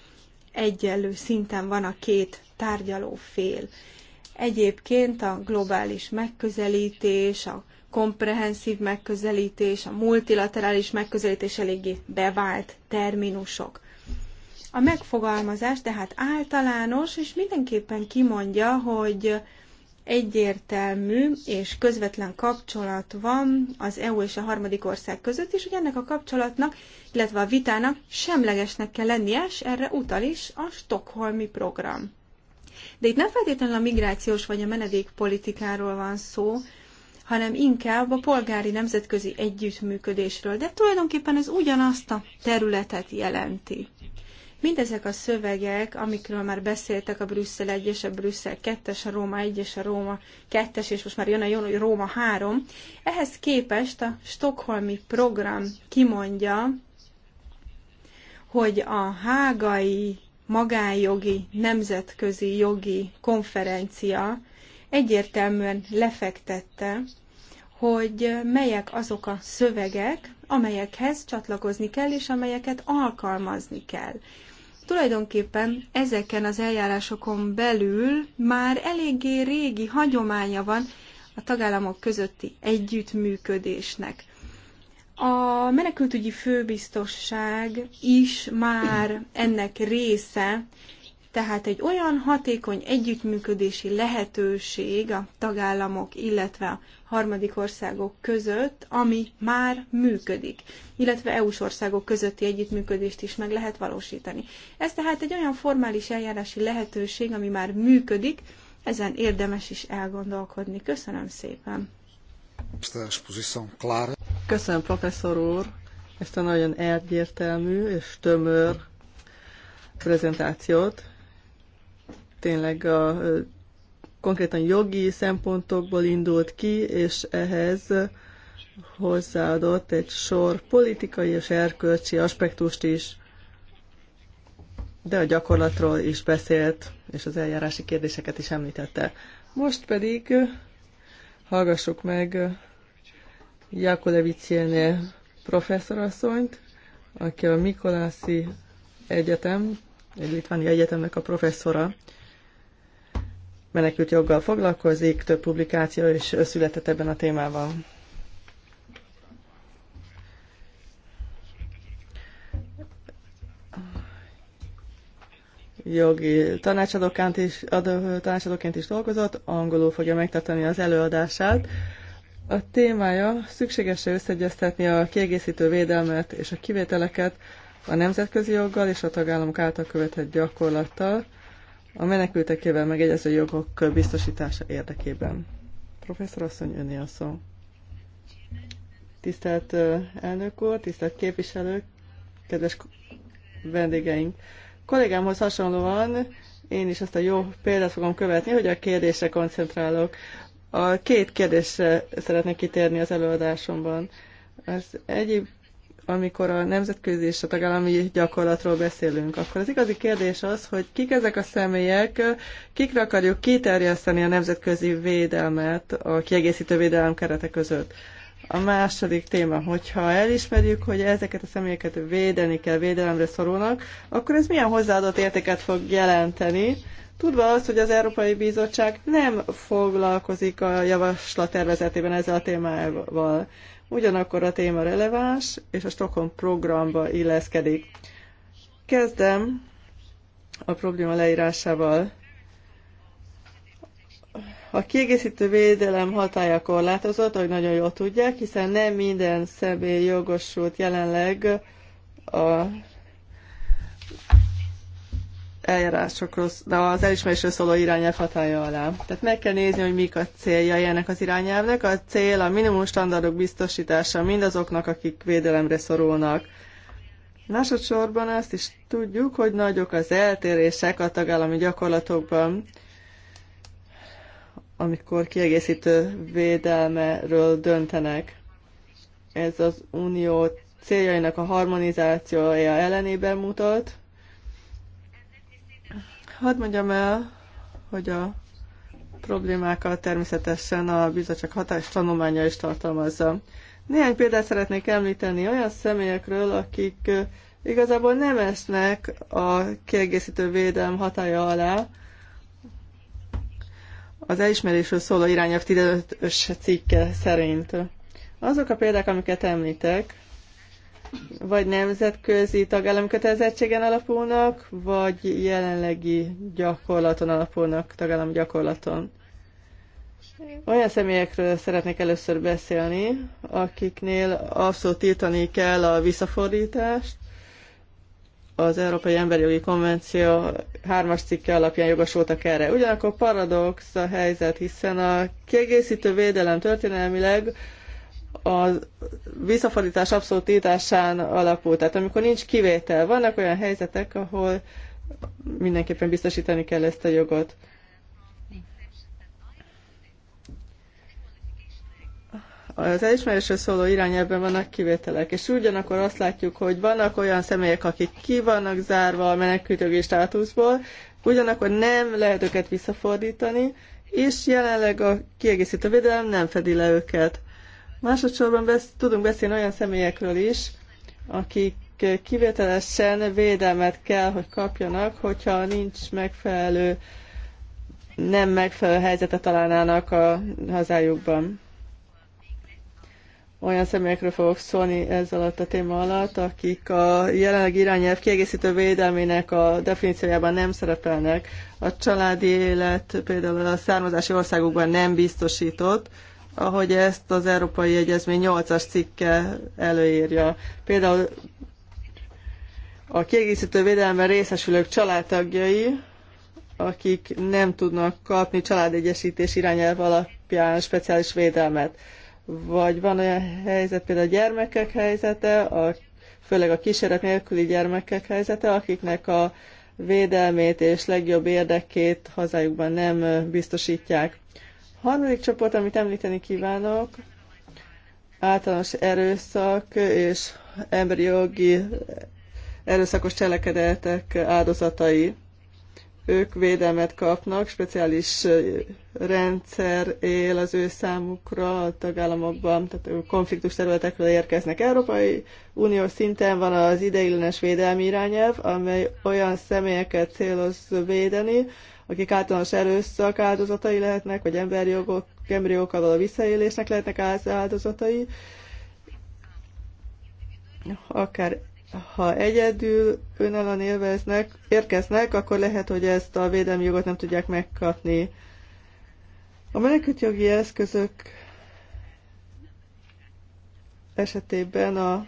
egyenlő szinten van a két tárgyaló fél. Egyébként a globális megközelítés, a komprehenszív megközelítés, a multilaterális megközelítés eléggé bevált terminusok. A megfogalmazás tehát általános, és mindenképpen kimondja, hogy egyértelmű és közvetlen kapcsolat van az EU és a harmadik ország között, és hogy ennek a kapcsolatnak, illetve a vitának semlegesnek kell lennie, és erre utal is a Stockholmi program. De itt nem feltétlenül a migrációs vagy a menedékpolitikáról van szó, hanem inkább a polgári nemzetközi együttműködésről, de tulajdonképpen ez ugyanazt a területet jelenti. Mindezek a szövegek, amikről már beszéltek a Brüsszel 1 és a Brüsszel 2 a Róma 1 és a Róma 2 és most már jön a jön, Róma 3, ehhez képest a Stockholmi program kimondja, hogy a hágai magánjogi, nemzetközi jogi konferencia egyértelműen lefektette, hogy melyek azok a szövegek, amelyekhez csatlakozni kell, és amelyeket alkalmazni kell. Tulajdonképpen ezeken az eljárásokon belül már eléggé régi hagyománya van a tagállamok közötti együttműködésnek. A menekültügyi főbiztosság is már ennek része, tehát egy olyan hatékony együttműködési lehetőség a tagállamok, illetve a harmadik országok között, ami már működik, illetve EU-s országok közötti együttműködést is meg lehet valósítani. Ez tehát egy olyan formális eljárási lehetőség, ami már működik, ezen érdemes is elgondolkodni. Köszönöm szépen! Köszönöm, professzor úr, ezt a nagyon egyértelmű és tömör prezentációt tényleg a konkrétan jogi szempontokból indult ki, és ehhez hozzáadott egy sor politikai és erkölcsi aspektust is, de a gyakorlatról is beszélt, és az eljárási kérdéseket is említette. Most pedig hallgassuk meg Jakolevicjénél professzorasszonyt, aki a Mikolászi Egyetem, egy litváni egyetemnek a professzora menekült joggal foglalkozik, több publikáció is született ebben a témában. jogi tanácsadóként is, ad, tanácsadóként is dolgozott, angolul fogja megtartani az előadását. A témája szükséges összeegyeztetni a kiegészítő védelmet és a kivételeket a nemzetközi joggal és a tagállamok által követett gyakorlattal, a menekültekével megegyező jogok biztosítása érdekében. Professzor asszony, önné a szó. Tisztelt elnök úr, tisztelt képviselők, kedves vendégeink! Kollégámhoz hasonlóan én is azt a jó példát fogom követni, hogy a kérdésre koncentrálok. A két kérdésre szeretnék kitérni az előadásomban. Az egyik amikor a nemzetközi és a tagállami gyakorlatról beszélünk, akkor az igazi kérdés az, hogy kik ezek a személyek, kikre akarjuk kiterjeszteni a nemzetközi védelmet a kiegészítő védelem kerete között. A második téma, hogyha elismerjük, hogy ezeket a személyeket védeni kell, védelemre szorulnak, akkor ez milyen hozzáadott értéket fog jelenteni, tudva azt, hogy az Európai Bizottság nem foglalkozik a javaslat tervezetében ezzel a témával. Ugyanakkor a téma releváns, és a Stockholm programba illeszkedik. Kezdem a probléma leírásával. A kiegészítő védelem hatája korlátozott, ahogy nagyon jól tudják, hiszen nem minden személy jogosult jelenleg a eljárásokról, de az elismerésről szóló irányelv hatája alá. Tehát meg kell nézni, hogy mik a céljai ennek az irányelvnek. A cél a minimum standardok biztosítása mindazoknak, akik védelemre szorulnak. Másodszorban azt is tudjuk, hogy nagyok az eltérések a tagállami gyakorlatokban, amikor kiegészítő védelmeről döntenek. Ez az unió céljainak a harmonizációja ellenében mutat, Hadd mondjam el, hogy a problémákkal természetesen a bizottság hatás tanulmánya is tartalmazza. Néhány példát szeretnék említeni olyan személyekről, akik igazából nem esnek a kiegészítő védelem hatája alá. Az elismerésről szóló irányelv 15-ös cikke szerint. Azok a példák, amiket említek, vagy nemzetközi tagállami kötelezettségen alapulnak, vagy jelenlegi gyakorlaton alapulnak, tagállami gyakorlaton. Olyan személyekről szeretnék először beszélni, akiknél abszolút tiltani kell a visszafordítást. Az Európai Emberi Jogi Konvenció hármas cikke alapján jogosultak erre. Ugyanakkor paradox a helyzet, hiszen a kiegészítő védelem történelmileg a visszafordítás abszolút írásán alapul. Tehát amikor nincs kivétel, vannak olyan helyzetek, ahol mindenképpen biztosítani kell ezt a jogot. Az elismerésről szóló irányelvben vannak kivételek, és ugyanakkor azt látjuk, hogy vannak olyan személyek, akik ki vannak zárva a menekültjogi státuszból, ugyanakkor nem lehet őket visszafordítani, és jelenleg a kiegészítő védelem nem fedi le őket. Másodszorban besz- tudunk beszélni olyan személyekről is, akik kivételesen védelmet kell, hogy kapjanak, hogyha nincs megfelelő, nem megfelelő helyzetet találnának a hazájukban. Olyan személyekről fogok szólni ez alatt a téma alatt, akik a jelenleg irányelv kiegészítő védelmének a definíciójában nem szerepelnek. A családi élet például a származási országokban nem biztosított, ahogy ezt az Európai Egyezmény 8-as cikke előírja. Például a kiegészítő védelme részesülők családtagjai, akik nem tudnak kapni családegyesítés irányelv alapján speciális védelmet. Vagy van olyan helyzet, például a gyermekek helyzete, a, főleg a kísérlet nélküli gyermekek helyzete, akiknek a védelmét és legjobb érdekét hazájukban nem biztosítják. Harmadik csoport, amit említeni kívánok, általános erőszak és emberi jogi erőszakos cselekedetek áldozatai. Ők védelmet kapnak, speciális rendszer él az ő számukra a tagállamokban, tehát konfliktus területekről érkeznek. Európai Unió szinten van az ideiglenes védelmi irányelv, amely olyan személyeket céloz védeni, akik általános erőszak áldozatai lehetnek, vagy emberi jogok, emberi jogokkal való visszaélésnek lehetnek áldozatai, akár ha egyedül önállóan élveznek, érkeznek, akkor lehet, hogy ezt a védelmi jogot nem tudják megkapni. A menekültjogi eszközök esetében a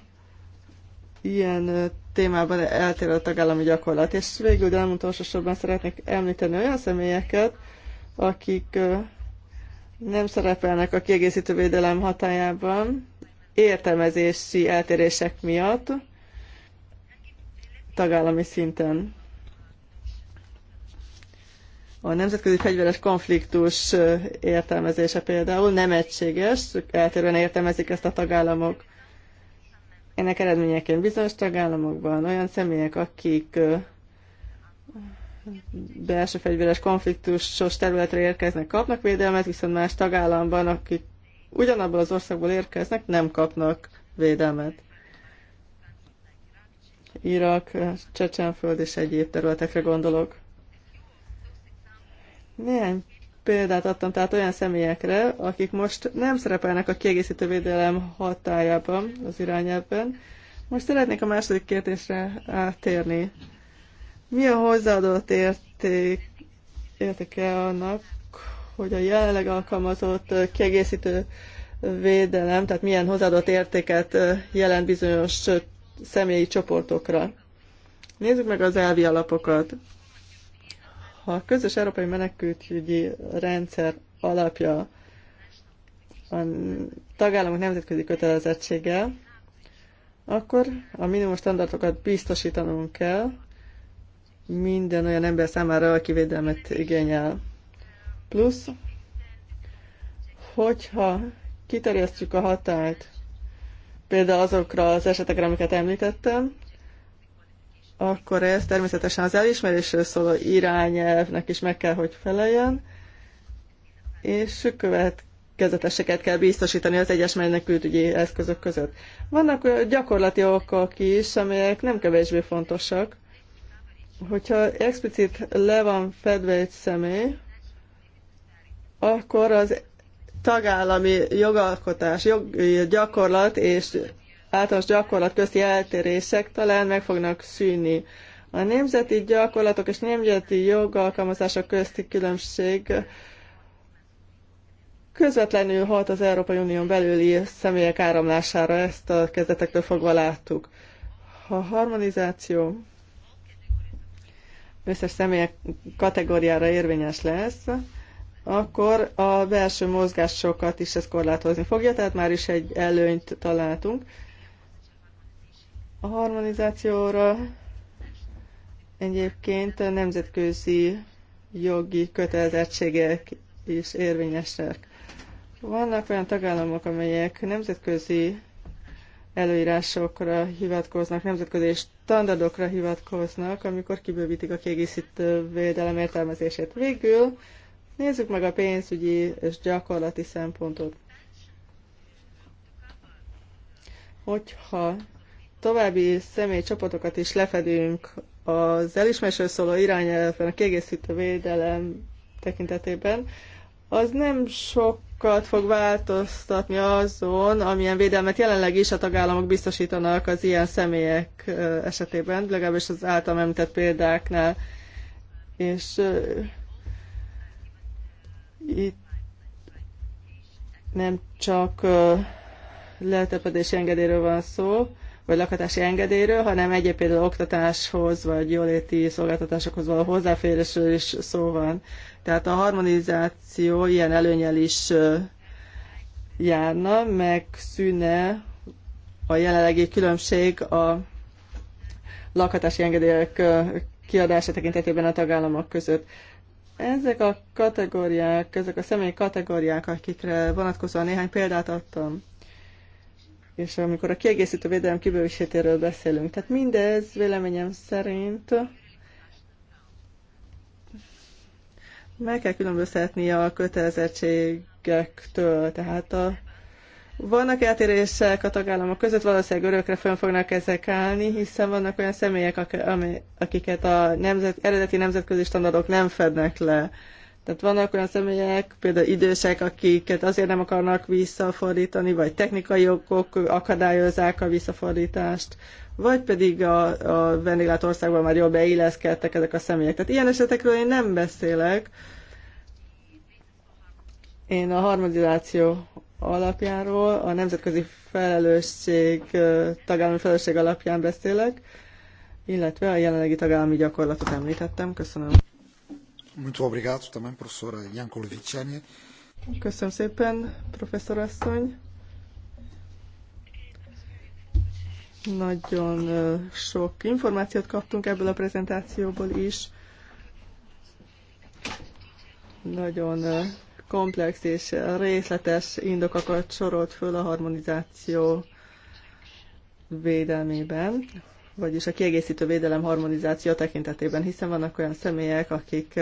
ilyen témában eltér a tagállami gyakorlat. És végül, de nem utolsó szeretnék említeni olyan személyeket, akik nem szerepelnek a kiegészítő védelem hatájában értelmezési eltérések miatt tagállami szinten. A nemzetközi fegyveres konfliktus értelmezése például nem egységes, eltérően értelmezik ezt a tagállamok. Ennek eredményeként bizonyos tagállamokban olyan személyek, akik belső fegyveres konfliktusos területre érkeznek, kapnak védelmet, viszont más tagállamban, akik ugyanabból az országból érkeznek, nem kapnak védelmet. Irak, Csecsenföld és egyéb területekre gondolok. Néhány példát adtam tehát olyan személyekre, akik most nem szerepelnek a kiegészítő védelem hatájában, az irányában. Most szeretnék a második kérdésre átérni. Mi a hozzáadott érték, értéke annak, hogy a jelenleg alkalmazott kiegészítő védelem, tehát milyen hozzáadott értéket jelent bizonyos személyi csoportokra? Nézzük meg az elvi alapokat. Ha a közös európai menekültügyi rendszer alapja a tagállamok nemzetközi kötelezettsége, akkor a minimum standardokat biztosítanunk kell minden olyan ember számára, aki védelmet igényel. Plusz, hogyha kiterjesztjük a hatályt például azokra az esetekre, amiket említettem, akkor ez természetesen az elismerésről szóló irányelvnek is meg kell, hogy feleljen, és kezeteseket kell biztosítani az egyes menekültügyi eszközök között. Vannak gyakorlati okok is, amelyek nem kevésbé fontosak. Hogyha explicit le van fedve egy személy, akkor az tagállami jogalkotás, jog, gyakorlat és általános gyakorlat közti eltérések talán meg fognak szűnni. A nemzeti gyakorlatok és nemzeti alkalmazása közti különbség közvetlenül hat az Európai Unión belüli személyek áramlására, ezt a kezdetektől fogva láttuk. A harmonizáció összes személyek kategóriára érvényes lesz, akkor a belső mozgásokat is ez korlátozni fogja, tehát már is egy előnyt találtunk. A harmonizációra egyébként a nemzetközi jogi kötelezettségek is érvényesek. Vannak olyan tagállamok, amelyek nemzetközi előírásokra hivatkoznak, nemzetközi standardokra hivatkoznak, amikor kibővítik a kiegészítő védelem értelmezését. Végül nézzük meg a pénzügyi és gyakorlati szempontot. Hogyha további csapatokat is lefedünk az elismerésről szóló irányelvben, a kiegészítő védelem tekintetében, az nem sokat fog változtatni azon, amilyen védelmet jelenleg is a tagállamok biztosítanak az ilyen személyek esetében, legalábbis az által említett példáknál. És uh, itt nem csak uh, letepedési engedélyről van szó, vagy lakhatási engedélyről, hanem egyéb például oktatáshoz, vagy jóléti szolgáltatásokhoz való hozzáférésről is szó van. Tehát a harmonizáció ilyen előnyel is járna, meg szűne a jelenlegi különbség a lakhatási engedélyek kiadása tekintetében a tagállamok között. Ezek a kategóriák, ezek a személy kategóriák, akikre vonatkozóan néhány példát adtam, és amikor a kiegészítő védelem kibővítéséről beszélünk. Tehát mindez véleményem szerint meg kell különböztetni a kötelezettségektől. Tehát a, vannak eltérések a tagállamok között, valószínűleg örökre fönn fognak ezek állni, hiszen vannak olyan személyek, akiket a nemzet, eredeti nemzetközi standardok nem fednek le. Tehát vannak olyan személyek, például idősek, akiket azért nem akarnak visszafordítani, vagy technikai okok akadályozzák a visszafordítást, vagy pedig a, a vendéglátországban már jól beilleszkedtek ezek a személyek. Tehát ilyen esetekről én nem beszélek. Én a harmadizáció alapjáról, a nemzetközi felelősség, tagállami felelősség alapján beszélek, illetve a jelenlegi tagállami gyakorlatot említettem. Köszönöm. Köszönöm szépen, professzor asszony. Nagyon sok információt kaptunk ebből a prezentációból is. Nagyon komplex és részletes indokokat sorolt föl a harmonizáció védelmében vagyis a kiegészítő védelem harmonizáció tekintetében, hiszen vannak olyan személyek, akik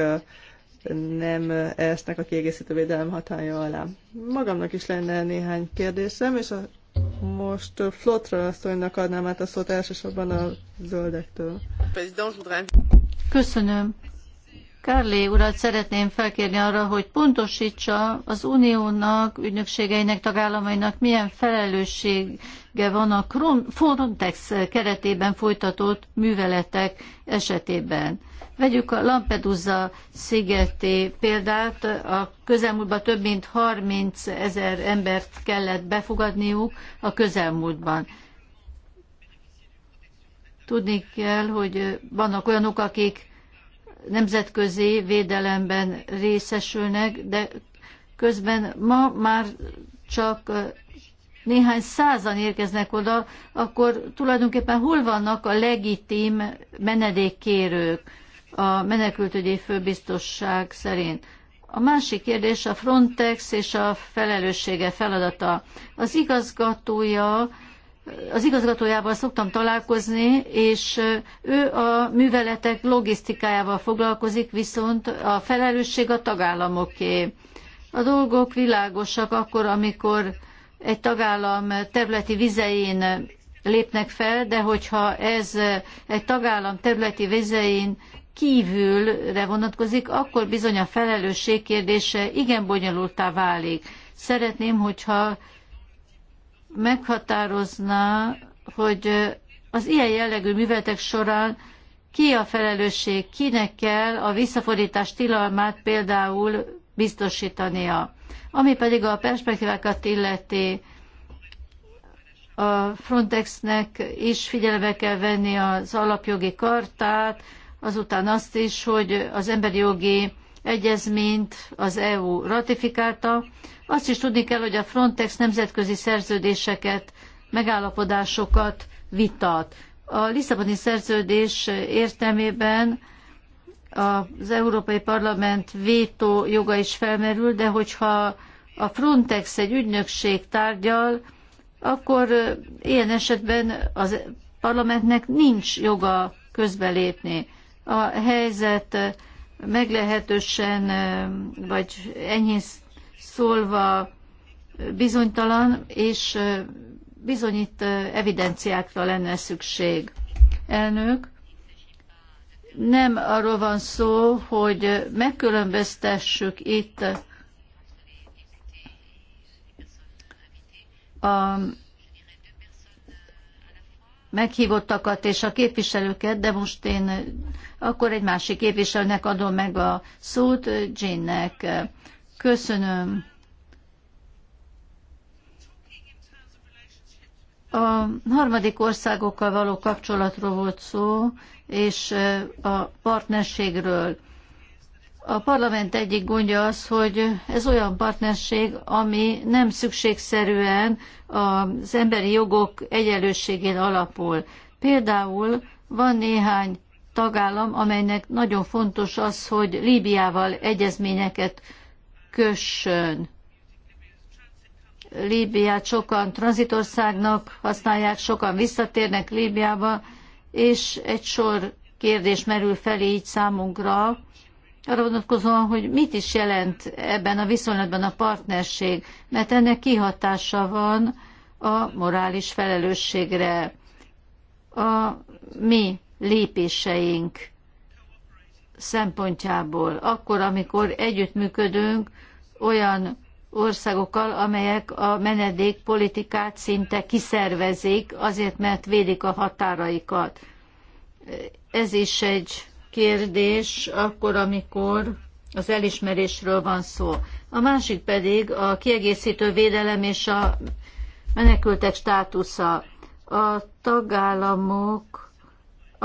nem esnek a kiegészítő védelem hatája alá. Magamnak is lenne néhány kérdésem, és a, most Flotra asszonynak adnám át a szót elsősorban a zöldektől. Köszönöm. Kárlé urat szeretném felkérni arra, hogy pontosítsa az uniónak, ügynökségeinek, tagállamainak milyen felelőssége van a Frontex keretében folytatott műveletek esetében. Vegyük a Lampedusa szigeti példát, a közelmúltban több mint 30 ezer embert kellett befogadniuk a közelmúltban. Tudni kell, hogy vannak olyanok, akik nemzetközi védelemben részesülnek, de közben ma már csak néhány százan érkeznek oda, akkor tulajdonképpen hol vannak a legitim menedékkérők a menekültügyi főbiztosság szerint? A másik kérdés a Frontex és a felelőssége feladata. Az igazgatója az igazgatójával szoktam találkozni, és ő a műveletek logisztikájával foglalkozik, viszont a felelősség a tagállamoké. A dolgok világosak akkor, amikor egy tagállam területi vizein lépnek fel, de hogyha ez egy tagállam területi vizein kívülre vonatkozik, akkor bizony a felelősség kérdése igen bonyolultá válik. Szeretném, hogyha meghatározná, hogy az ilyen jellegű műveletek során ki a felelősség, kinek kell a visszafordítás tilalmát például biztosítania. Ami pedig a perspektívákat illeti, a Frontexnek is figyelembe kell venni az alapjogi kartát, azután azt is, hogy az emberi jogi egyezményt az EU ratifikálta. Azt is tudni kell, hogy a Frontex nemzetközi szerződéseket, megállapodásokat vitat. A Lisszaboni szerződés értelmében az Európai Parlament vétó joga is felmerül, de hogyha a Frontex egy ügynökség tárgyal, akkor ilyen esetben az parlamentnek nincs joga közbelépni. A helyzet meglehetősen, vagy enyhén szólva bizonytalan, és bizony itt evidenciákra lenne szükség. Elnök, nem arról van szó, hogy megkülönböztessük itt a meghívottakat és a képviselőket, de most én akkor egy másik képviselőnek adom meg a szót, Jane-nek. Köszönöm. A harmadik országokkal való kapcsolatról volt szó, és a partnerségről. A parlament egyik gondja az, hogy ez olyan partnerség, ami nem szükségszerűen az emberi jogok egyenlőségén alapul. Például van néhány tagállam, amelynek nagyon fontos az, hogy Líbiával egyezményeket kössön. Líbiát sokan tranzitországnak használják, sokan visszatérnek Líbiába, és egy sor kérdés merül fel így számunkra, arra vonatkozóan, hogy mit is jelent ebben a viszonylatban a partnerség, mert ennek kihatása van a morális felelősségre. A mi lépéseink szempontjából. Akkor, amikor együttműködünk olyan országokkal, amelyek a menedékpolitikát szinte kiszervezik, azért mert védik a határaikat. Ez is egy kérdés, akkor, amikor az elismerésről van szó. A másik pedig a kiegészítő védelem és a menekültek státusza. A tagállamok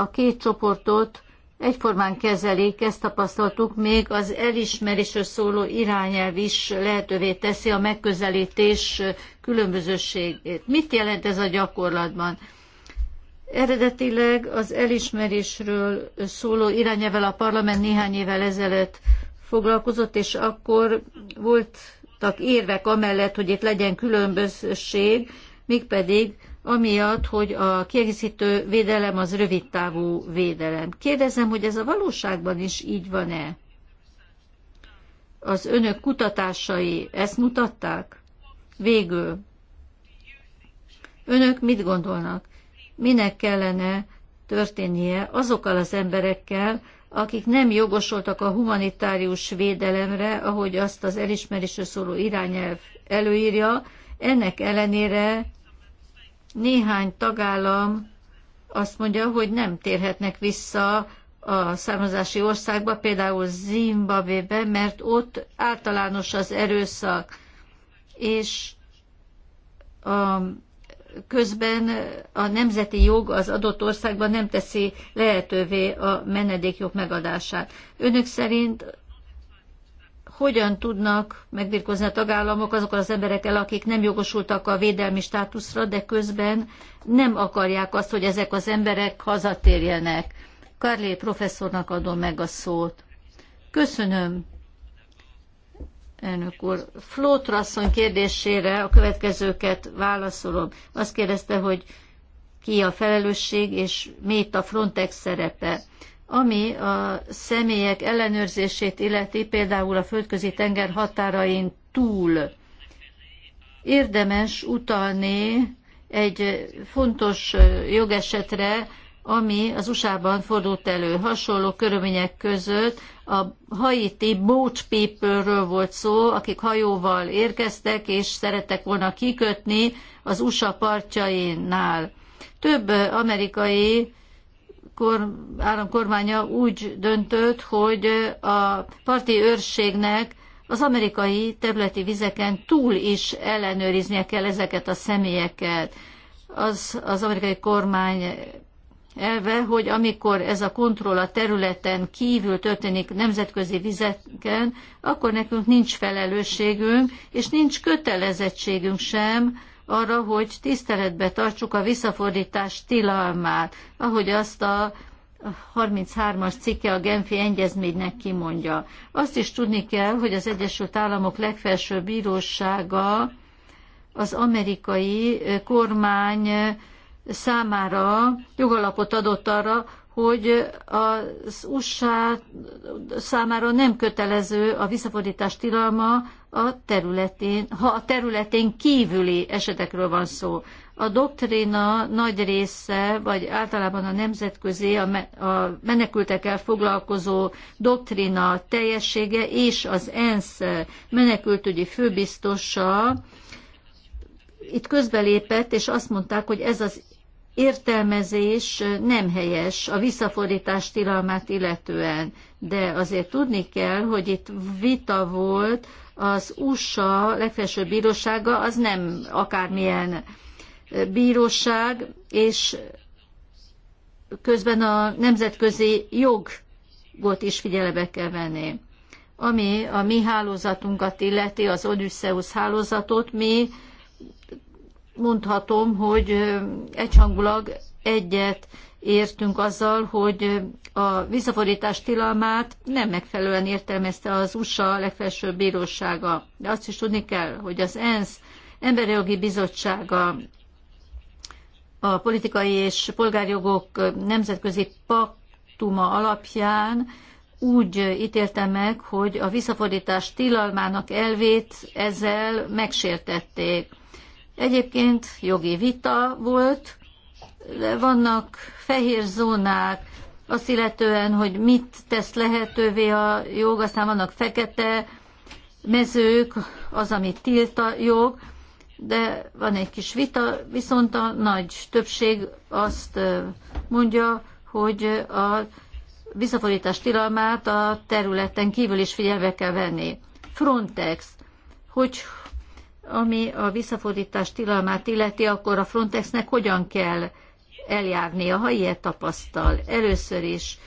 a két csoportot egyformán kezelik, ezt tapasztaltuk, még az elismerésről szóló irányelv is lehetővé teszi a megközelítés különbözőségét. Mit jelent ez a gyakorlatban? Eredetileg az elismerésről szóló irányelvel a parlament néhány évvel ezelőtt foglalkozott, és akkor voltak érvek amellett, hogy itt legyen különbözőség, mégpedig amiatt, hogy a kiegészítő védelem az rövidtávú védelem. Kérdezem, hogy ez a valóságban is így van-e? Az önök kutatásai ezt mutatták? Végül. Önök mit gondolnak? Minek kellene történnie azokkal az emberekkel, akik nem jogosultak a humanitárius védelemre, ahogy azt az elismerésre szóló irányelv előírja, ennek ellenére néhány tagállam azt mondja, hogy nem térhetnek vissza a származási országba, például Zimbabvébe, mert ott általános az erőszak, és a, közben a nemzeti jog az adott országban nem teszi lehetővé a menedékjog megadását. Önök szerint hogyan tudnak megbírkozni a tagállamok azokkal az emberekkel, akik nem jogosultak a védelmi státuszra, de közben nem akarják azt, hogy ezek az emberek hazatérjenek. Karlé professzornak adom meg a szót. Köszönöm, elnök úr. Flótrasszony kérdésére a következőket válaszolom. Azt kérdezte, hogy ki a felelősség, és mi itt a Frontex szerepe. Ami a személyek ellenőrzését illeti, például a földközi tenger határain túl, érdemes utalni egy fontos jogesetre, ami az USA-ban fordult elő. Hasonló körülmények között a haiti boat people volt szó, akik hajóval érkeztek, és szerettek volna kikötni az USA partjainál. Több amerikai állam kormánya úgy döntött, hogy a parti őrségnek az amerikai területi vizeken túl is ellenőriznie kell ezeket a személyeket. Az, az amerikai kormány elve, hogy amikor ez a kontroll a területen kívül történik nemzetközi vizeken, akkor nekünk nincs felelősségünk, és nincs kötelezettségünk sem arra, hogy tiszteletbe tartsuk a visszafordítás tilalmát, ahogy azt a 33-as cikke a Genfi Egyezménynek kimondja. Azt is tudni kell, hogy az Egyesült Államok legfelsőbb bírósága az amerikai kormány számára jogalapot adott arra, hogy az USA számára nem kötelező a visszafordítás tilalma a területén, ha a területén kívüli esetekről van szó. A doktrína nagy része, vagy általában a nemzetközi, a, me, a menekültekkel foglalkozó doktrína teljessége és az ENSZ menekültügyi főbiztosa itt közbelépett, és azt mondták, hogy ez az értelmezés nem helyes a visszafordítás tilalmát illetően, de azért tudni kell, hogy itt vita volt az USA legfelsőbb bírósága az nem akármilyen bíróság, és közben a nemzetközi jogot is figyelembe kell venni. Ami a mi hálózatunkat illeti, az Odysseus hálózatot, mi mondhatom, hogy egyhangulag egyet értünk azzal, hogy a visszafordítás tilalmát nem megfelelően értelmezte az USA legfelsőbb bírósága. De azt is tudni kell, hogy az ENSZ Emberi Jogi Bizottsága a politikai és polgárjogok nemzetközi paktuma alapján úgy ítélte meg, hogy a visszafordítás tilalmának elvét ezzel megsértették. Egyébként jogi vita volt, vannak fehér zónák, azt illetően, hogy mit tesz lehetővé a jog, aztán vannak fekete mezők, az, amit tilt a jog, de van egy kis vita, viszont a nagy többség azt mondja, hogy a visszafordítás tilalmát a területen kívül is figyelve kell venni. Frontex, hogy ami a visszafordítás tilalmát illeti, akkor a Frontexnek hogyan kell eljárnia, ha ilyet tapasztal. Először is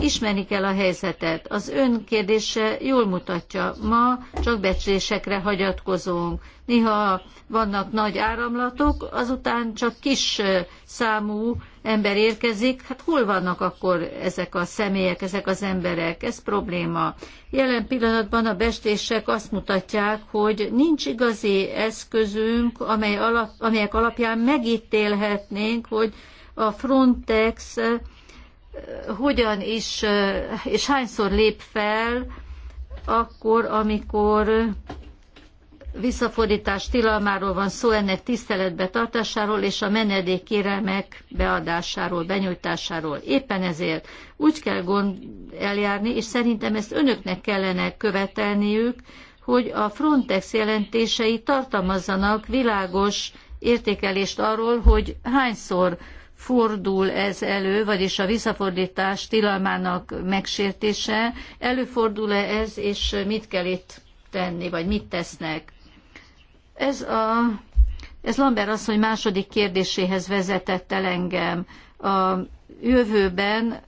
ismerni kell a helyzetet. Az ön kérdése jól mutatja. Ma csak becslésekre hagyatkozunk. Néha vannak nagy áramlatok, azután csak kis számú ember érkezik, hát hol vannak akkor ezek a személyek, ezek az emberek? Ez probléma. Jelen pillanatban a bestések azt mutatják, hogy nincs igazi eszközünk, amely alap, amelyek alapján megítélhetnénk, hogy a Frontex eh, hogyan is, eh, és hányszor lép fel, akkor, amikor visszafordítás tilalmáról van szó, ennek tiszteletbe tartásáról és a menedék beadásáról, benyújtásáról. Éppen ezért úgy kell gond eljárni, és szerintem ezt önöknek kellene követelniük, hogy a Frontex jelentései tartalmazzanak világos értékelést arról, hogy hányszor fordul ez elő, vagyis a visszafordítás tilalmának megsértése, előfordul-e ez, és mit kell itt tenni, vagy mit tesznek. Ez, a, ez Lambert asszony második kérdéséhez vezetett el engem. A jövőben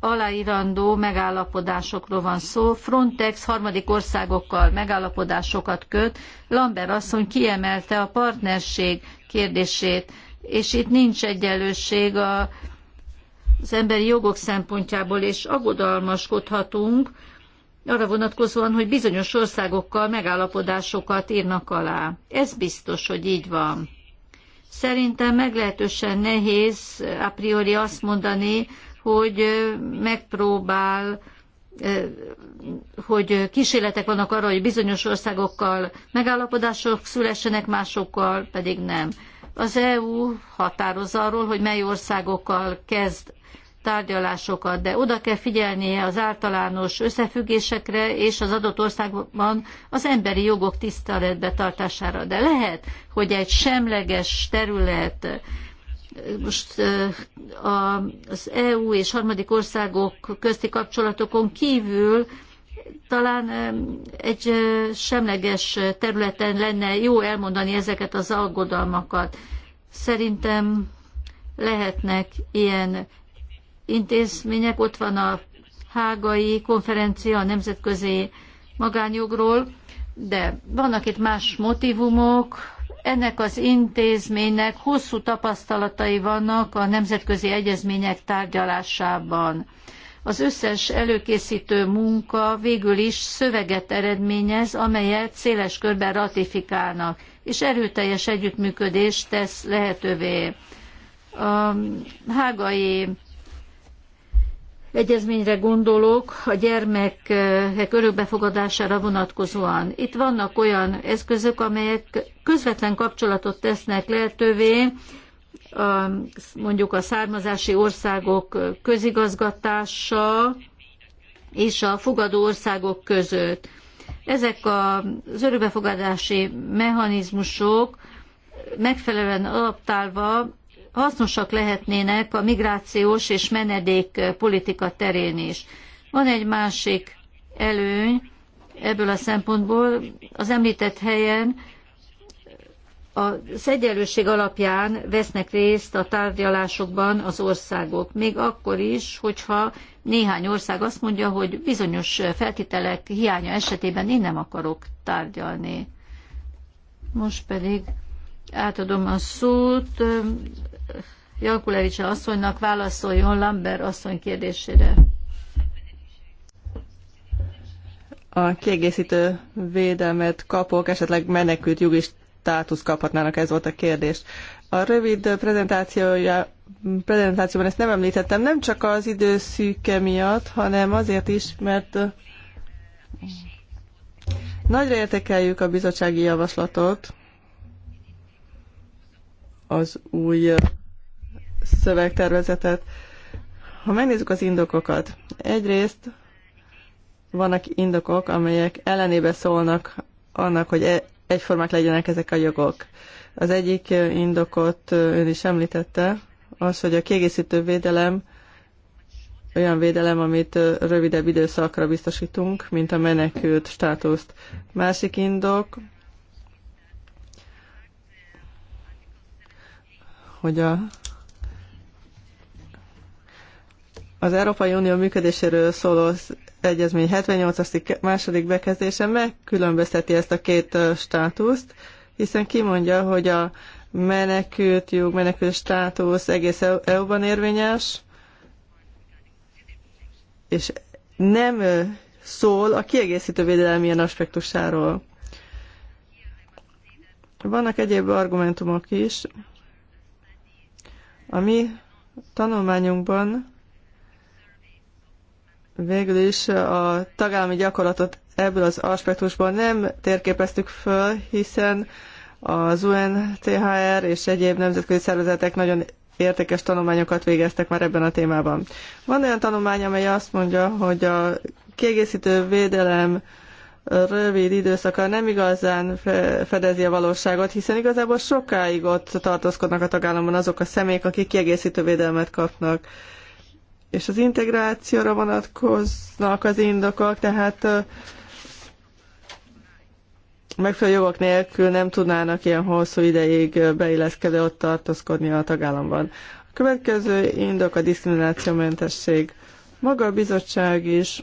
aláírandó megállapodásokról van szó. Frontex harmadik országokkal megállapodásokat köt. Lambert asszony kiemelte a partnerség kérdését, és itt nincs egyenlőség a, az emberi jogok szempontjából, és aggodalmaskodhatunk, arra vonatkozóan, hogy bizonyos országokkal megállapodásokat írnak alá. Ez biztos, hogy így van. Szerintem meglehetősen nehéz a priori azt mondani, hogy megpróbál hogy kísérletek vannak arra, hogy bizonyos országokkal megállapodások szülessenek, másokkal pedig nem. Az EU határoz arról, hogy mely országokkal kezd tárgyalásokat, de oda kell figyelnie az általános összefüggésekre és az adott országban az emberi jogok tiszteletbe tartására. De lehet, hogy egy semleges terület most az EU és harmadik országok közti kapcsolatokon kívül talán egy semleges területen lenne jó elmondani ezeket az aggodalmakat. Szerintem lehetnek ilyen intézmények, ott van a hágai konferencia a nemzetközi magánjogról, de vannak itt más motivumok, ennek az intézménynek hosszú tapasztalatai vannak a nemzetközi egyezmények tárgyalásában. Az összes előkészítő munka végül is szöveget eredményez, amelyet széles körben ratifikálnak, és erőteljes együttműködést tesz lehetővé. A hágai egyezményre gondolok a gyermekek örökbefogadására vonatkozóan. Itt vannak olyan eszközök, amelyek közvetlen kapcsolatot tesznek lehetővé a, mondjuk a származási országok közigazgatása és a fogadó országok között. Ezek az örökbefogadási mechanizmusok megfelelően adaptálva hasznosak lehetnének a migrációs és menedékpolitika terén is. Van egy másik előny ebből a szempontból, az említett helyen az egyenlőség alapján vesznek részt a tárgyalásokban az országok, még akkor is, hogyha néhány ország azt mondja, hogy bizonyos feltételek hiánya esetében én nem akarok tárgyalni. Most pedig átadom a szót Jankulevicsa asszonynak válaszoljon Lambert asszony kérdésére. A kiegészítő védelmet kapok, esetleg menekült jogi státusz kaphatnának, ez volt a kérdés. A rövid prezentációja, prezentációban ezt nem említettem, nem csak az idő szűke miatt, hanem azért is, mert nagyra értékeljük a bizottsági javaslatot, az új szövegtervezetet. Ha megnézzük az indokokat, egyrészt vannak indokok, amelyek ellenébe szólnak annak, hogy e- egyformák legyenek ezek a jogok. Az egyik indokot ön is említette, az, hogy a kiegészítő védelem olyan védelem, amit rövidebb időszakra biztosítunk, mint a menekült státuszt. Másik indok hogy a, az Európai Unió működéséről szóló egyezmény 78. második bekezdése megkülönbözteti ezt a két státuszt, hiszen kimondja, hogy a menekült jog, menekült státusz egész EU-ban e érvényes, és nem szól a kiegészítő védelem ilyen aspektusáról. Vannak egyéb argumentumok is, a mi tanulmányunkban végül is a tagállami gyakorlatot ebből az aspektusból nem térképeztük föl, hiszen az UNCHR és egyéb nemzetközi szervezetek nagyon értékes tanulmányokat végeztek már ebben a témában. Van olyan tanulmány, amely azt mondja, hogy a kiegészítő védelem rövid időszaka nem igazán fedezi a valóságot, hiszen igazából sokáig ott tartózkodnak a tagállamban azok a személyek, akik kiegészítő védelmet kapnak. És az integrációra vonatkoznak az indokok, tehát megfelelő jogok nélkül nem tudnának ilyen hosszú ideig beilleszkedő ott tartózkodni a tagállamban. A következő indok a diszkriminációmentesség. Maga a bizottság is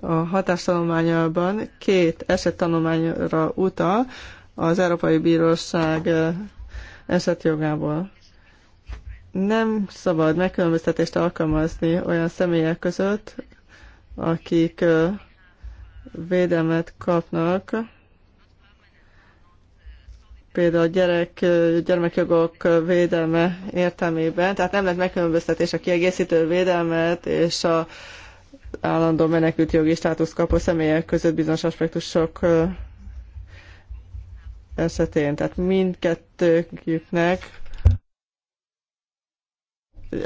a hatástanulmányában két esettanulmányra utal az Európai Bíróság esetjogából. Nem szabad megkülönböztetést alkalmazni olyan személyek között, akik védelmet kapnak, például gyerek, gyermekjogok védelme értelmében, tehát nem lehet megkülönböztetés a kiegészítő védelmet és a állandó menekült jogi státusz kapó személyek között bizonyos aspektusok esetén. Tehát mindkettőjüknek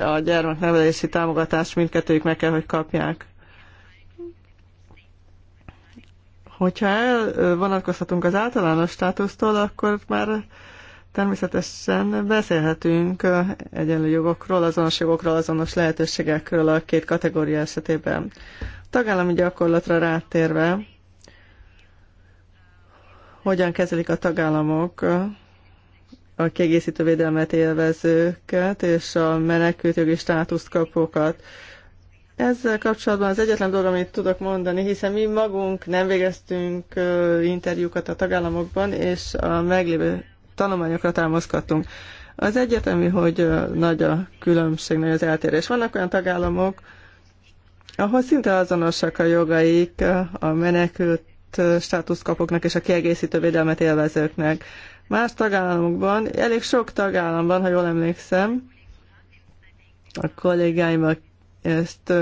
a gyermeknevelési támogatást mindkettőjük meg kell, hogy kapják. Hogyha elvonatkozhatunk az általános státusztól, akkor már Természetesen beszélhetünk egyenlő jogokról, azonos jogokról, azonos lehetőségekről a két kategória esetében. tagállami gyakorlatra rátérve, hogyan kezelik a tagállamok a kiegészítő védelmet élvezőket és a menekültjogi státuszt kapókat. Ezzel kapcsolatban az egyetlen dolog, amit tudok mondani, hiszen mi magunk nem végeztünk interjúkat a tagállamokban, és a meglévő tanulmányokra támaszkodtunk. Az egyetemi, hogy nagy a különbség, nagy az eltérés. Vannak olyan tagállamok, ahol szinte azonosak a jogaik a menekült státuszkapoknak és a kiegészítő védelmet élvezőknek. Más tagállamokban, elég sok tagállamban, ha jól emlékszem, a kollégáimmal ezt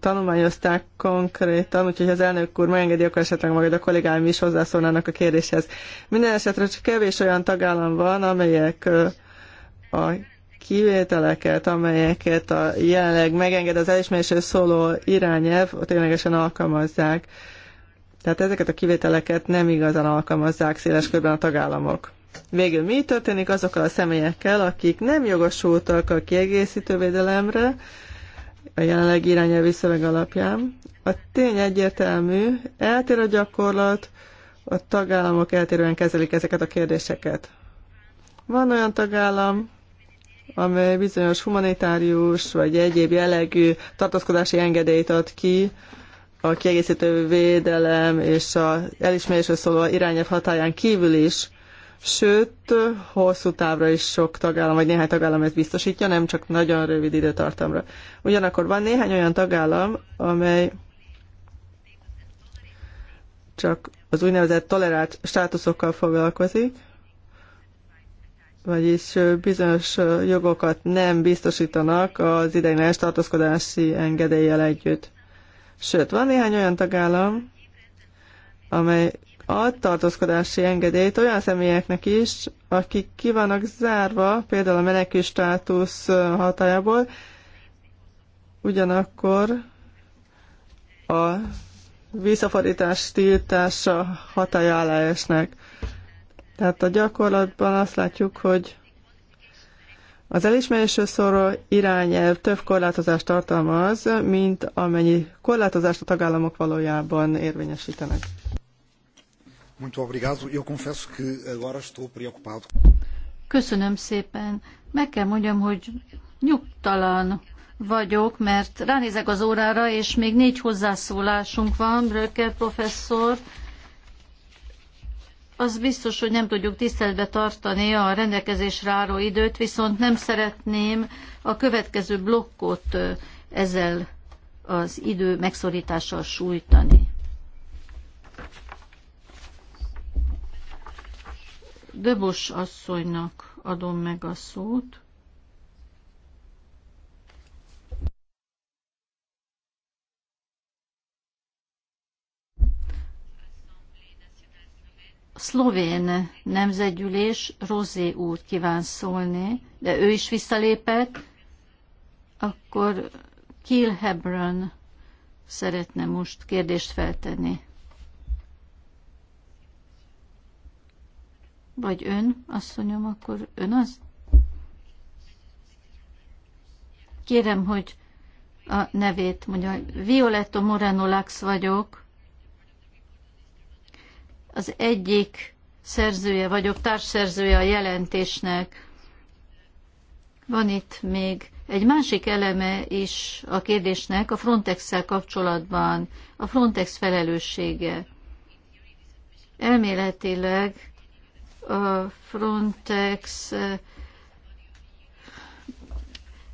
tanulmányozták konkrétan, úgyhogy az elnök úr megengedi, akkor esetleg majd a kollégáim is hozzászólnának a kérdéshez. Minden esetre csak kevés olyan tagállam van, amelyek a kivételeket, amelyeket a jelenleg megenged az elismerésre szóló irányelv, ténylegesen alkalmazzák. Tehát ezeket a kivételeket nem igazán alkalmazzák széles körben a tagállamok. Végül mi történik azokkal a személyekkel, akik nem jogosultak a kiegészítő védelemre, a jelenlegi irányelvi szöveg alapján. A tény egyértelmű, eltér a gyakorlat, a tagállamok eltérően kezelik ezeket a kérdéseket. Van olyan tagállam, amely bizonyos humanitárius vagy egyéb jellegű tartózkodási engedélyt ad ki a kiegészítő védelem és a elismerésről szóló irányelv hatáján kívül is, sőt, hosszú távra is sok tagállam, vagy néhány tagállam ezt biztosítja, nem csak nagyon rövid időtartamra. Ugyanakkor van néhány olyan tagállam, amely csak az úgynevezett tolerált státuszokkal foglalkozik, vagyis bizonyos jogokat nem biztosítanak az ideiglenes tartózkodási engedéllyel együtt. Sőt, van néhány olyan tagállam, amely ad tartózkodási engedélyt olyan személyeknek is, akik ki vannak zárva, például a menekül státusz hatájából, ugyanakkor a visszafordítás tiltása hatája alá esnek. Tehát a gyakorlatban azt látjuk, hogy az elismerésről szóló irányelv több korlátozást tartalmaz, mint amennyi korlátozást a tagállamok valójában érvényesítenek. Muito obrigado. Eu confesso que agora estou preocupado. Köszönöm szépen. Meg kell mondjam, hogy nyugtalan vagyok, mert ránézek az órára, és még négy hozzászólásunk van, Bröker professzor. Az biztos, hogy nem tudjuk tiszteletbe tartani a rendelkezésre álló időt, viszont nem szeretném a következő blokkot ezzel az idő megszorítással sújtani. Debos asszonynak adom meg a szót. szlovén nemzetgyűlés Rozé úr kíván szólni, de ő is visszalépett, akkor Kiel Hebron szeretne most kérdést feltenni. Vagy ön, asszonyom, akkor ön az? Kérem, hogy a nevét mondja. Violetto Moreno Lax vagyok. Az egyik szerzője vagyok, társszerzője a jelentésnek. Van itt még egy másik eleme is a kérdésnek a frontex kapcsolatban, a Frontex felelőssége. Elméletileg a Frontex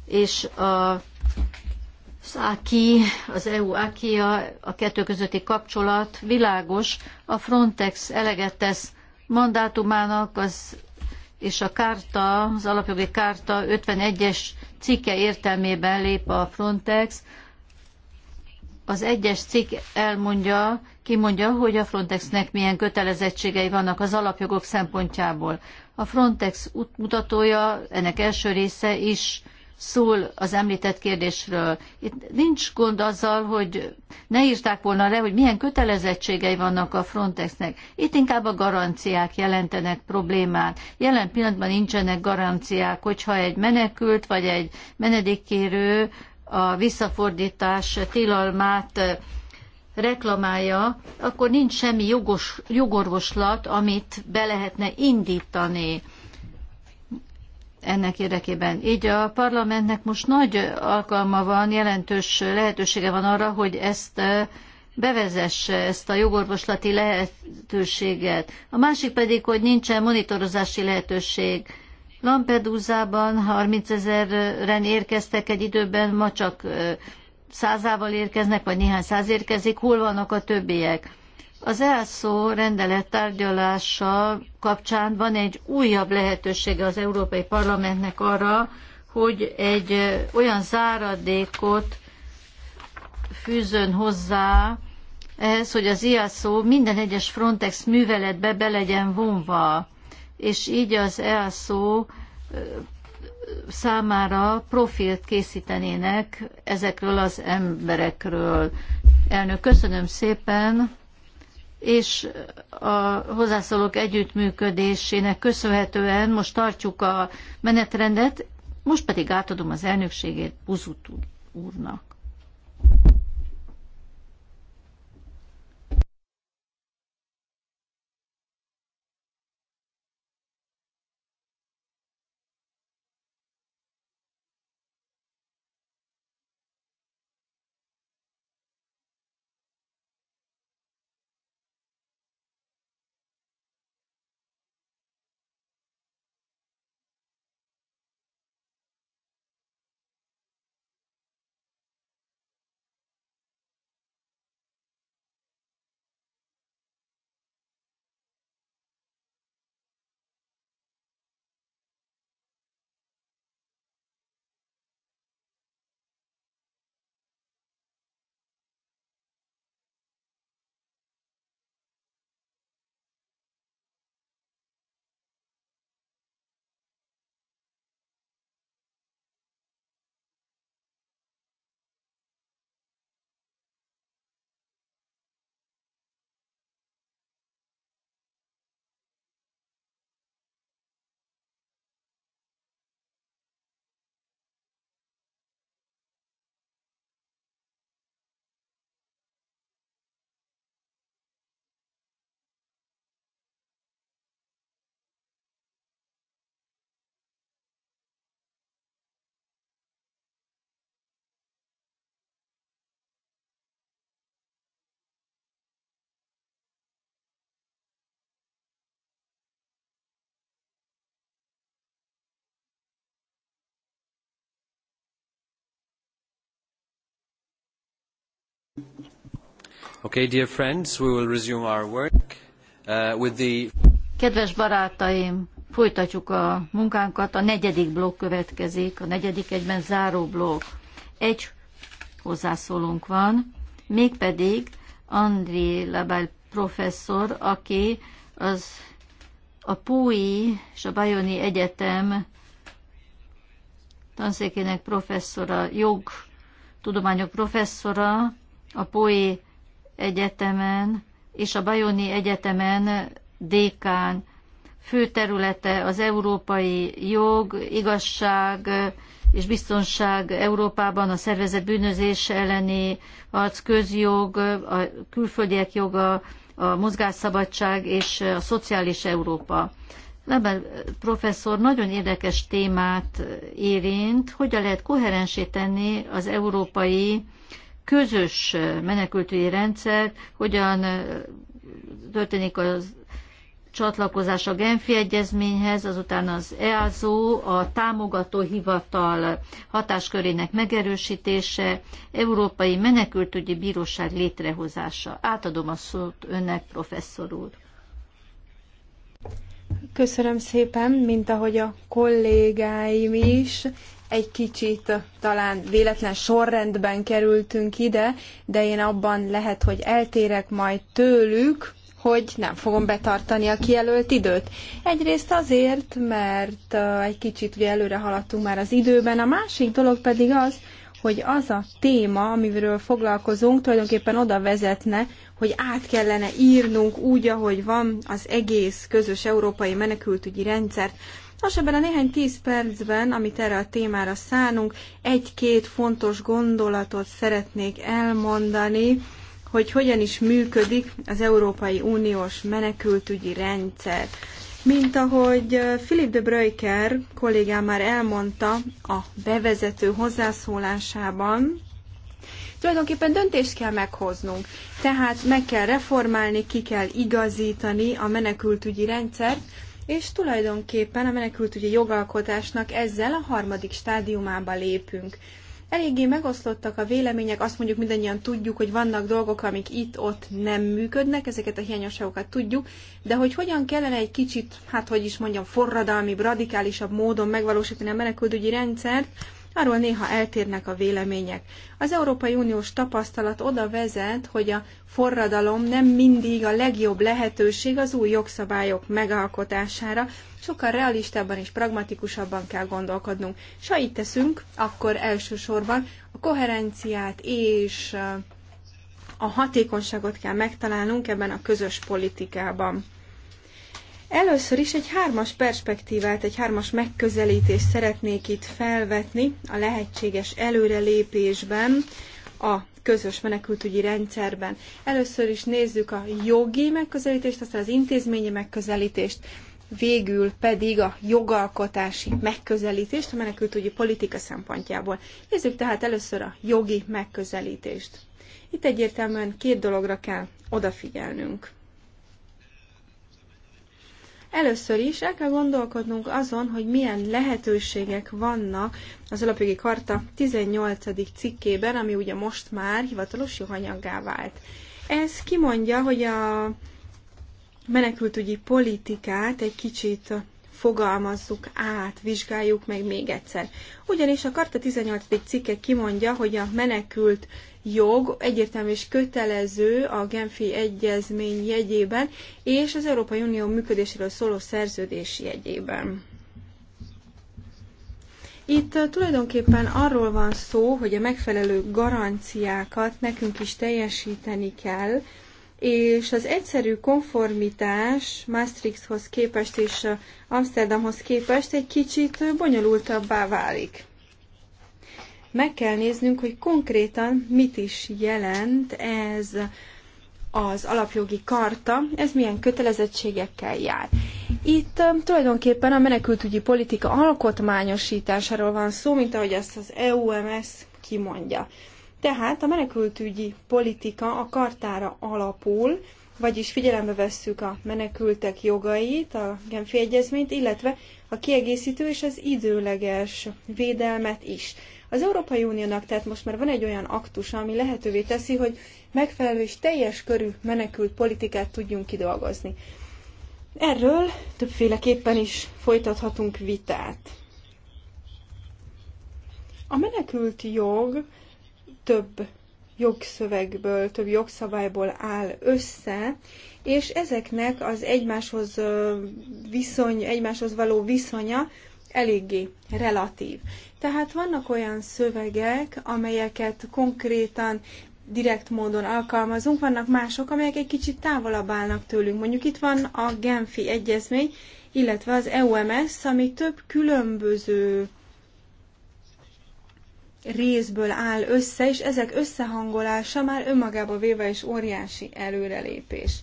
és a Száki, AKI, az EU AKIA, a kettő közötti kapcsolat világos, a Frontex eleget tesz mandátumának az, és a kárta, az alapjogi kárta 51-es cikke értelmében lép a Frontex. Az egyes cikk elmondja, kimondja, hogy a Frontexnek milyen kötelezettségei vannak az alapjogok szempontjából. A Frontex útmutatója, ennek első része is szól az említett kérdésről. Itt nincs gond azzal, hogy ne írták volna le, hogy milyen kötelezettségei vannak a Frontexnek. Itt inkább a garanciák jelentenek problémát. Jelen pillanatban nincsenek garanciák, hogyha egy menekült vagy egy menedékkérő a visszafordítás tilalmát reklamálja, akkor nincs semmi jogos, jogorvoslat, amit be lehetne indítani ennek érdekében. Így a parlamentnek most nagy alkalma van, jelentős lehetősége van arra, hogy ezt bevezesse ezt a jogorvoslati lehetőséget. A másik pedig, hogy nincsen monitorozási lehetőség. Lampedusa-ban 30 ezerren érkeztek egy időben, ma csak százával érkeznek, vagy néhány száz érkezik, hol vannak a többiek. Az elszó rendelet tárgyalása kapcsán van egy újabb lehetősége az Európai Parlamentnek arra, hogy egy olyan záradékot fűzön hozzá, ehhez, hogy az IASZO minden egyes Frontex műveletbe be legyen vonva, és így az EASZO számára profilt készítenének ezekről az emberekről. Elnök, köszönöm szépen, és a hozzászólók együttműködésének köszönhetően most tartjuk a menetrendet, most pedig átadom az elnökségét Buzutu úrnak. Uh, Kedves barátaim, folytatjuk a munkánkat. A negyedik blokk következik, a negyedik egyben záró blokk. Egy hozzászólónk van, mégpedig André Labelle professzor, aki az a Púi és a Bajoni Egyetem tanszékének professzora, jogtudományok professzora, a Pói Egyetemen és a Bajoni Egyetemen dékán. Fő területe az európai jog, igazság és biztonság Európában, a szervezet bűnözés elleni harc közjog, a külföldiek joga, a mozgásszabadság és a szociális Európa. Lebel professzor nagyon érdekes témát érint, hogyan lehet koherensé tenni az európai közös menekültügyi rendszer, hogyan történik az csatlakozás a Genfi Egyezményhez, azután az EASO, a támogató hivatal hatáskörének megerősítése, Európai Menekültügyi Bíróság létrehozása. Átadom a szót önnek, professzor úr. Köszönöm szépen, mint ahogy a kollégáim is egy kicsit eh, talán véletlen sorrendben kerültünk ide, de én abban lehet, hogy eltérek majd tőlük, hogy nem fogom betartani a kijelölt időt. Egyrészt azért, mert eh, egy kicsit ugye előre haladtunk már az időben, a másik dolog pedig az, hogy az a téma, amiről foglalkozunk, tulajdonképpen oda vezetne, hogy át kellene írnunk úgy, ahogy van az egész közös európai menekültügyi rendszert. Nos, ebben a néhány tíz percben, amit erre a témára szánunk, egy-két fontos gondolatot szeretnék elmondani, hogy hogyan is működik az Európai Uniós menekültügyi rendszer. Mint ahogy Philip de Bruyker kollégám már elmondta a bevezető hozzászólásában, tulajdonképpen döntést kell meghoznunk. Tehát meg kell reformálni, ki kell igazítani a menekültügyi rendszert, és tulajdonképpen a menekültügyi jogalkotásnak ezzel a harmadik stádiumába lépünk. Eléggé megoszlottak a vélemények, azt mondjuk mindannyian tudjuk, hogy vannak dolgok, amik itt-ott nem működnek, ezeket a hiányosságokat tudjuk, de hogy hogyan kellene egy kicsit, hát hogy is mondjam, forradalmi, radikálisabb módon megvalósítani a menekültügyi rendszert, arról néha eltérnek a vélemények. Az Európai Uniós tapasztalat oda vezet, hogy a forradalom nem mindig a legjobb lehetőség az új jogszabályok megalkotására, sokkal realistábban és pragmatikusabban kell gondolkodnunk. És ha így teszünk, akkor elsősorban a koherenciát és a hatékonyságot kell megtalálnunk ebben a közös politikában. Először is egy hármas perspektívát, egy hármas megközelítést szeretnék itt felvetni a lehetséges előrelépésben a közös menekültügyi rendszerben. Először is nézzük a jogi megközelítést, aztán az intézményi megközelítést, végül pedig a jogalkotási megközelítést a menekültügyi politika szempontjából. Nézzük tehát először a jogi megközelítést. Itt egyértelműen két dologra kell odafigyelnünk. Először is el kell gondolkodnunk azon, hogy milyen lehetőségek vannak az alapjogi karta 18. cikkében, ami ugye most már hivatalos joganyaggá vált. Ez kimondja, hogy a menekültügyi politikát egy kicsit fogalmazzuk át, vizsgáljuk meg még egyszer. Ugyanis a Karta 18. cikke kimondja, hogy a menekült jog egyértelmű és kötelező a Genfi Egyezmény jegyében és az Európai Unió működéséről szóló szerződés jegyében. Itt tulajdonképpen arról van szó, hogy a megfelelő garanciákat nekünk is teljesíteni kell, és az egyszerű konformitás Maastrichthoz képest és Amsterdamhoz képest egy kicsit bonyolultabbá válik. Meg kell néznünk, hogy konkrétan mit is jelent ez az alapjogi karta, ez milyen kötelezettségekkel jár. Itt um, tulajdonképpen a menekültügyi politika alkotmányosításáról van szó, mint ahogy ezt az EUMS kimondja. Tehát a menekültügyi politika a kartára alapul, vagyis figyelembe vesszük a menekültek jogait, a Genfi Egyezményt, illetve a kiegészítő és az időleges védelmet is. Az Európai Uniónak tehát most már van egy olyan aktusa, ami lehetővé teszi, hogy megfelelő és teljes körű menekült politikát tudjunk kidolgozni. Erről többféleképpen is folytathatunk vitát. A menekült jog több jogszövegből, több jogszabályból áll össze, és ezeknek az egymáshoz, viszony, egymáshoz való viszonya eléggé relatív. Tehát vannak olyan szövegek, amelyeket konkrétan direkt módon alkalmazunk, vannak mások, amelyek egy kicsit távolabb állnak tőlünk. Mondjuk itt van a Genfi Egyezmény, illetve az EUMS, ami több különböző részből áll össze, és ezek összehangolása már önmagába véve is óriási előrelépés.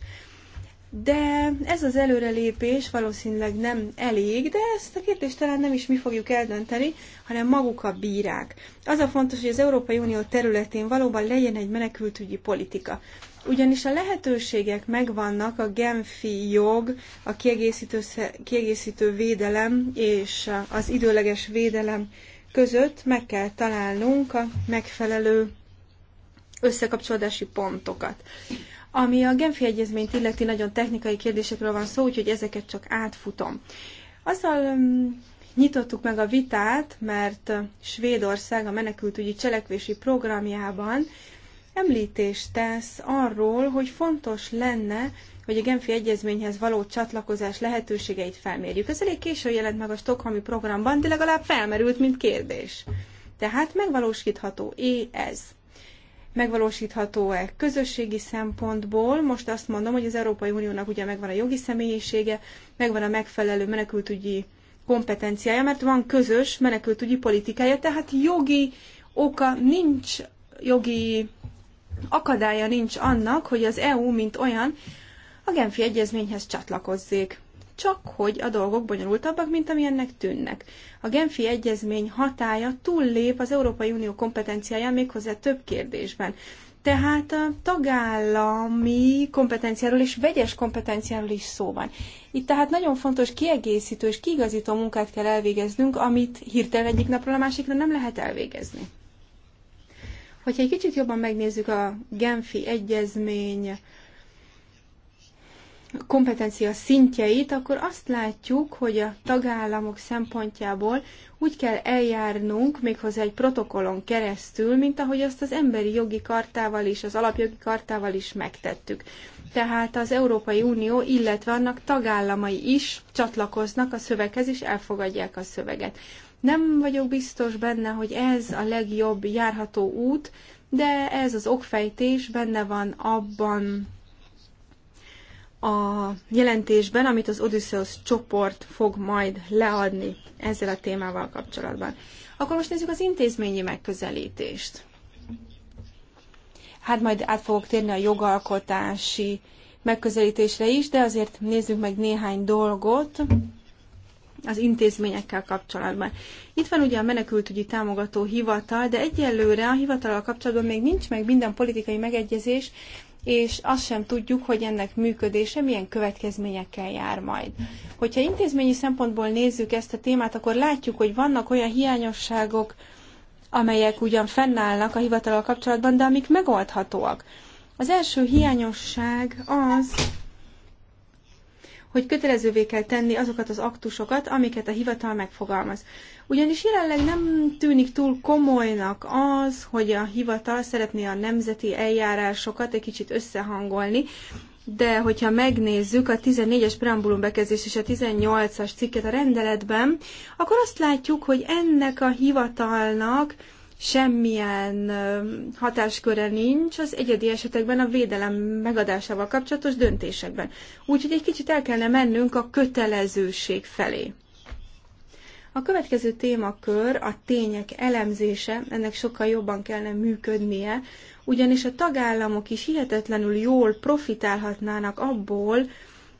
De ez az előrelépés valószínűleg nem elég, de ezt a kérdést talán nem is mi fogjuk eldönteni, hanem maguk a bírák. Az a fontos, hogy az Európai Unió területén valóban legyen egy menekültügyi politika. Ugyanis a lehetőségek megvannak a genfi jog, a kiegészítő, kiegészítő védelem és az időleges védelem között meg kell találnunk a megfelelő összekapcsolódási pontokat. Ami a Genfi Egyezményt illeti, nagyon technikai kérdésekről van szó, úgyhogy ezeket csak átfutom. Azzal mm, nyitottuk meg a vitát, mert Svédország a menekültügyi cselekvési programjában említést tesz arról, hogy fontos lenne hogy a Genfi Egyezményhez való csatlakozás lehetőségeit felmérjük. Ez elég későn jelent meg a Stockholmi programban, de legalább felmerült, mint kérdés. Tehát megvalósítható-é ez? megvalósítható-e közösségi szempontból. Most azt mondom, hogy az Európai Uniónak ugye megvan a jogi személyisége, megvan a megfelelő menekültügyi kompetenciája, mert van közös menekültügyi politikája, tehát jogi oka nincs, jogi akadálya nincs annak, hogy az EU, mint olyan, a Genfi Egyezményhez csatlakozzék. Csak hogy a dolgok bonyolultabbak, mint amilyennek tűnnek. A Genfi Egyezmény hatája túllép az Európai Unió kompetenciáján méghozzá több kérdésben. Tehát a tagállami kompetenciáról és vegyes kompetenciáról is szó van. Itt tehát nagyon fontos kiegészítő és kiigazító munkát kell elvégeznünk, amit hirtelen egyik napról a másikra nem lehet elvégezni. Hogyha egy kicsit jobban megnézzük a Genfi egyezmény kompetencia szintjeit, akkor azt látjuk, hogy a tagállamok szempontjából úgy kell eljárnunk méghozzá egy protokollon keresztül, mint ahogy azt az emberi jogi kartával is, az alapjogi kartával is megtettük. Tehát az Európai Unió, illetve annak tagállamai is csatlakoznak a szöveghez, és elfogadják a szöveget. Nem vagyok biztos benne, hogy ez a legjobb járható út, de ez az okfejtés benne van abban, a jelentésben, amit az Odysseus csoport fog majd leadni ezzel a témával kapcsolatban. Akkor most nézzük az intézményi megközelítést. Hát majd át fogok térni a jogalkotási megközelítésre is, de azért nézzük meg néhány dolgot az intézményekkel kapcsolatban. Itt van ugye a menekültügyi támogató hivatal, de egyelőre a hivatalal kapcsolatban még nincs meg minden politikai megegyezés, és azt sem tudjuk, hogy ennek működése milyen következményekkel jár majd. Hogyha intézményi szempontból nézzük ezt a témát, akkor látjuk, hogy vannak olyan hiányosságok, amelyek ugyan fennállnak a hivatalok kapcsolatban, de amik megoldhatóak. Az első hiányosság az, hogy kötelezővé kell tenni azokat az aktusokat, amiket a hivatal megfogalmaz. Ugyanis jelenleg nem tűnik túl komolynak az, hogy a hivatal szeretné a nemzeti eljárásokat egy kicsit összehangolni, de hogyha megnézzük a 14-es preambulum bekezdés és a 18-as cikket a rendeletben, akkor azt látjuk, hogy ennek a hivatalnak semmilyen hatásköre nincs az egyedi esetekben a védelem megadásával kapcsolatos döntésekben. Úgyhogy egy kicsit el kellene mennünk a kötelezőség felé. A következő témakör a tények elemzése, ennek sokkal jobban kellene működnie, ugyanis a tagállamok is hihetetlenül jól profitálhatnának abból,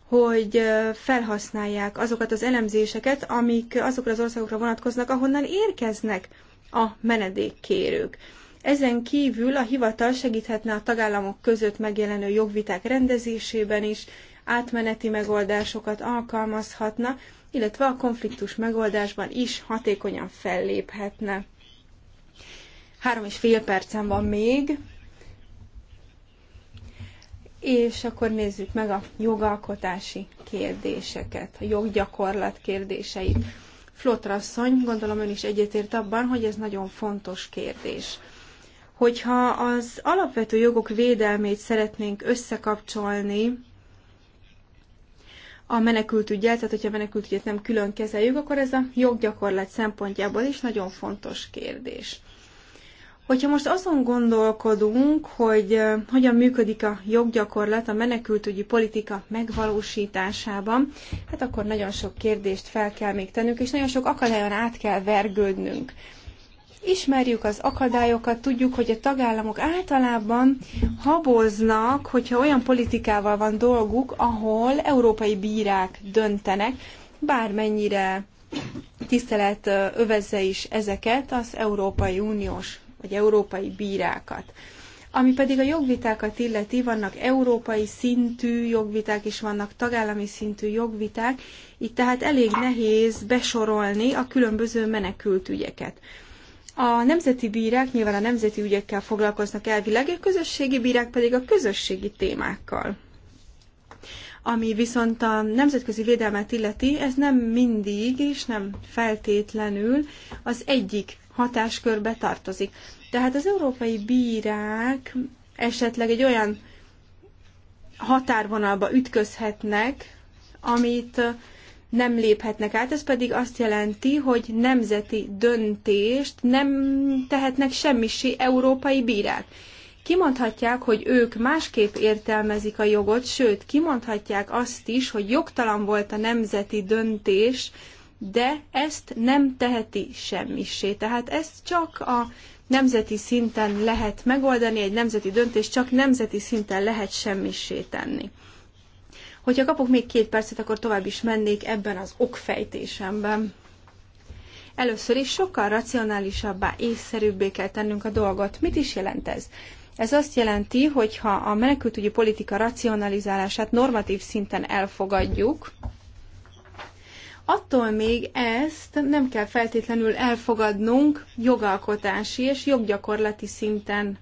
hogy felhasználják azokat az elemzéseket, amik azokra az országokra vonatkoznak, ahonnan érkeznek a menedékkérők. Ezen kívül a hivatal segíthetne a tagállamok között megjelenő jogviták rendezésében is, átmeneti megoldásokat alkalmazhatna, illetve a konfliktus megoldásban is hatékonyan felléphetne. Három és fél percen van még, és akkor nézzük meg a jogalkotási kérdéseket, a joggyakorlat kérdéseit. Flotrasszony, gondolom ön is egyetért abban, hogy ez nagyon fontos kérdés. Hogyha az alapvető jogok védelmét szeretnénk összekapcsolni a menekültügyel, tehát hogyha a menekültügyet nem külön kezeljük, akkor ez a joggyakorlat szempontjából is nagyon fontos kérdés. Hogyha most azon gondolkodunk, hogy hogyan működik a joggyakorlat a menekültügyi politika megvalósításában, hát akkor nagyon sok kérdést fel kell még tennünk, és nagyon sok akadályon át kell vergődnünk. Ismerjük az akadályokat, tudjuk, hogy a tagállamok általában haboznak, hogyha olyan politikával van dolguk, ahol európai bírák döntenek, bármennyire tisztelet övezze is ezeket az Európai Uniós vagy európai bírákat. Ami pedig a jogvitákat illeti, vannak európai szintű jogviták, és vannak tagállami szintű jogviták, itt tehát elég nehéz besorolni a különböző menekült ügyeket. A nemzeti bírák nyilván a nemzeti ügyekkel foglalkoznak elvileg, a közösségi bírák pedig a közösségi témákkal. Ami viszont a nemzetközi védelmet illeti, ez nem mindig és nem feltétlenül az egyik hatáskörbe tartozik. Tehát az európai bírák esetleg egy olyan határvonalba ütközhetnek, amit nem léphetnek át, ez pedig azt jelenti, hogy nemzeti döntést nem tehetnek semmisi európai bírák. Kimondhatják, hogy ők másképp értelmezik a jogot, sőt, kimondhatják azt is, hogy jogtalan volt a nemzeti döntés, de ezt nem teheti semmissé. Tehát ezt csak a nemzeti szinten lehet megoldani, egy nemzeti döntés csak nemzeti szinten lehet semmissé tenni. Hogyha kapok még két percet, akkor tovább is mennék ebben az okfejtésemben. Először is sokkal racionálisabbá, észszerűbbé kell tennünk a dolgot. Mit is jelent ez? Ez azt jelenti, hogy ha a menekültügyi politika racionalizálását normatív szinten elfogadjuk, attól még ezt nem kell feltétlenül elfogadnunk jogalkotási és joggyakorlati szinten.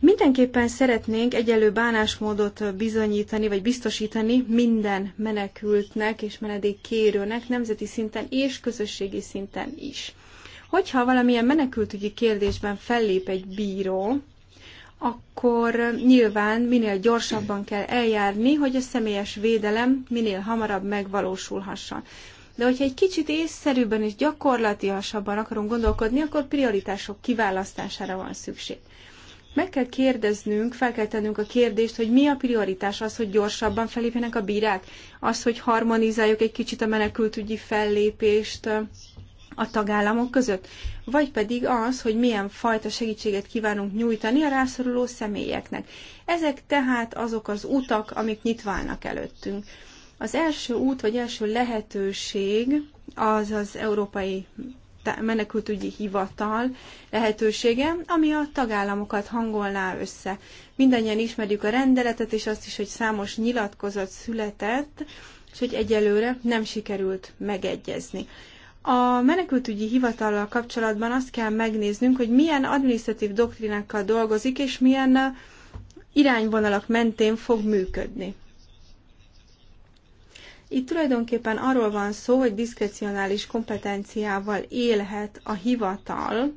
Mindenképpen szeretnénk egyelő bánásmódot bizonyítani, vagy biztosítani minden menekültnek és menedékkérőnek nemzeti szinten és közösségi szinten is. Hogyha valamilyen menekültügyi kérdésben fellép egy bíró, akkor nyilván minél gyorsabban kell eljárni, hogy a személyes védelem minél hamarabb megvalósulhasson. De hogyha egy kicsit észszerűbben és gyakorlatilasabban akarunk gondolkodni, akkor prioritások kiválasztására van szükség. Meg kell kérdeznünk, fel kell tennünk a kérdést, hogy mi a prioritás az, hogy gyorsabban felépjenek a bírák, az, hogy harmonizáljuk egy kicsit a menekültügyi fellépést, a tagállamok között, vagy pedig az, hogy milyen fajta segítséget kívánunk nyújtani a rászoruló személyeknek. Ezek tehát azok az utak, amik nyitva állnak előttünk. Az első út, vagy első lehetőség az az Európai menekültügyi hivatal lehetősége, ami a tagállamokat hangolná össze. Mindannyian ismerjük a rendeletet, és azt is, hogy számos nyilatkozat született, és hogy egyelőre nem sikerült megegyezni. A menekültügyi hivatallal kapcsolatban azt kell megnéznünk, hogy milyen administratív doktrinákkal dolgozik, és milyen irányvonalak mentén fog működni. Itt tulajdonképpen arról van szó, hogy diszkrecionális kompetenciával élhet a hivatal,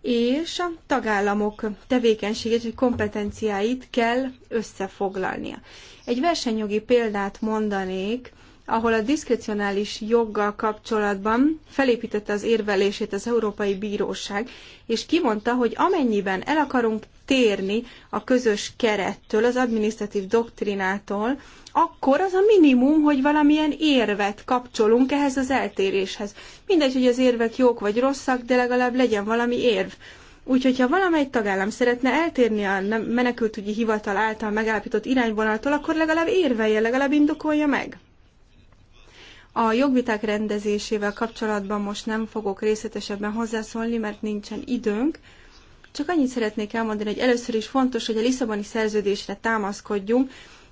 és a tagállamok tevékenységét vagy kompetenciáit kell összefoglalnia. Egy versenyjogi példát mondanék, ahol a diszkrecionális joggal kapcsolatban felépítette az érvelését az Európai Bíróság, és kimondta, hogy amennyiben el akarunk térni a közös kerettől, az administratív doktrinától, akkor az a minimum, hogy valamilyen érvet kapcsolunk ehhez az eltéréshez. Mindegy, hogy az érvek jók vagy rosszak, de legalább legyen valami érv. Úgyhogy, ha valamely tagállam szeretne eltérni a menekültügyi hivatal által megállapított irányvonaltól, akkor legalább érvelje, legalább indokolja meg. A jogviták rendezésével kapcsolatban most nem fogok részletesebben hozzászólni, mert nincsen időnk. Csak annyit szeretnék elmondani, hogy először is fontos, hogy a Lisszaboni szerződésre támaszkodjunk,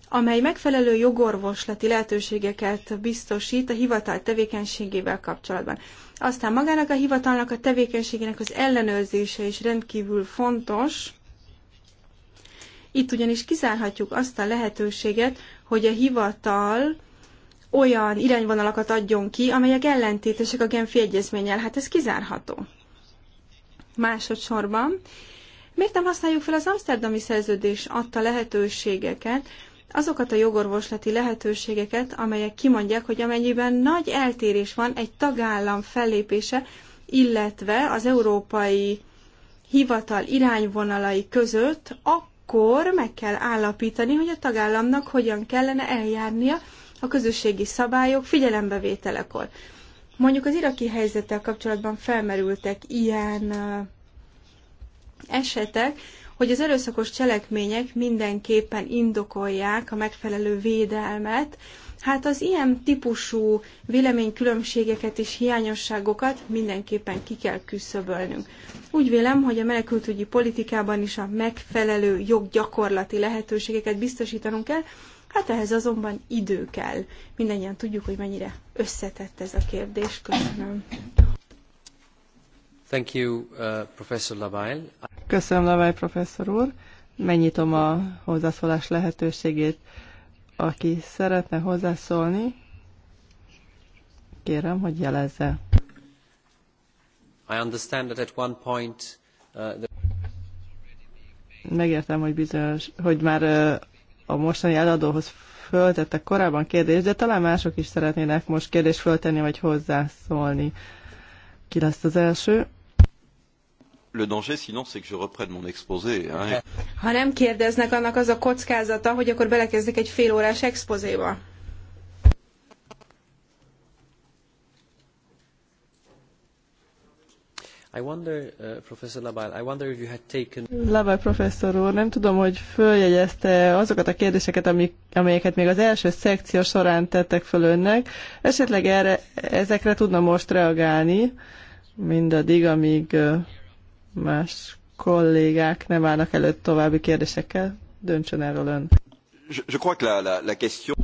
amely megfelelő jogorvoslati lehetőségeket biztosít a hivatal tevékenységével kapcsolatban. Aztán magának a hivatalnak a tevékenységének az ellenőrzése is rendkívül fontos. Itt ugyanis kizárhatjuk azt a lehetőséget, hogy a hivatal olyan irányvonalakat adjon ki, amelyek ellentétesek a Genfi egyezménnyel. Hát ez kizárható. Másodszorban, miért nem használjuk fel az Amsterdami szerződés adta lehetőségeket, azokat a jogorvoslati lehetőségeket, amelyek kimondják, hogy amennyiben nagy eltérés van egy tagállam fellépése, illetve az európai hivatal irányvonalai között, akkor meg kell állapítani, hogy a tagállamnak hogyan kellene eljárnia, a közösségi szabályok figyelembevételekor. Mondjuk az iraki helyzettel kapcsolatban felmerültek ilyen esetek, hogy az erőszakos cselekmények mindenképpen indokolják a megfelelő védelmet, Hát az ilyen típusú véleménykülönbségeket és hiányosságokat mindenképpen ki kell küszöbölnünk. Úgy vélem, hogy a menekültügyi politikában is a megfelelő joggyakorlati lehetőségeket biztosítanunk kell, Hát ehhez azonban idő kell. Mindennyian tudjuk, hogy mennyire összetett ez a kérdés. Köszönöm. Thank you, uh, Professor Lavail. Köszönöm, Lavail professzor úr. Megnyitom a hozzászólás lehetőségét. Aki szeretne hozzászólni, kérem, hogy jelezze. I understand that at one point uh, the... Megértem, hogy bizonyos, hogy már uh, a mostani eladóhoz föltettek korábban kérdést, de talán mások is szeretnének most kérdést föltenni, vagy hozzászólni. Ki lesz az első? Le danger, sinon, c'est que je reprenne mon exposé. Hein? Ha nem kérdeznek, annak az a kockázata, hogy akkor belekezdek egy fél órás expozéba. I wonder, uh, Professor Labal, I wonder if you had taken... Labal professzor úr, nem tudom, hogy följegyezte azokat a kérdéseket, amik, amelyeket még az első szekció során tettek föl önnek. Esetleg erre, ezekre tudna most reagálni, mindaddig, amíg más kollégák nem állnak előtt további kérdésekkel. Döntsön erről ön. Je, crois que la, la, la question...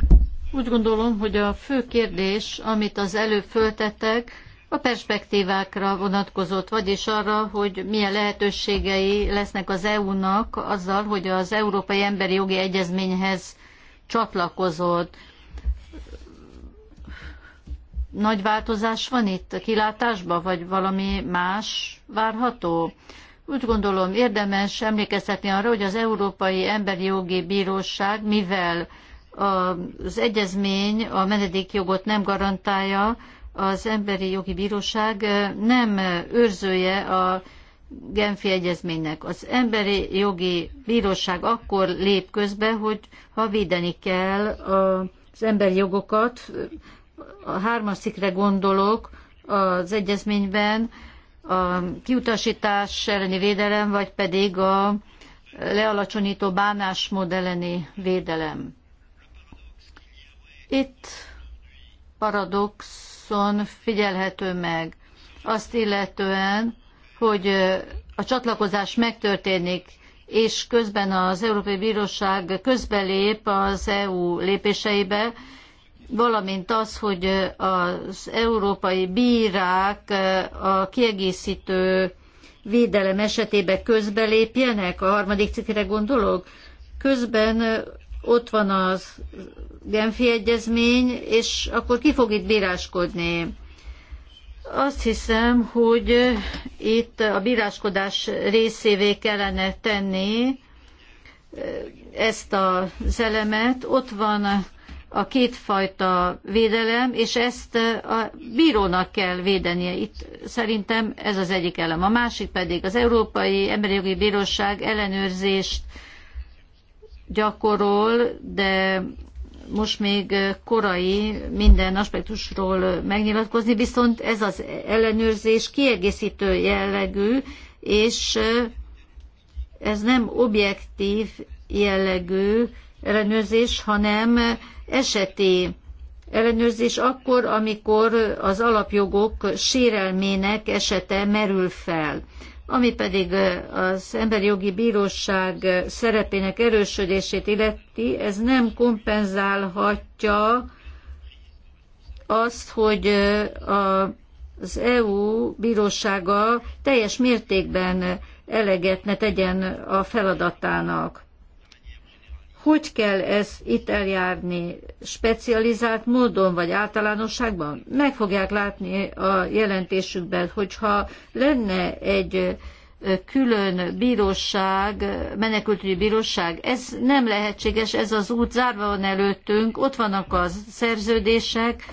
Úgy gondolom, hogy a fő kérdés, amit az előbb föltettek, a perspektívákra vonatkozott, vagyis arra, hogy milyen lehetőségei lesznek az EU-nak azzal, hogy az Európai Emberi Jogi Egyezményhez csatlakozott. Nagy változás van itt a kilátásban, vagy valami más várható? Úgy gondolom érdemes emlékeztetni arra, hogy az Európai Emberi Jogi Bíróság, mivel az egyezmény a menedékjogot nem garantálja, az Emberi Jogi Bíróság nem őrzője a Genfi Egyezménynek. Az Emberi Jogi Bíróság akkor lép közbe, hogy ha védeni kell az emberi jogokat, a hármaszikre gondolok az egyezményben, a kiutasítás elleni védelem, vagy pedig a lealacsonyító bánásmód elleni védelem. Itt paradox piacon figyelhető meg. Azt illetően, hogy a csatlakozás megtörténik, és közben az Európai Bíróság közbelép az EU lépéseibe, valamint az, hogy az európai bírák a kiegészítő védelem esetében közbelépjenek, a harmadik cikkre gondolok, közben ott van az Genfi Egyezmény, és akkor ki fog itt bíráskodni? Azt hiszem, hogy itt a bíráskodás részévé kellene tenni eh, ezt az elemet. Ott van a kétfajta védelem, és ezt eh, a bírónak kell védenie. Itt szerintem ez az egyik elem. A másik pedig az Európai Emberi Jogi Bíróság ellenőrzést gyakorol, de most még korai minden aspektusról megnyilatkozni, viszont ez az ellenőrzés kiegészítő jellegű, és ez nem objektív jellegű ellenőrzés, hanem eseti ellenőrzés akkor, amikor az alapjogok sérelmének esete merül fel. Ami pedig az Emberi Jogi Bíróság szerepének erősödését illeti, ez nem kompenzálhatja azt, hogy az EU bírósága teljes mértékben elegetne tegyen a feladatának hogy kell ezt itt eljárni specializált módon, vagy általánosságban? Meg fogják látni a jelentésükben, hogyha lenne egy külön bíróság, menekültügyi bíróság, ez nem lehetséges, ez az út zárva van előttünk, ott vannak a szerződések,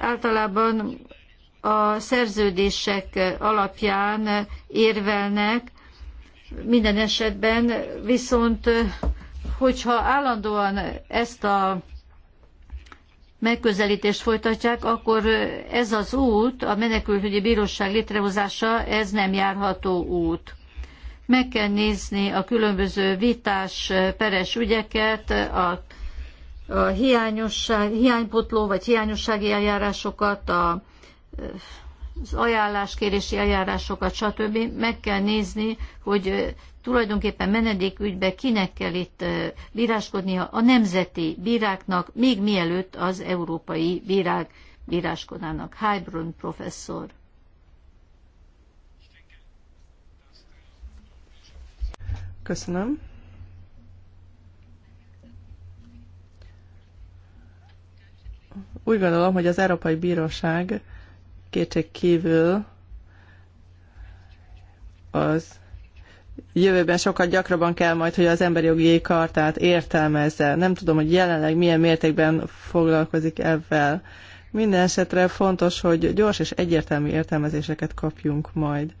általában a szerződések alapján érvelnek, minden esetben viszont, hogyha állandóan ezt a megközelítést folytatják, akkor ez az út, a menekültügyi bíróság létrehozása, ez nem járható út. Meg kell nézni a különböző vitás peres ügyeket, a, a hiányosság, hiánypotló vagy hiányossági eljárásokat, a az ajánláskérési eljárásokat, stb. Meg kell nézni, hogy tulajdonképpen menedékügybe kinek kell itt bíráskodnia a nemzeti bíráknak, még mielőtt az európai bírák bíráskodnának. Heilbrunn professzor. Köszönöm. Úgy gondolom, hogy az Európai Bíróság Kétség kívül az jövőben sokkal gyakrabban kell majd, hogy az emberi jogi kartát értelmezze. Nem tudom, hogy jelenleg milyen mértékben foglalkozik ebben. Minden esetre fontos, hogy gyors és egyértelmű értelmezéseket kapjunk majd.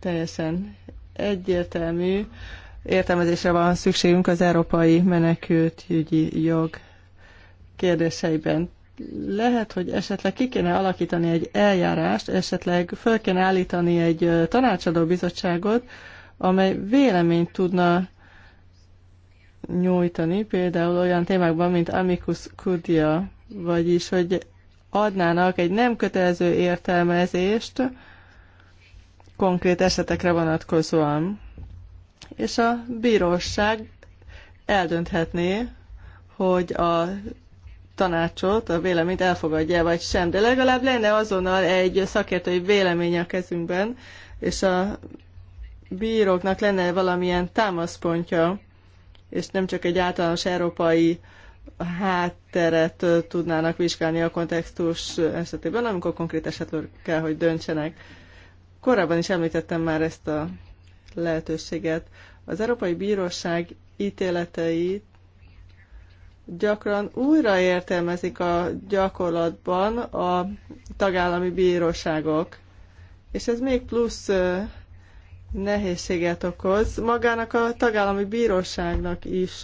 Teljesen egyértelmű értelmezésre van szükségünk az európai menekült jogi jog kérdéseiben. Lehet, hogy esetleg ki kéne alakítani egy eljárást, esetleg föl kéne állítani egy tanácsadó bizottságot, amely véleményt tudna nyújtani, például olyan témákban, mint Amicus Curia, vagyis, hogy adnának egy nem kötelező értelmezést konkrét esetekre vonatkozóan. És a bíróság eldönthetné, hogy a tanácsot, a véleményt elfogadja vagy sem, de legalább lenne azonnal egy szakértői vélemény a kezünkben, és a bíróknak lenne valamilyen támaszpontja, és nem csak egy általános európai hátteret tudnának vizsgálni a kontextus esetében, amikor konkrét esetről kell, hogy döntsenek. Korábban is említettem már ezt a lehetőséget. Az Európai Bíróság ítéleteit gyakran újraértelmezik a gyakorlatban a tagállami bíróságok, és ez még plusz nehézséget okoz. Magának a tagállami bíróságnak is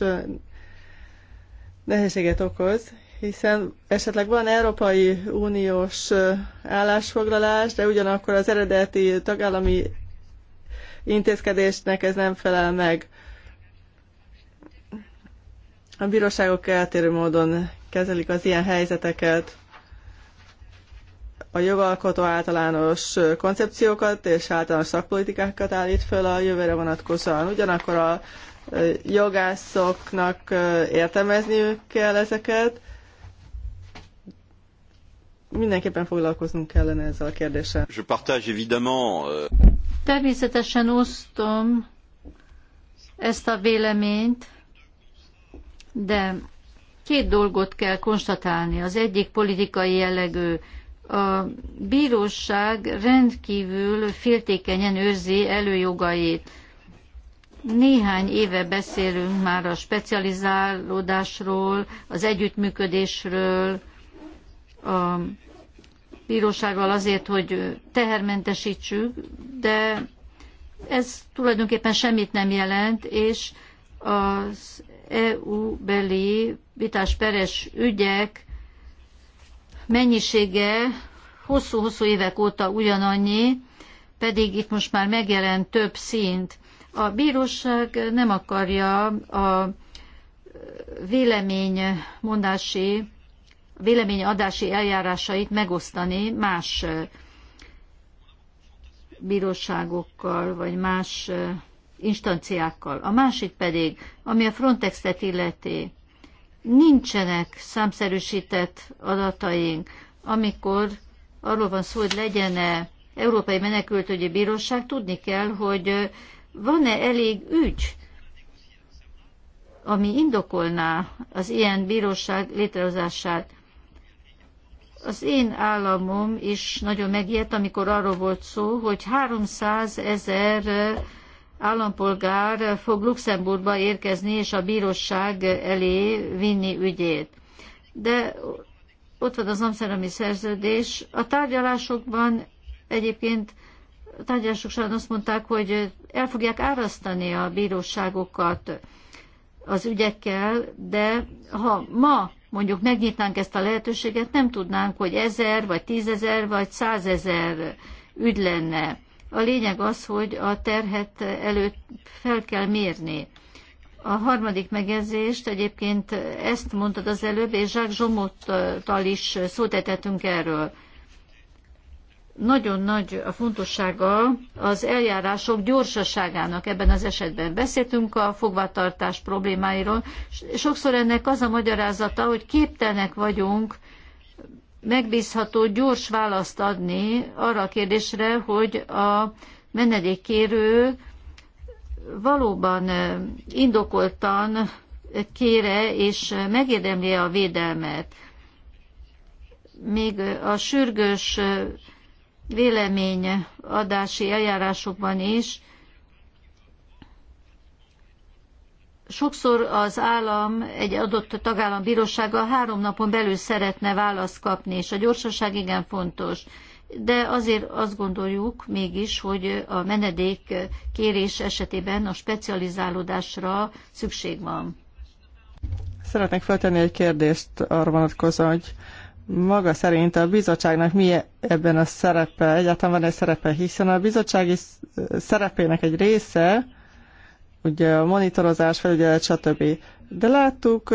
nehézséget okoz, hiszen esetleg van Európai Uniós állásfoglalás, de ugyanakkor az eredeti tagállami intézkedésnek ez nem felel meg. A bíróságok eltérő módon kezelik az ilyen helyzeteket. A jogalkotó általános koncepciókat és általános szakpolitikákat állít föl a jövőre vonatkozóan. Ugyanakkor a jogászoknak értelmezniük kell ezeket. Mindenképpen foglalkoznunk kellene ezzel a kérdéssel. Je partage évidemment... Euh, Természetesen osztom ezt a véleményt, de két dolgot kell konstatálni. Az egyik politikai jellegű. A bíróság rendkívül féltékenyen őrzi előjogait. Néhány éve beszélünk már a specializálódásról, az együttműködésről, a bírósággal azért, hogy tehermentesítsük, de ez tulajdonképpen semmit nem jelent, és az EU-beli vitásperes ügyek mennyisége hosszú-hosszú évek óta ugyanannyi, pedig itt most már megjelent több szint. A bíróság nem akarja a véleménymondási, véleményadási eljárásait megosztani más bíróságokkal, vagy más instanciákkal. A másik pedig, ami a Frontex-et illeti, nincsenek számszerűsített adataink, amikor arról van szó, hogy legyen-e Európai Menekültügyi Bíróság, tudni kell, hogy van-e elég ügy, ami indokolná az ilyen bíróság létrehozását. Az én államom is nagyon megijedt, amikor arról volt szó, hogy 300 ezer állampolgár fog Luxemburgba érkezni és a bíróság elé vinni ügyét. De ott van az amszterami szerződés. A tárgyalásokban egyébként a tárgyalások során azt mondták, hogy el fogják árasztani a bíróságokat az ügyekkel, de ha ma mondjuk megnyitnánk ezt a lehetőséget, nem tudnánk, hogy ezer, vagy tízezer, vagy százezer ügy lenne. A lényeg az, hogy a terhet előtt fel kell mérni. A harmadik megjegyzést egyébként ezt mondtad az előbb, és Zsák Zsomottal is szótetettünk erről. Nagyon nagy a fontossága az eljárások gyorsaságának ebben az esetben. Beszéltünk a fogvatartás problémáiról. Sokszor ennek az a magyarázata, hogy képtelnek vagyunk megbízható, gyors választ adni arra a kérdésre, hogy a menedékkérő valóban indokoltan kére és megérdemli a védelmet. Még a sürgős véleményadási eljárásokban is sokszor az állam, egy adott tagállam bírósága három napon belül szeretne választ kapni, és a gyorsaság igen fontos. De azért azt gondoljuk mégis, hogy a menedék kérés esetében a specializálódásra szükség van. Szeretnék feltenni egy kérdést arra vonatkozóan, hogy maga szerint a bizottságnak mi ebben a szerepe, egyáltalán van egy szerepe, hiszen a bizottsági szerepének egy része, ugye a monitorozás, felügyelet, stb. De láttuk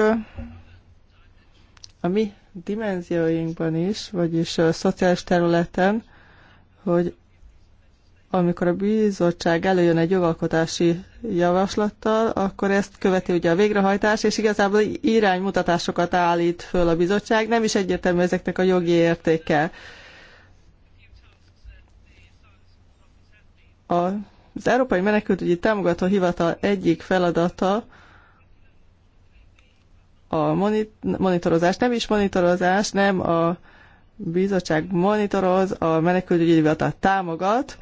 a mi dimenzióinkban is, vagyis a szociális területen, hogy amikor a bizottság előjön egy jogalkotási javaslattal, akkor ezt követi ugye a végrehajtás, és igazából iránymutatásokat állít föl a bizottság, nem is egyértelmű ezeknek a jogi értéke. A az Európai Menekültügyi Támogató Hivatal egyik feladata a monitorozás, nem is monitorozás, nem a bizottság monitoroz, a menekültügyi hivatal támogat,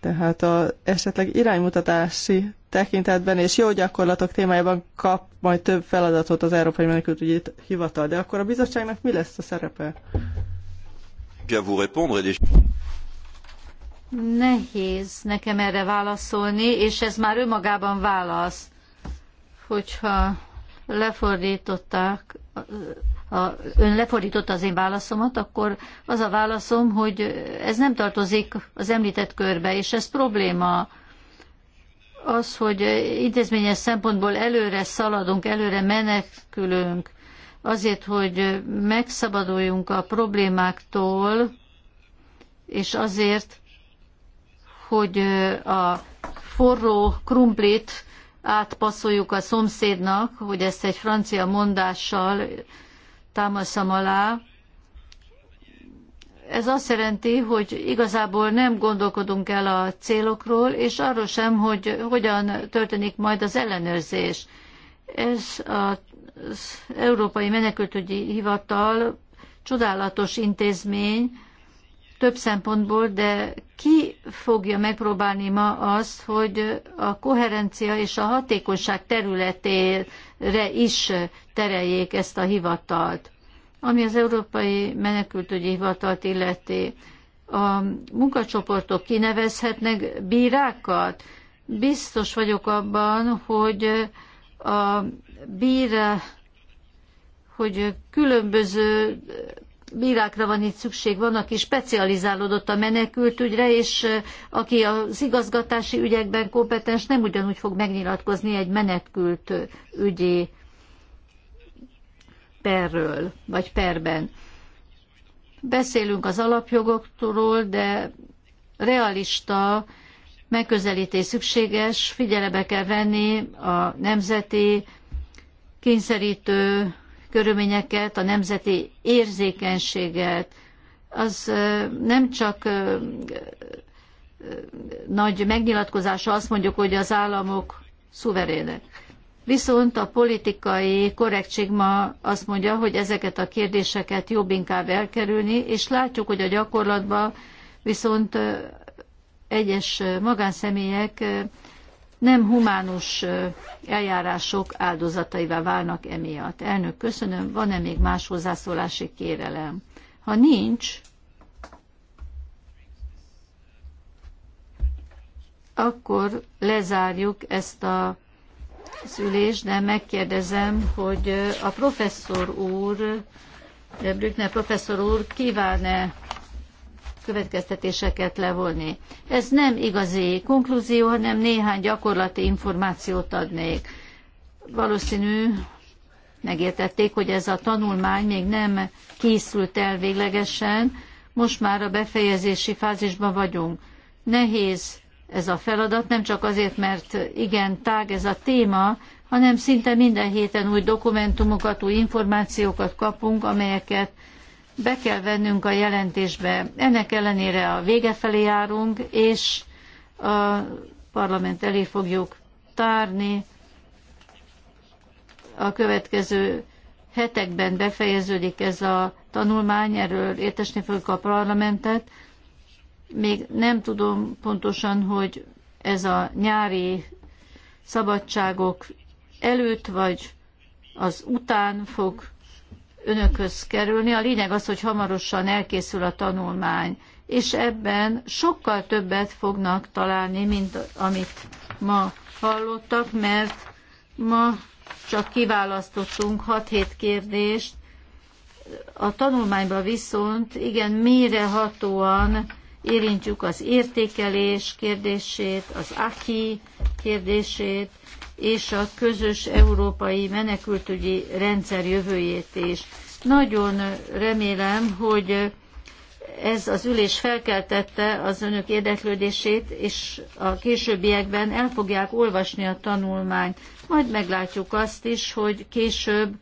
tehát a esetleg iránymutatási tekintetben és jó gyakorlatok témájában kap majd több feladatot az Európai Menekültügyi Hivatal. De akkor a bizottságnak mi lesz a szerepe? Nehéz nekem erre válaszolni, és ez már önmagában válasz, hogyha lefordították, ha ön lefordította az én válaszomat, akkor az a válaszom, hogy ez nem tartozik az említett körbe, és ez probléma az, hogy intézményes szempontból előre szaladunk, előre menekülünk, azért, hogy megszabaduljunk a problémáktól, és azért, hogy a forró krumplit átpasszoljuk a szomszédnak, hogy ezt egy francia mondással támaszam alá. Ez azt jelenti, hogy igazából nem gondolkodunk el a célokról, és arról sem, hogy hogyan történik majd az ellenőrzés. Ez az Európai Menekültügyi Hivatal csodálatos intézmény, több szempontból, de ki fogja megpróbálni ma azt, hogy a koherencia és a hatékonyság területére is tereljék ezt a hivatalt, ami az Európai Menekültügyi Hivatalt illeti. A munkacsoportok kinevezhetnek bírákat. Biztos vagyok abban, hogy a bíra, hogy különböző bírákra van itt szükség, van, aki specializálódott a menekültügyre, és aki az igazgatási ügyekben kompetens, nem ugyanúgy fog megnyilatkozni egy menekült ügyi perről, vagy perben. Beszélünk az alapjogokról, de realista megközelítés szükséges, figyelembe kell venni a nemzeti kényszerítő körülményeket, a nemzeti érzékenységet, az nem csak nagy megnyilatkozása azt mondjuk, hogy az államok szuverének. Viszont a politikai korrektség ma azt mondja, hogy ezeket a kérdéseket jobb inkább elkerülni, és látjuk, hogy a gyakorlatban viszont egyes magánszemélyek nem humánus eljárások áldozataivá válnak emiatt. Elnök, köszönöm. Van-e még más hozzászólási kérelem? Ha nincs, akkor lezárjuk ezt a szülést, de megkérdezem, hogy a professzor úr, Brückner professzor úr kíván-e következtetéseket levonni. Ez nem igazi konklúzió, hanem néhány gyakorlati információt adnék. Valószínű, megértették, hogy ez a tanulmány még nem készült el véglegesen, most már a befejezési fázisban vagyunk. Nehéz ez a feladat, nem csak azért, mert igen, tág ez a téma, hanem szinte minden héten új dokumentumokat, új információkat kapunk, amelyeket be kell vennünk a jelentésbe. Ennek ellenére a vége felé járunk, és a parlament elé fogjuk tárni. A következő hetekben befejeződik ez a tanulmány, erről értesni fogjuk a parlamentet. Még nem tudom pontosan, hogy ez a nyári szabadságok előtt vagy az után fog önökhöz kerülni. A lényeg az, hogy hamarosan elkészül a tanulmány, és ebben sokkal többet fognak találni, mint amit ma hallottak, mert ma csak kiválasztottunk 6-7 kérdést, a tanulmányban viszont igen mérehatóan érintjük az értékelés kérdését, az aki kérdését, és a közös európai menekültügyi rendszer jövőjét is. Nagyon remélem, hogy ez az ülés felkeltette az önök érdeklődését, és a későbbiekben el fogják olvasni a tanulmányt. Majd meglátjuk azt is, hogy később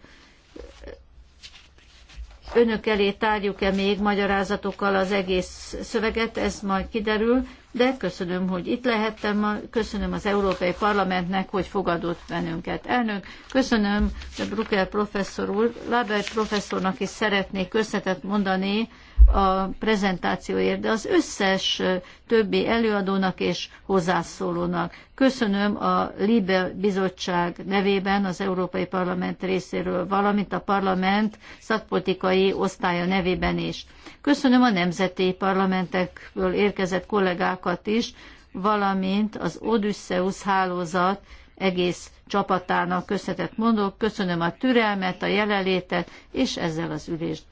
önök elé tárjuk-e még magyarázatokkal az egész szöveget, ez majd kiderül, de köszönöm, hogy itt lehettem ma, köszönöm az Európai Parlamentnek, hogy fogadott bennünket. Elnök, köszönöm a Brucker professzor úr, Labert professzornak is szeretnék köszönetet mondani, a prezentációért, de az összes többi előadónak és hozzászólónak. Köszönöm a Libe Bizottság nevében az Európai Parlament részéről, valamint a parlament szakpolitikai osztálya nevében is. Köszönöm a nemzeti parlamentekből érkezett kollégákat is, valamint az Odysseus hálózat egész csapatának köszönetet mondok, köszönöm a türelmet, a jelenlétet, és ezzel az ülést